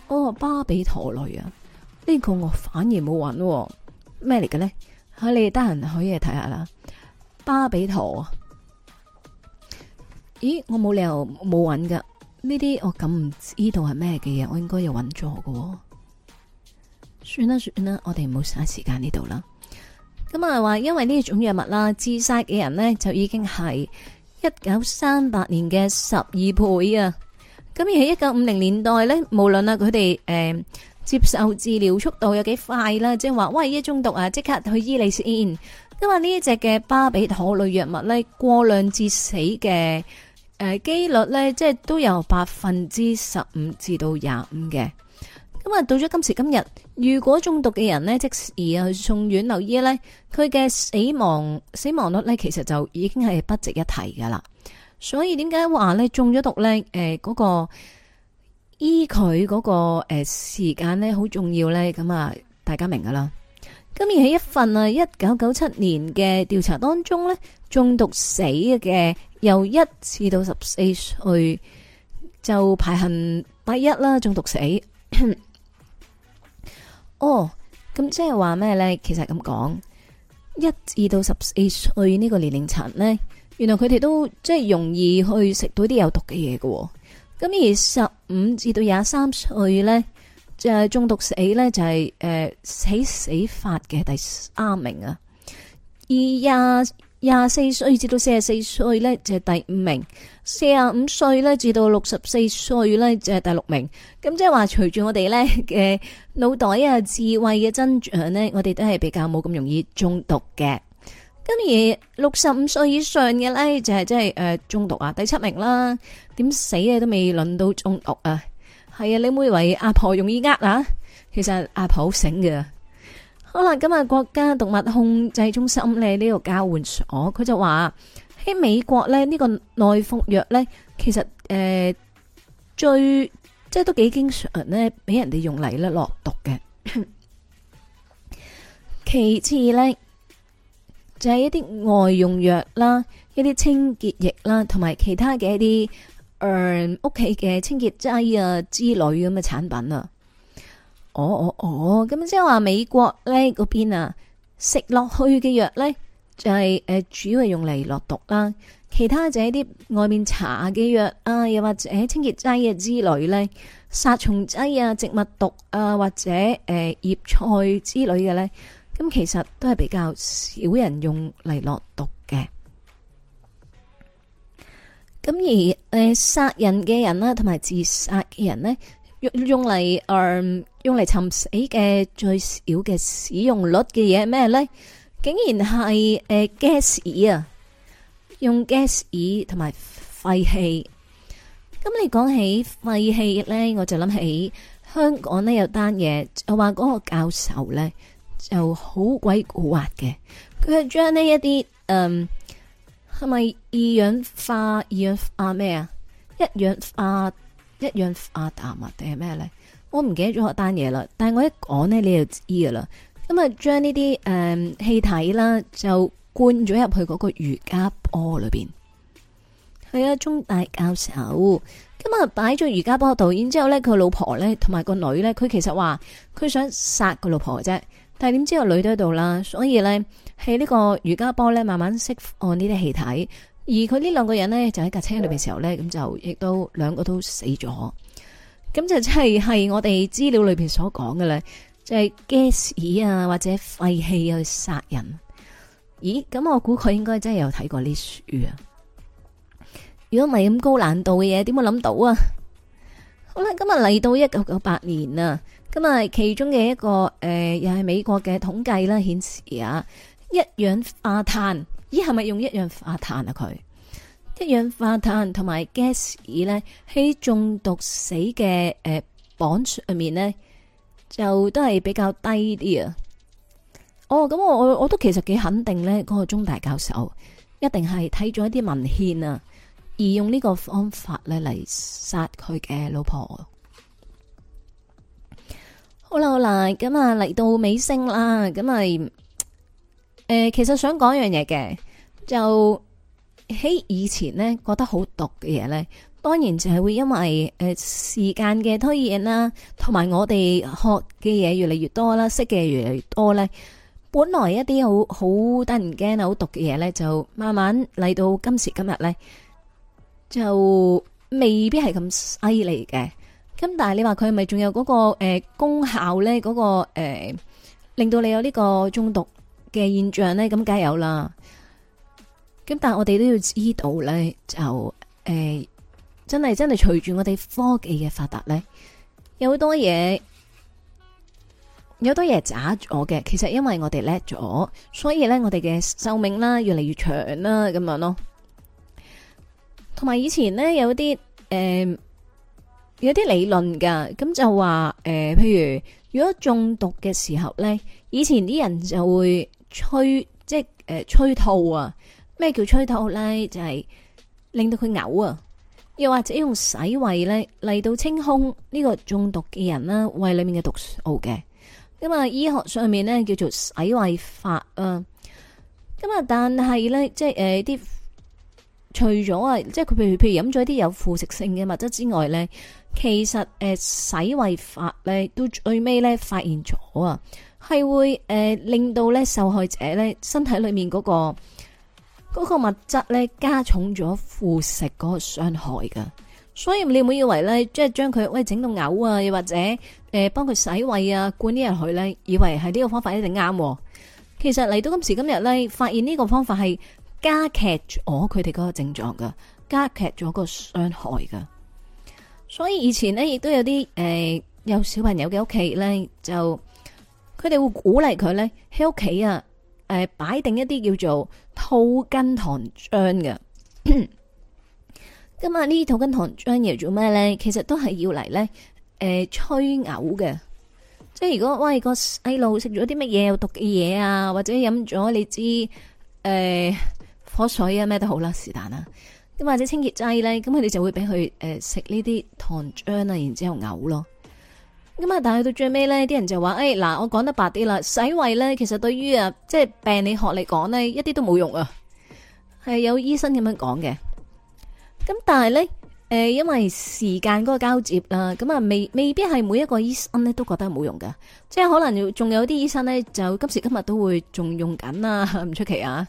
哦，巴比陀類啊，呢個我反而冇揾喎，啊。咩嚟嘅呢？吓，你哋得閒可以睇下啦，巴比陀。咦，我冇理由冇揾噶？呢啲我咁唔知道係咩嘅嘢，我應該有揾咗嘅。算啦算啦，我哋唔好嘥時間呢度啦。咁啊話，因為呢種藥物啦，自殺嘅人呢，就已經係一九三八年嘅十二倍啊。咁而喺一九五零年代呢，無論啦佢哋誒接受治療速度有幾快啦，即係話喂，一中毒啊，即刻去醫你先。咁啊呢一隻嘅巴比妥類藥物呢，過量致死嘅。誒，幾率呢，即係都有百分之十五至到廿五嘅。咁啊，到咗今時今日，如果中毒嘅人呢，即係而啊去送院留醫呢，佢嘅死亡死亡率呢，其實就已經係不值一提噶啦。所以點解話呢？中咗毒呢，誒，嗰個醫佢嗰個誒時間呢，好重要呢。咁啊，大家明噶啦。咁而喺一份啊一九九七年嘅調查當中呢，中毒死嘅，由一至到十四歲就排行第一啦，中毒死。 哦，咁即係話咩咧？其實咁講，一至到十四歲呢個年齡層咧，原來佢哋都即係、就係、容易去食到啲有毒嘅嘢嘅。咁而十五至到廿三歲咧，就係中毒死咧、就係，就係誒死死法嘅第三名啊。而家。廿四歲至到四十四歲咧，就係第五名；四十五歲咧至到六十四歲咧，就係第六名。咁即係話，隨住我哋咧嘅腦袋啊、智慧嘅增長咧，我哋都係比較冇咁容易中毒嘅。咁而六十五歲以上嘅咧、就是，就係即係誒中毒啊，第七名啦。點死啊都未輪到中毒啊！係啊，你咪以為阿婆容易呃啊？其實阿婆好醒嘅。好啦，今日國家動物控制中心咧呢個交換所，佢就話喺美國咧呢、這個內服藥咧，其實誒、呃、最即係都幾經常咧俾人哋用嚟咧落毒嘅。 其次咧就係、是、一啲外用藥啦，一啲清潔液啦，同埋其他嘅一啲誒屋企嘅清潔劑啊之類咁嘅產品啊。哦哦哦，咁即係話美國呢嗰邊啊，食落去嘅藥呢，就係誒，主要係用嚟落毒啦。其他就係啲外面搽嘅藥啊，又或者清潔劑啊之類呢，殺蟲劑啊、植物毒啊，或者誒葉、呃、菜之類嘅呢，咁其實都係比較少人用嚟落毒嘅。咁而誒殺人嘅人啦，同埋自殺嘅人呢，用用嚟誒。呃用嚟尋死嘅最少嘅使用率嘅嘢係咩咧？竟然係誒 gas 啊，用 gas 同埋廢氣。咁你講起廢氣咧，我就諗起香港咧有單嘢，就話嗰個教授咧就好鬼古惑嘅，佢係將呢一啲嗯係咪二氧化二氧化咩啊一氧化一氧化氮啊定係咩咧？我唔記得咗一單嘢啦，但係我一講呢，你就知噶啦。咁啊，將呢啲誒氣體啦，就灌咗入去嗰個瑜伽波裏邊。係啊，中大教授，咁啊擺咗瑜伽波度，然之後呢佢老婆呢，同埋個女呢，佢其實話佢想殺個老婆啫，但係點知個女都喺度啦，所以呢，喺呢個瑜伽波呢，慢慢釋放呢啲氣體，而佢呢兩個人呢，就喺架車裏邊時候呢，咁就亦都兩個都死咗。咁就真係係我哋資料裏邊所講嘅啦，就係 gas 啊，或者廢氣去殺人。咦？咁我估佢應該真係有睇過啲書啊！如果唔係咁高難度嘅嘢，點會諗到啊？好啦，今日嚟到一九九八年啊，咁啊，其中嘅一個誒、呃，又係美國嘅統計啦，顯示啊，一氧化碳，咦？係咪用一氧化碳啊佢？一氧化碳同埋 gas 咧，喺中毒死嘅誒榜上面呢，就都係比較低啲啊。哦，咁我我我都其實幾肯定咧，嗰個中大教授一定係睇咗一啲文獻啊，而用呢個方法咧嚟殺佢嘅老婆。好啦，好啦咁啊，嚟到尾聲啦，咁咪誒，其實想講一樣嘢嘅就。喺以前呢，覺得好毒嘅嘢呢，當然就係會因為誒時間嘅推移啦，同埋我哋學嘅嘢越嚟越多啦，識嘅越嚟越多呢。本來一啲好好得人驚，好毒嘅嘢呢，就慢慢嚟到今時今日呢，就未必係咁犀利嘅。咁但係你話佢係咪仲有嗰個呃功效呢？嗰個呃令到你有呢個中毒嘅現象呢？咁梗係有啦。咁，但係我哋都要知道咧，就誒、欸、真係真係隨住我哋科技嘅發達咧，有好多嘢，有好多嘢渣咗嘅。其實因為我哋叻咗，所以咧我哋嘅壽命啦越嚟越長啦，咁樣咯。同埋以前咧有啲誒、呃、有啲理論噶，咁就話誒、呃，譬如如果中毒嘅時候咧，以前啲人就會催，即係誒、呃、催吐啊。咩叫催吐咧？就係、是、令到佢嘔啊，又或者用洗胃咧嚟到清空呢個中毒嘅人啦，胃裏面嘅毒素嘅咁啊。醫學上面咧叫做洗胃法啊。咁、嗯、啊，但係咧，即係誒啲除咗啊，即係佢譬如譬如飲咗啲有腐蝕性嘅物質之外咧，其實誒、呃、洗胃法咧都最尾咧發現咗啊，係會誒、呃、令到咧受害者咧身體裏面嗰、那個。嗰個物質咧加重咗腐蝕嗰個傷害噶，所以你唔好以為咧，即係將佢喂整到嘔啊，又或者誒幫佢洗胃啊，灌啲入去咧，以為係呢個方法一定啱。其實嚟到今時今日咧，發現呢個方法係加劇咗佢哋嗰個症狀噶，加劇咗個傷害噶。所以以前咧，亦都有啲誒、呃、有小朋友嘅屋企咧，就佢哋會鼓勵佢咧喺屋企啊。誒，擺定一啲叫做吐根糖漿嘅，咁啊呢啲吐根糖漿又做咩咧？其實都係要嚟咧，誒催嘔嘅。即係如果餵個細路食咗啲乜嘢有毒嘅嘢啊，或者飲咗你知誒、呃、火水啊咩都好啦，是但啦，咁或者清潔劑咧，咁佢哋就會俾佢誒食呢啲糖漿啊，然之後嘔咯。咁啊，但係到最尾呢，啲人就話：誒、哎，嗱，我講得白啲啦，洗胃呢，其實對於啊，即係病理學嚟講呢，一啲都冇用啊，係有醫生咁樣講嘅。咁但係呢，誒、呃，因為時間嗰個交接啦，咁啊，未未必係每一個醫生呢都覺得冇用噶，即係可能仲有啲醫生呢，就今時今日都會仲用緊啊，唔出奇啊。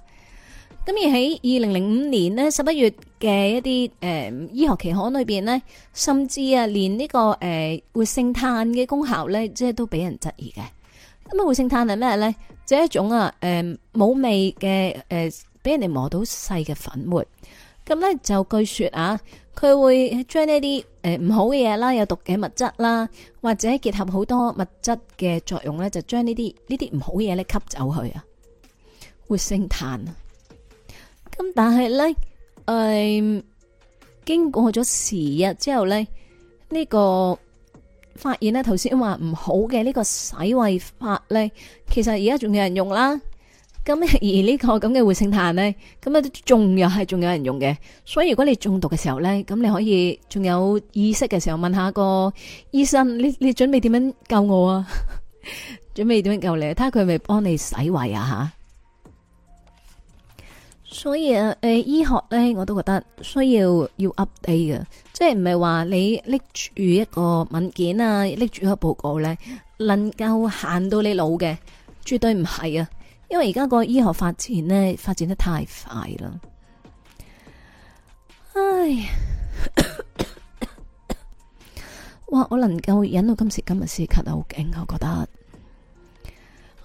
咁而喺二零零五年呢十一月嘅一啲誒醫學期刊裏邊呢，甚至啊連呢、呢個誒、呃、活性炭嘅功效呢，即係都俾人質疑嘅。咁、嗯、啊活性炭係咩呢？就係一種啊誒冇味嘅誒俾人哋磨到細嘅粉末。咁、嗯、呢，就據說啊，佢會將呢啲誒唔好嘅嘢啦，有毒嘅物質啦，或者結合好多物質嘅作用呢，就將呢啲呢啲唔好嘢呢吸走去啊。活性炭。咁但係咧，誒、呃，經過咗時日之後咧，呢個發現咧，頭先話唔好嘅呢個洗胃法咧，其實而家仲有人用啦。咁而呢個咁嘅活性炭咧，咁啊仲有係仲有人用嘅。所以如果你中毒嘅時候咧，咁你可以仲有意識嘅時候問下個醫生，你你準備點樣救我啊？ 準備點樣救你？睇下佢係咪幫你洗胃啊？吓！所以誒誒、呃，醫學咧，我都覺得需要要 update 嘅，即係唔係話你拎住一個文件啊，拎住一個報告咧，能夠限到你老嘅？絕對唔係啊！因為而家個醫學發展咧，發展得太快啦。唉，哇！ 我能夠忍到今時今日先咳，得好勁我覺得。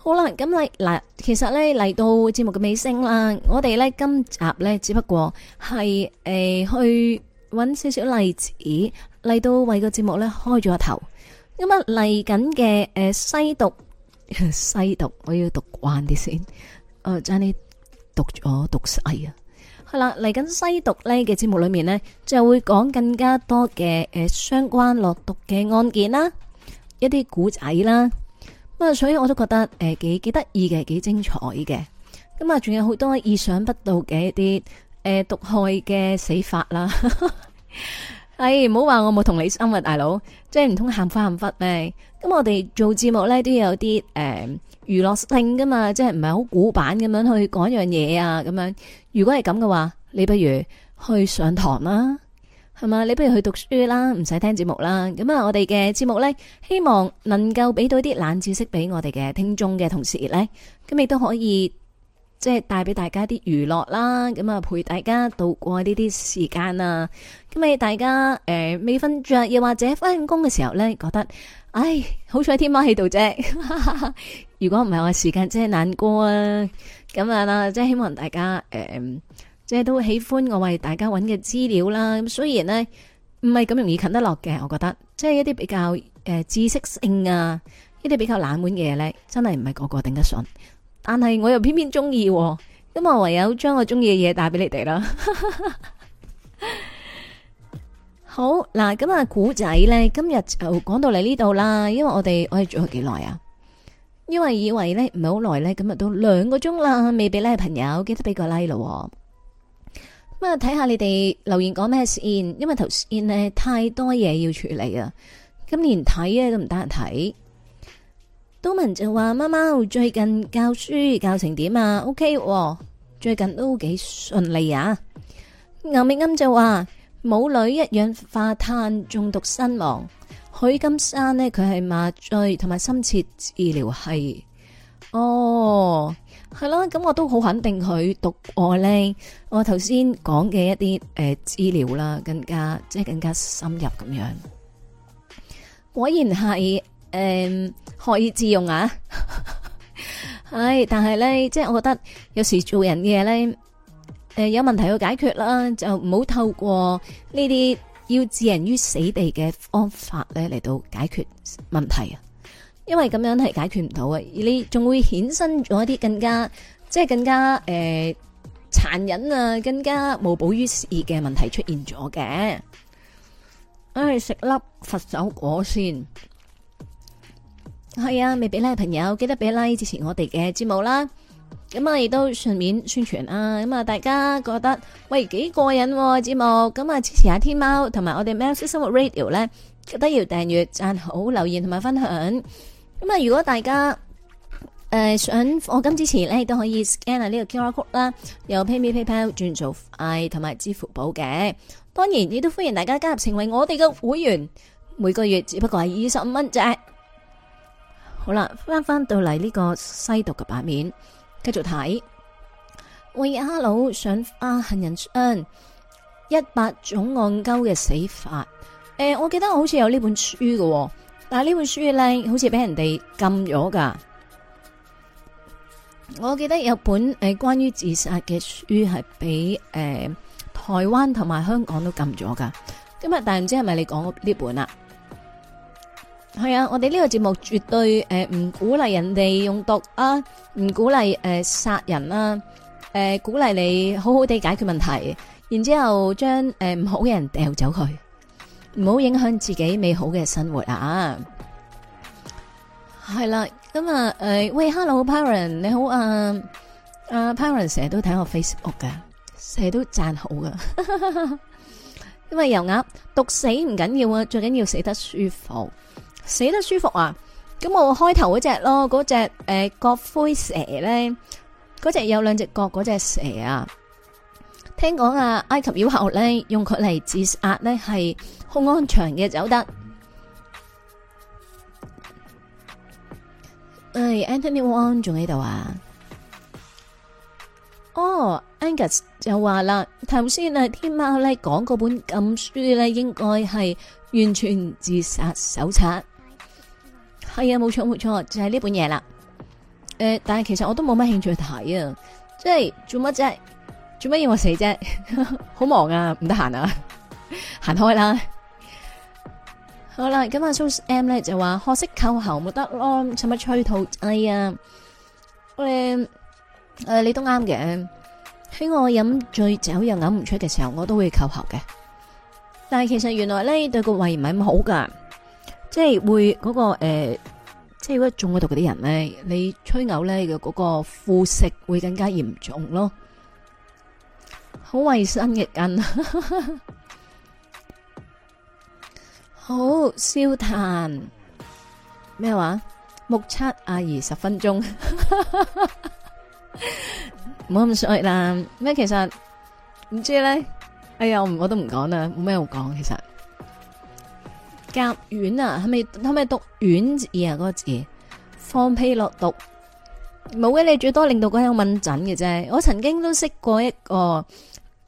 好啦，咁嚟嗱，其實咧，嚟到節目嘅尾聲啦，我哋咧今集咧只不過係誒去揾少少例子嚟到為個節目咧開咗個頭。咁啊嚟緊嘅誒西毒西毒，我要讀慣啲先。誒，爭啲讀咗讀晒啊，係啦，嚟緊西毒咧嘅節目裏面咧，就會講更加多嘅誒相關落毒嘅案件啦，一啲古仔啦。咁啊，所以我都覺得誒幾幾得意嘅，幾、呃、精彩嘅。咁啊，仲有好多意想不到嘅一啲誒、呃、毒害嘅死法啦。唉、 哎，唔好話我冇同你心啊，大佬，即係唔通喊翻喊忽咩？咁我哋做節目咧都有啲誒娛樂性噶嘛，即係唔係好古板咁樣去講樣嘢啊。咁樣如果係咁嘅話，你不如去上堂啦。係嘛？你不如去讀書啦，唔使聽節目啦。咁啊，我哋嘅節目咧，希望能夠俾到啲冷知識俾我哋嘅聽眾嘅同時咧，咁你都可以即係帶俾大家啲娛樂啦。咁啊，陪大家度過呢啲時間啊。咁你大家誒未瞓着又或者翻工嘅時候咧，覺得唉好彩天喵喺度啫。 如果唔係我時間真係難過啊。咁樣啦，即係希望大家誒。呃即係都喜歡我為大家揾嘅資料啦。咁雖然呢，唔係咁容易啃得落嘅，我覺得即係一啲比較誒、呃、知識性啊，一啲比較冷門嘅嘢呢，真係唔係個個頂得順。但係我又偏偏中意、喔，咁啊唯有將我中意嘅嘢帶俾你哋啦。 好嗱，咁啊古仔呢，今日就講到嚟呢度啦。因為我哋我哋做咗幾耐啊？因為以為呢，唔係好耐呢，今日都兩個鐘啦，未俾呢朋友記得俾個 like 咯。咁啊，睇下你哋留言講咩先？因為頭先咧，太多嘢，要處理啊，咁連睇啊都唔得人睇。都文就話貓貓最近教書教成點啊？OK，哦，最近都幾順利啊。牛明暗就話母女一氧化碳中毒身亡，許金山呢，佢係麻醉同埋深切治療，係哦。係啦，咁我都好肯定佢讀過咧，我頭先講嘅一啲誒資料啦，更加即係更加深入咁樣。果然係誒學以致用啊！係，但係咧，即係我覺得有時做人嘅嘢咧，誒有問題要解決啦，就唔好透過呢啲要置人於死地嘅方法咧嚟到解決問題啊。因為咁樣係解決唔到嘅，而你仲會衍生咗一啲更加即係更加誒殘忍啊，更加無補於事嘅問題出現咗嘅。唉，食粒佛手果先，係啊，未俾啦，朋友記得俾啦。支持我哋嘅節目啦，咁啊亦都順便宣傳啊。咁啊，大家覺得喂幾過癮節目，咁啊支持下天喵同埋我哋喵式生活 Radio 咧，記得要訂閱、贊好、留言同埋分享。咁啊、嗯！如果大家誒、呃、想課金之前咧，都可以 scan 下呢個 QR code 啦，Pay 有 PayMe、PayPal 轉做 Fi 同埋支付寶嘅。當然亦都歡迎大家加入成為我哋嘅會員，每個月只不過係二十五蚊啫。好啦，翻翻到嚟呢個西毒嘅版面，繼續睇。喂，哈佬想花杏仁霜，一百種按鳩嘅死法。誒、呃，我記得我好似有呢本書嘅。但呢本書咧，好似俾人哋禁咗噶。我記得有本誒、呃、關於自殺嘅書係俾誒台灣同埋香港都禁咗噶。今日但係唔知係咪你講呢本啦、啊？係啊，我哋呢個節目絕對誒唔、呃、鼓勵人哋用毒啊，唔鼓勵誒殺人啊誒、呃、鼓勵你好好地解決問題，然之後將誒唔、呃、好嘅人丟掉走佢。唔好影響自己美好嘅生活啊！係啦，咁啊，誒，喂 Hello，Paren 你好啊，啊 Paren 成日都睇我 Facebook 噶，成日都讚好噶， 因為油鴨毒死唔緊要啊，最緊要死得舒服，死得舒服啊！咁我開頭嗰隻咯，嗰隻誒角灰蛇咧，嗰隻有兩隻角嗰隻蛇啊。聽講啊，埃及妖后咧用佢嚟自殺咧係好安詳嘅走得。誒、哎、Anthony Wong 仲喺度啊？哦，Angus 就話啦，頭先啦，天貓咧講嗰本禁書咧，應該係完全自殺手冊。係啊，冇錯，冇錯，就係、是、呢本嘢啦。誒、呃，但係其實我都冇乜興趣睇啊，即係做乜啫？做乜要我死啫？ 好忙啊，唔得閒啊，行 開啦。好啦，咁阿 s M 咧就話 學識扣喉冇得咯，使乜吹兔、啊？哎呀，誒、呃、誒，你都啱嘅。喺我飲醉酒又嘔唔出嘅時候，我都會扣喉嘅。但係其實原來咧對個胃唔係咁好噶，即係會嗰、那個誒、呃，即係如果中咗毒嗰啲人咧，你吹嘔咧嘅嗰個腐蝕會更加嚴重咯。衛 好衛生嘅巾，好燒炭咩話，目測啊二十分鐘， 唔好咁衰啦咩？其實唔知咧，哎呀我我都唔講啦，冇咩好講其實。夾丸啊，係咪係咪讀丸字啊？嗰、那個字放屁落毒，冇嘅，你最多令到個人暈陣嘅啫。我曾經都識過一個。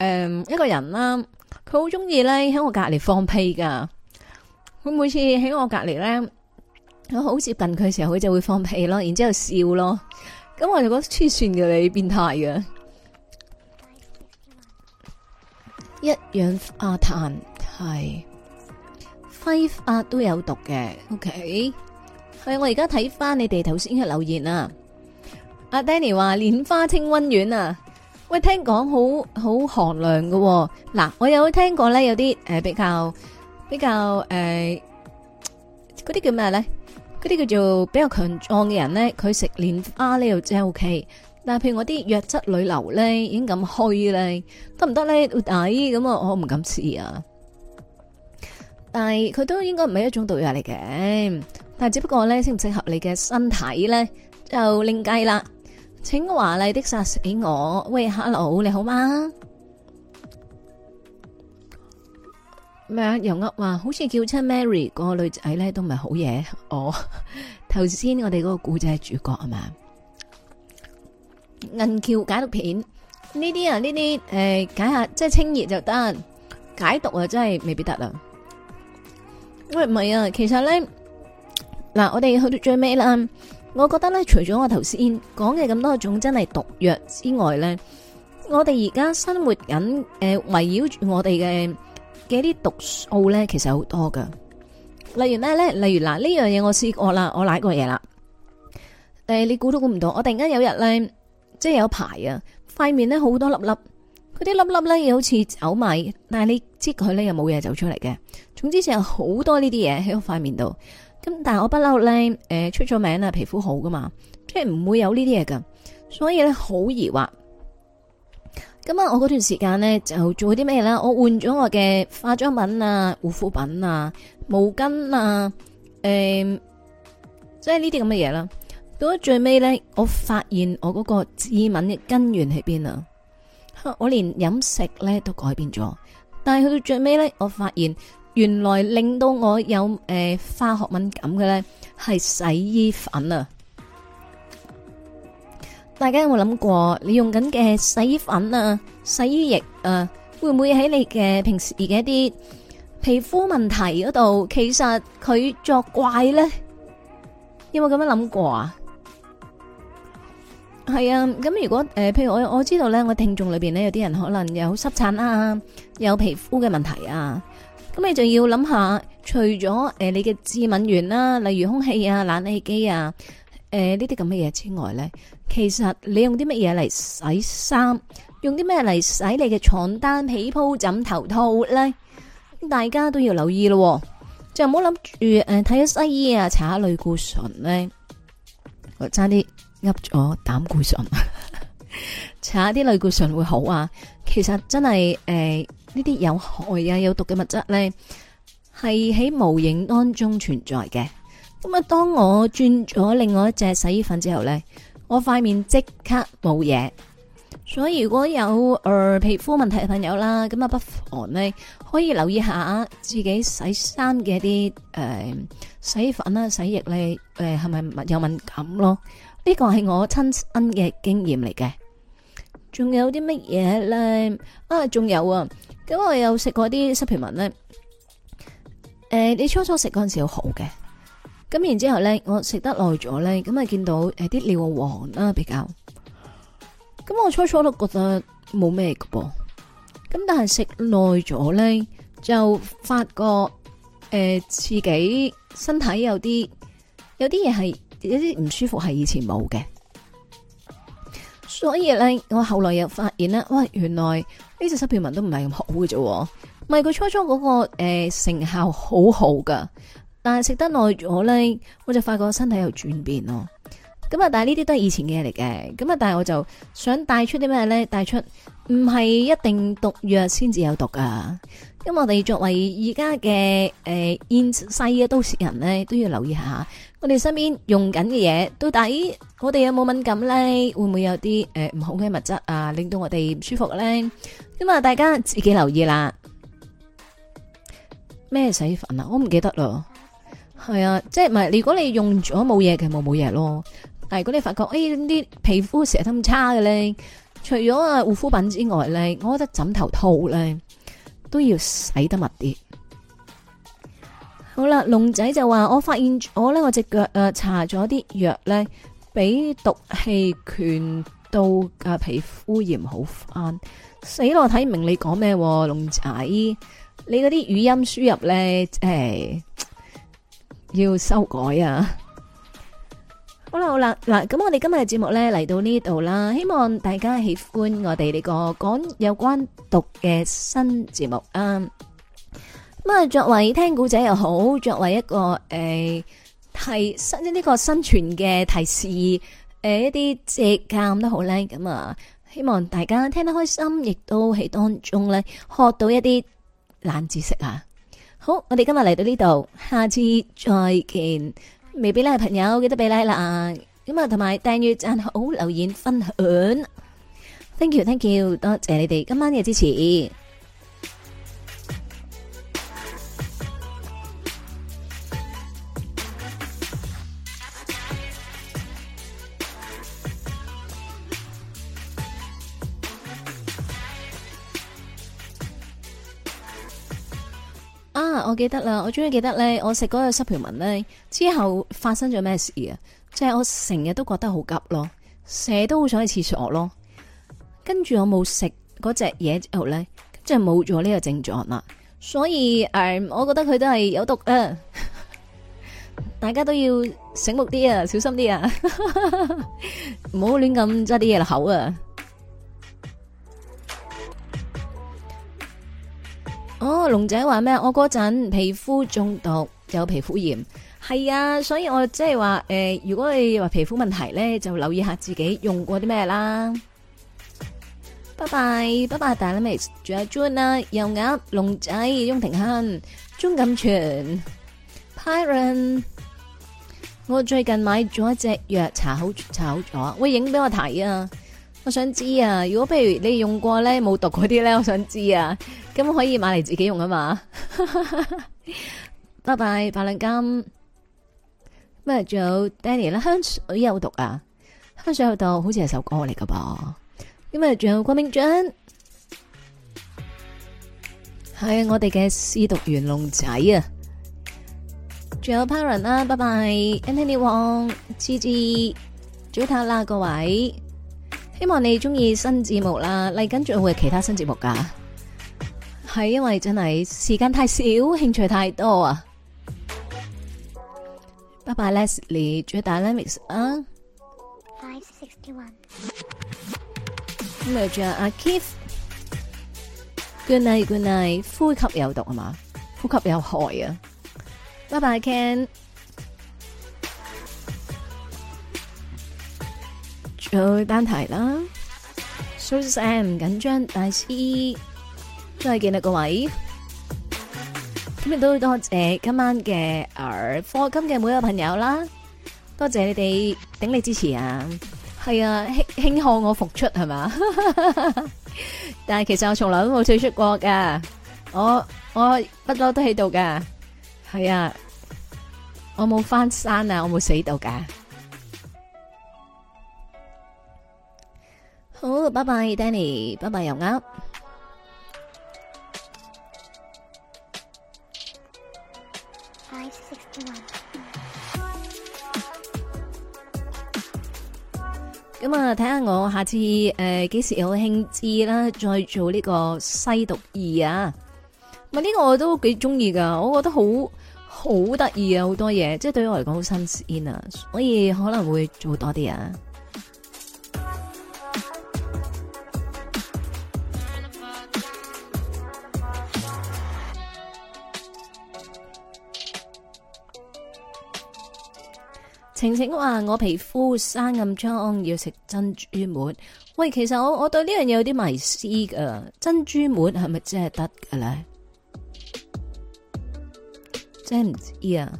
誒、嗯，一個人啦，佢好中意咧喺我隔籬放屁噶。佢每次喺我隔籬咧，我好接近佢時候，佢就會放屁咯，然之後笑咯。咁我就覺得黐線嘅，你變態嘅。一氧化碳係揮發都有毒嘅。OK，係、嗯、我而家睇翻，你哋頭先嘅留言啊。阿 Danny 話蓮花清瘟丸啊。喂，聽講好好寒涼㗎，喎，嗱，我有聽過咧，有啲誒，比較比較誒嗰啲叫咩咧？嗰啲叫做比較強壯嘅人咧，佢食蓮花呢又真係 OK，但係譬如我啲弱質女流咧，已經咁虛咧，得唔得咧？到底咁啊，我唔敢試啊！但係佢都應該唔係一種毒藥嚟嘅，但係只不過咧，適唔適合你嘅身體咧，就另計啦。請華麗的殺死我。喂，hello，你好嗎？咩啊？又噏話好似叫出 Mary 個女仔咧都唔係好嘢。我頭先我哋嗰個故仔主角係嘛？銀翹解毒片呢啲啊，呢啲誒解下即係清熱就得，解毒啊真係未必得啦。喂唔係啊，其實咧嗱，我哋去到最尾啦。我覺得咧，除咗我頭先講嘅咁多種真係毒藥之外咧，我哋而家生活緊誒圍繞住我哋嘅嘅啲毒素咧，其實好多噶。例如咩咧？例如嗱，呢樣嘢我試過啦，我舐過嘢啦。誒、呃，你估都估唔到，我突然間有日咧，即係有排啊，塊面咧好多粒粒，佢啲粒粒咧又好似走埋，但係你擠佢咧又冇嘢走出嚟嘅。總之就係好多呢啲嘢喺塊面度。咁但係我不嬲咧，誒、呃、出咗名啦，皮膚好噶嘛，即係唔會有呢啲嘢噶，所以咧好疑惑。咁啊，我嗰段時間咧就做啲咩咧？我換咗我嘅化妝品啊、護膚品啊、毛巾啊，誒、欸，即係呢啲咁嘅嘢啦。到咗最尾咧，我發現我嗰個致敏嘅根源喺邊啊！我連飲食咧都改變咗，但係去到最尾咧，我發現。原來令到我有誒化學敏感嘅咧，係洗衣粉啊！大家有冇諗過，你用緊嘅洗衣粉啊、洗衣液啊，會唔會喺你嘅平時嘅一啲皮膚問題嗰度，其實佢作怪咧？有冇咁樣諗過啊？係啊，咁如果誒，譬如我我知道咧，我聽眾裏邊咧有啲人可能有濕疹啊，有皮膚嘅問題啊。咁你就要諗下，除咗誒、呃、你嘅致敏源啦，例如空氣啊、冷氣機啊，誒呢啲咁嘅嘢，之外咧，其實你用啲乜嘢嚟洗衫，用啲咩嚟洗你嘅床單、被鋪、枕頭套咧？大家都要留意咯，就唔好諗住誒睇下西醫啊，查下類固醇咧，我差啲噏咗膽固醇，查下啲類固醇會好啊。其實真係誒。呃呢啲有害啊有毒嘅物質呢，係喺無形當中存在嘅。咁啊，當我轉咗另外一隻洗衣粉之後呢，我塊面即刻冇嘢。所以如果有誒、呃、皮膚問題嘅朋友啦，咁啊不妨呢，可以留意下自己洗衫嘅啲誒洗衣粉啦、啊、洗衣液呢誒係咪有敏感咯？呢個係我親身嘅經驗嚟嘅。仲有啲乜嘢咧？啊，仲有啊！咁我又食過啲濕皮文咧。誒、呃，你初初食嗰陣時好嘅，咁然之後咧，我食得耐咗咧，咁啊見到誒啲尿黃啦比較，咁我初初都覺得冇咩嘅噃，咁但係食耐咗咧，就發覺誒、呃、自己身體有啲有啲嘢係有啲唔舒服，係以前冇嘅。所以咧，我後來又發現咧，喂，原來呢隻濕片文都唔係咁好嘅啫，唔係佢初初嗰個、那個、呃、成效好好噶，但係食得耐咗咧，我就發覺身體有轉變咯。咁啊，但係呢啲都係以前嘅嘢嚟嘅。咁啊，但係我就想帶出啲咩咧，帶出唔係一定毒藥先至有毒噶。咁我哋作為而家嘅誒現世嘅都市人咧，都要留意下。我哋身邊用緊嘅嘢，到底我哋有冇敏感咧？會唔會有啲誒唔好嘅物質啊，令到我哋唔舒服咧？咁啊，大家自己留意啦。咩洗粉啊？我唔記得咯。係啊，即係唔係？如果你用咗冇嘢嘅，冇冇嘢咯。但係如果你發覺誒啲皮膚成日咁差嘅咧，除咗啊護膚品之外咧，我覺得枕頭套咧都要洗得密啲。好啦，龍仔就話我發現我咧，我隻腳誒，搽咗啲藥咧，俾毒氣拳到嘅皮膚炎好翻。死咯，睇唔明你講咩，龍仔，你嗰啲語音輸入咧誒，要修改啊。好啦，好啦，嗱，咁我哋今日嘅節目咧嚟到呢度啦，希望大家喜歡我哋呢個講有關毒嘅新節目啊。咁啊，作為聽古仔又好，作為一個誒、欸、提生呢個生存嘅提示，誒、欸、一啲借鑒都好咧。咁啊，希望大家聽得開心，亦都喺當中咧學到一啲冷知識啊！好，我哋今日嚟到呢度，下次再見。未俾、like、啦，朋友記得俾 like 啦。咁啊，同埋訂閱、讚好、留言、分享。Thank you，Thank you，多謝你哋今晚嘅支持。啊！我記得啦，我終於記得咧，我食嗰個 supplement 呢之後發生咗咩事啊？即係我成日都覺得好急咯，成日都好想去廁所咯。跟住我冇食嗰隻嘢之後咧，即係冇咗呢個症狀啦。所以誒，um, 我覺得佢都係有毒啊！ 大家都要醒目啲啊，小心啲啊，唔好亂咁揸啲嘢落口啊！哦，龍仔話咩？我嗰陣皮膚中毒，有皮膚炎，係啊，所以我即係話誒，如果你話皮膚問題咧，就留意下自己用過啲咩啦。拜拜，拜拜，大粒妹，仲有 John 啦，油鴨，龍仔，翁庭欣，鍾錦全，Pyron，我最近買咗隻藥，搽好搽好咗，喂，影俾我睇啊！我想知啊，如果譬如你用過咧，冇毒嗰啲咧，我想知啊，咁可以買嚟自己用啊嘛。拜拜，白兩金。咁仲有 Danny 啦，香水有毒啊，香水有毒，好似係首歌嚟噶噃。咁啊，仲有郭明俊，係我哋嘅試毒員龍仔啊。仲有 p a r e n n 啦，拜拜，Anthony Wong，Gigi，早唞啦各位。希望你中意新節目啦，嚟緊仲會有其他新節目㗎，係因為真係時間太少，興趣太多啊。拜拜，Leslie，仲有 dynamics 啊。Five sixty one。咁就仲有阿 Keith，Good night，Good night，呼吸有毒吖嘛？呼吸有害啊。拜拜，Ken。再單題啦，收聲唔緊張，但係先真係見到各位，咁亦都多謝今晚嘅誒科金嘅每一個朋友啦，多謝你哋鼎力支持啊！係啊，慶慶賀我復出係嘛？但係其實我從來都冇退出過噶，我我不嬲都喺度噶，係啊，我冇翻山啊，我冇死到噶。好，拜拜，Danny，拜拜油，油鴨。咁啊，睇下 我下次誒，幾、呃、時有興致啦，再做呢個西毒二啊！咪呢個我都幾中意噶，我覺得好好得意啊，好多嘢，即係對我嚟講好新鮮啊，所以可能會做多啲啊。晴晴話我皮膚生暗瘡，要食珍珠沫。喂，其實我我對呢樣嘢有啲迷思㗎，珍珠沫係咪真係得嘅咧？真唔知啊！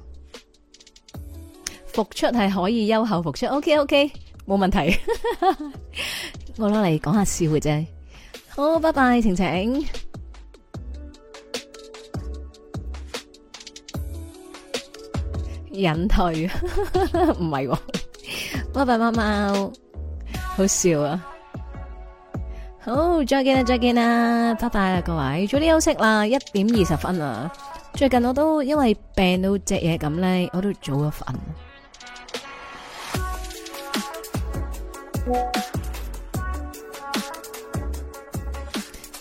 復出係可以休後復出，OK OK，冇問題。我攞嚟講下笑話啫。好，拜拜，晴晴。隱退唔係，拜拜貓貓，好笑啊！好，再見啦，再見啦，拜拜啦各位，早啲休息啦，一點二十分啊！最近我都因為病到隻嘢咁咧，我都早咗瞓。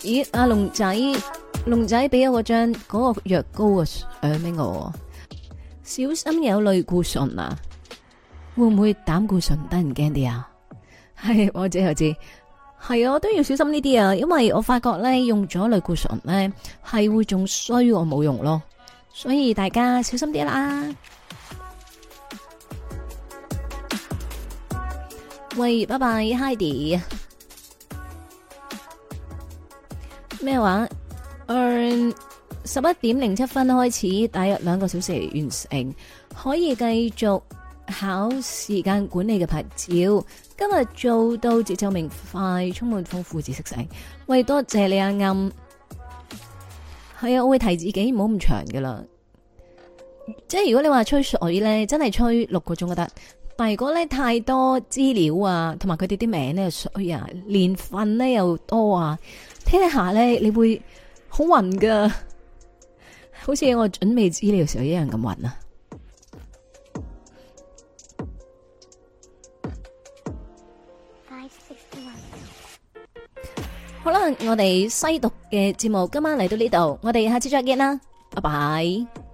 咦？阿龍仔，龍仔俾咗嗰張嗰個藥膏啊，誒，俾我。小心有類固醇啊！會唔會膽固醇得人驚啲啊？係我知又知，係我都要小心呢啲啊！因為我發覺咧用咗類固醇咧係會仲衰過冇用咯，所以大家小心啲啦。喂，拜拜，Heidi 咩話？嗯。Uh, 十一點零七分開始，大約兩個小時完成，可以繼續考時間管理嘅牌照。今日做到節奏明快，充滿豐富知識性。喂，多謝你啊暗，係、哎、啊，我會提自己唔好咁長噶啦。即係如果你話吹水咧，真係吹六個鐘都得，但如果咧太多資料啊，同埋佢哋啲名咧水啊，年份咧又多啊，聽下咧你會好暈噶。好似我準備資料時候一樣咁暈啊！5, 6, 好啦，我哋西毒嘅節目今晚嚟到呢度，我哋下次再見啦，拜拜。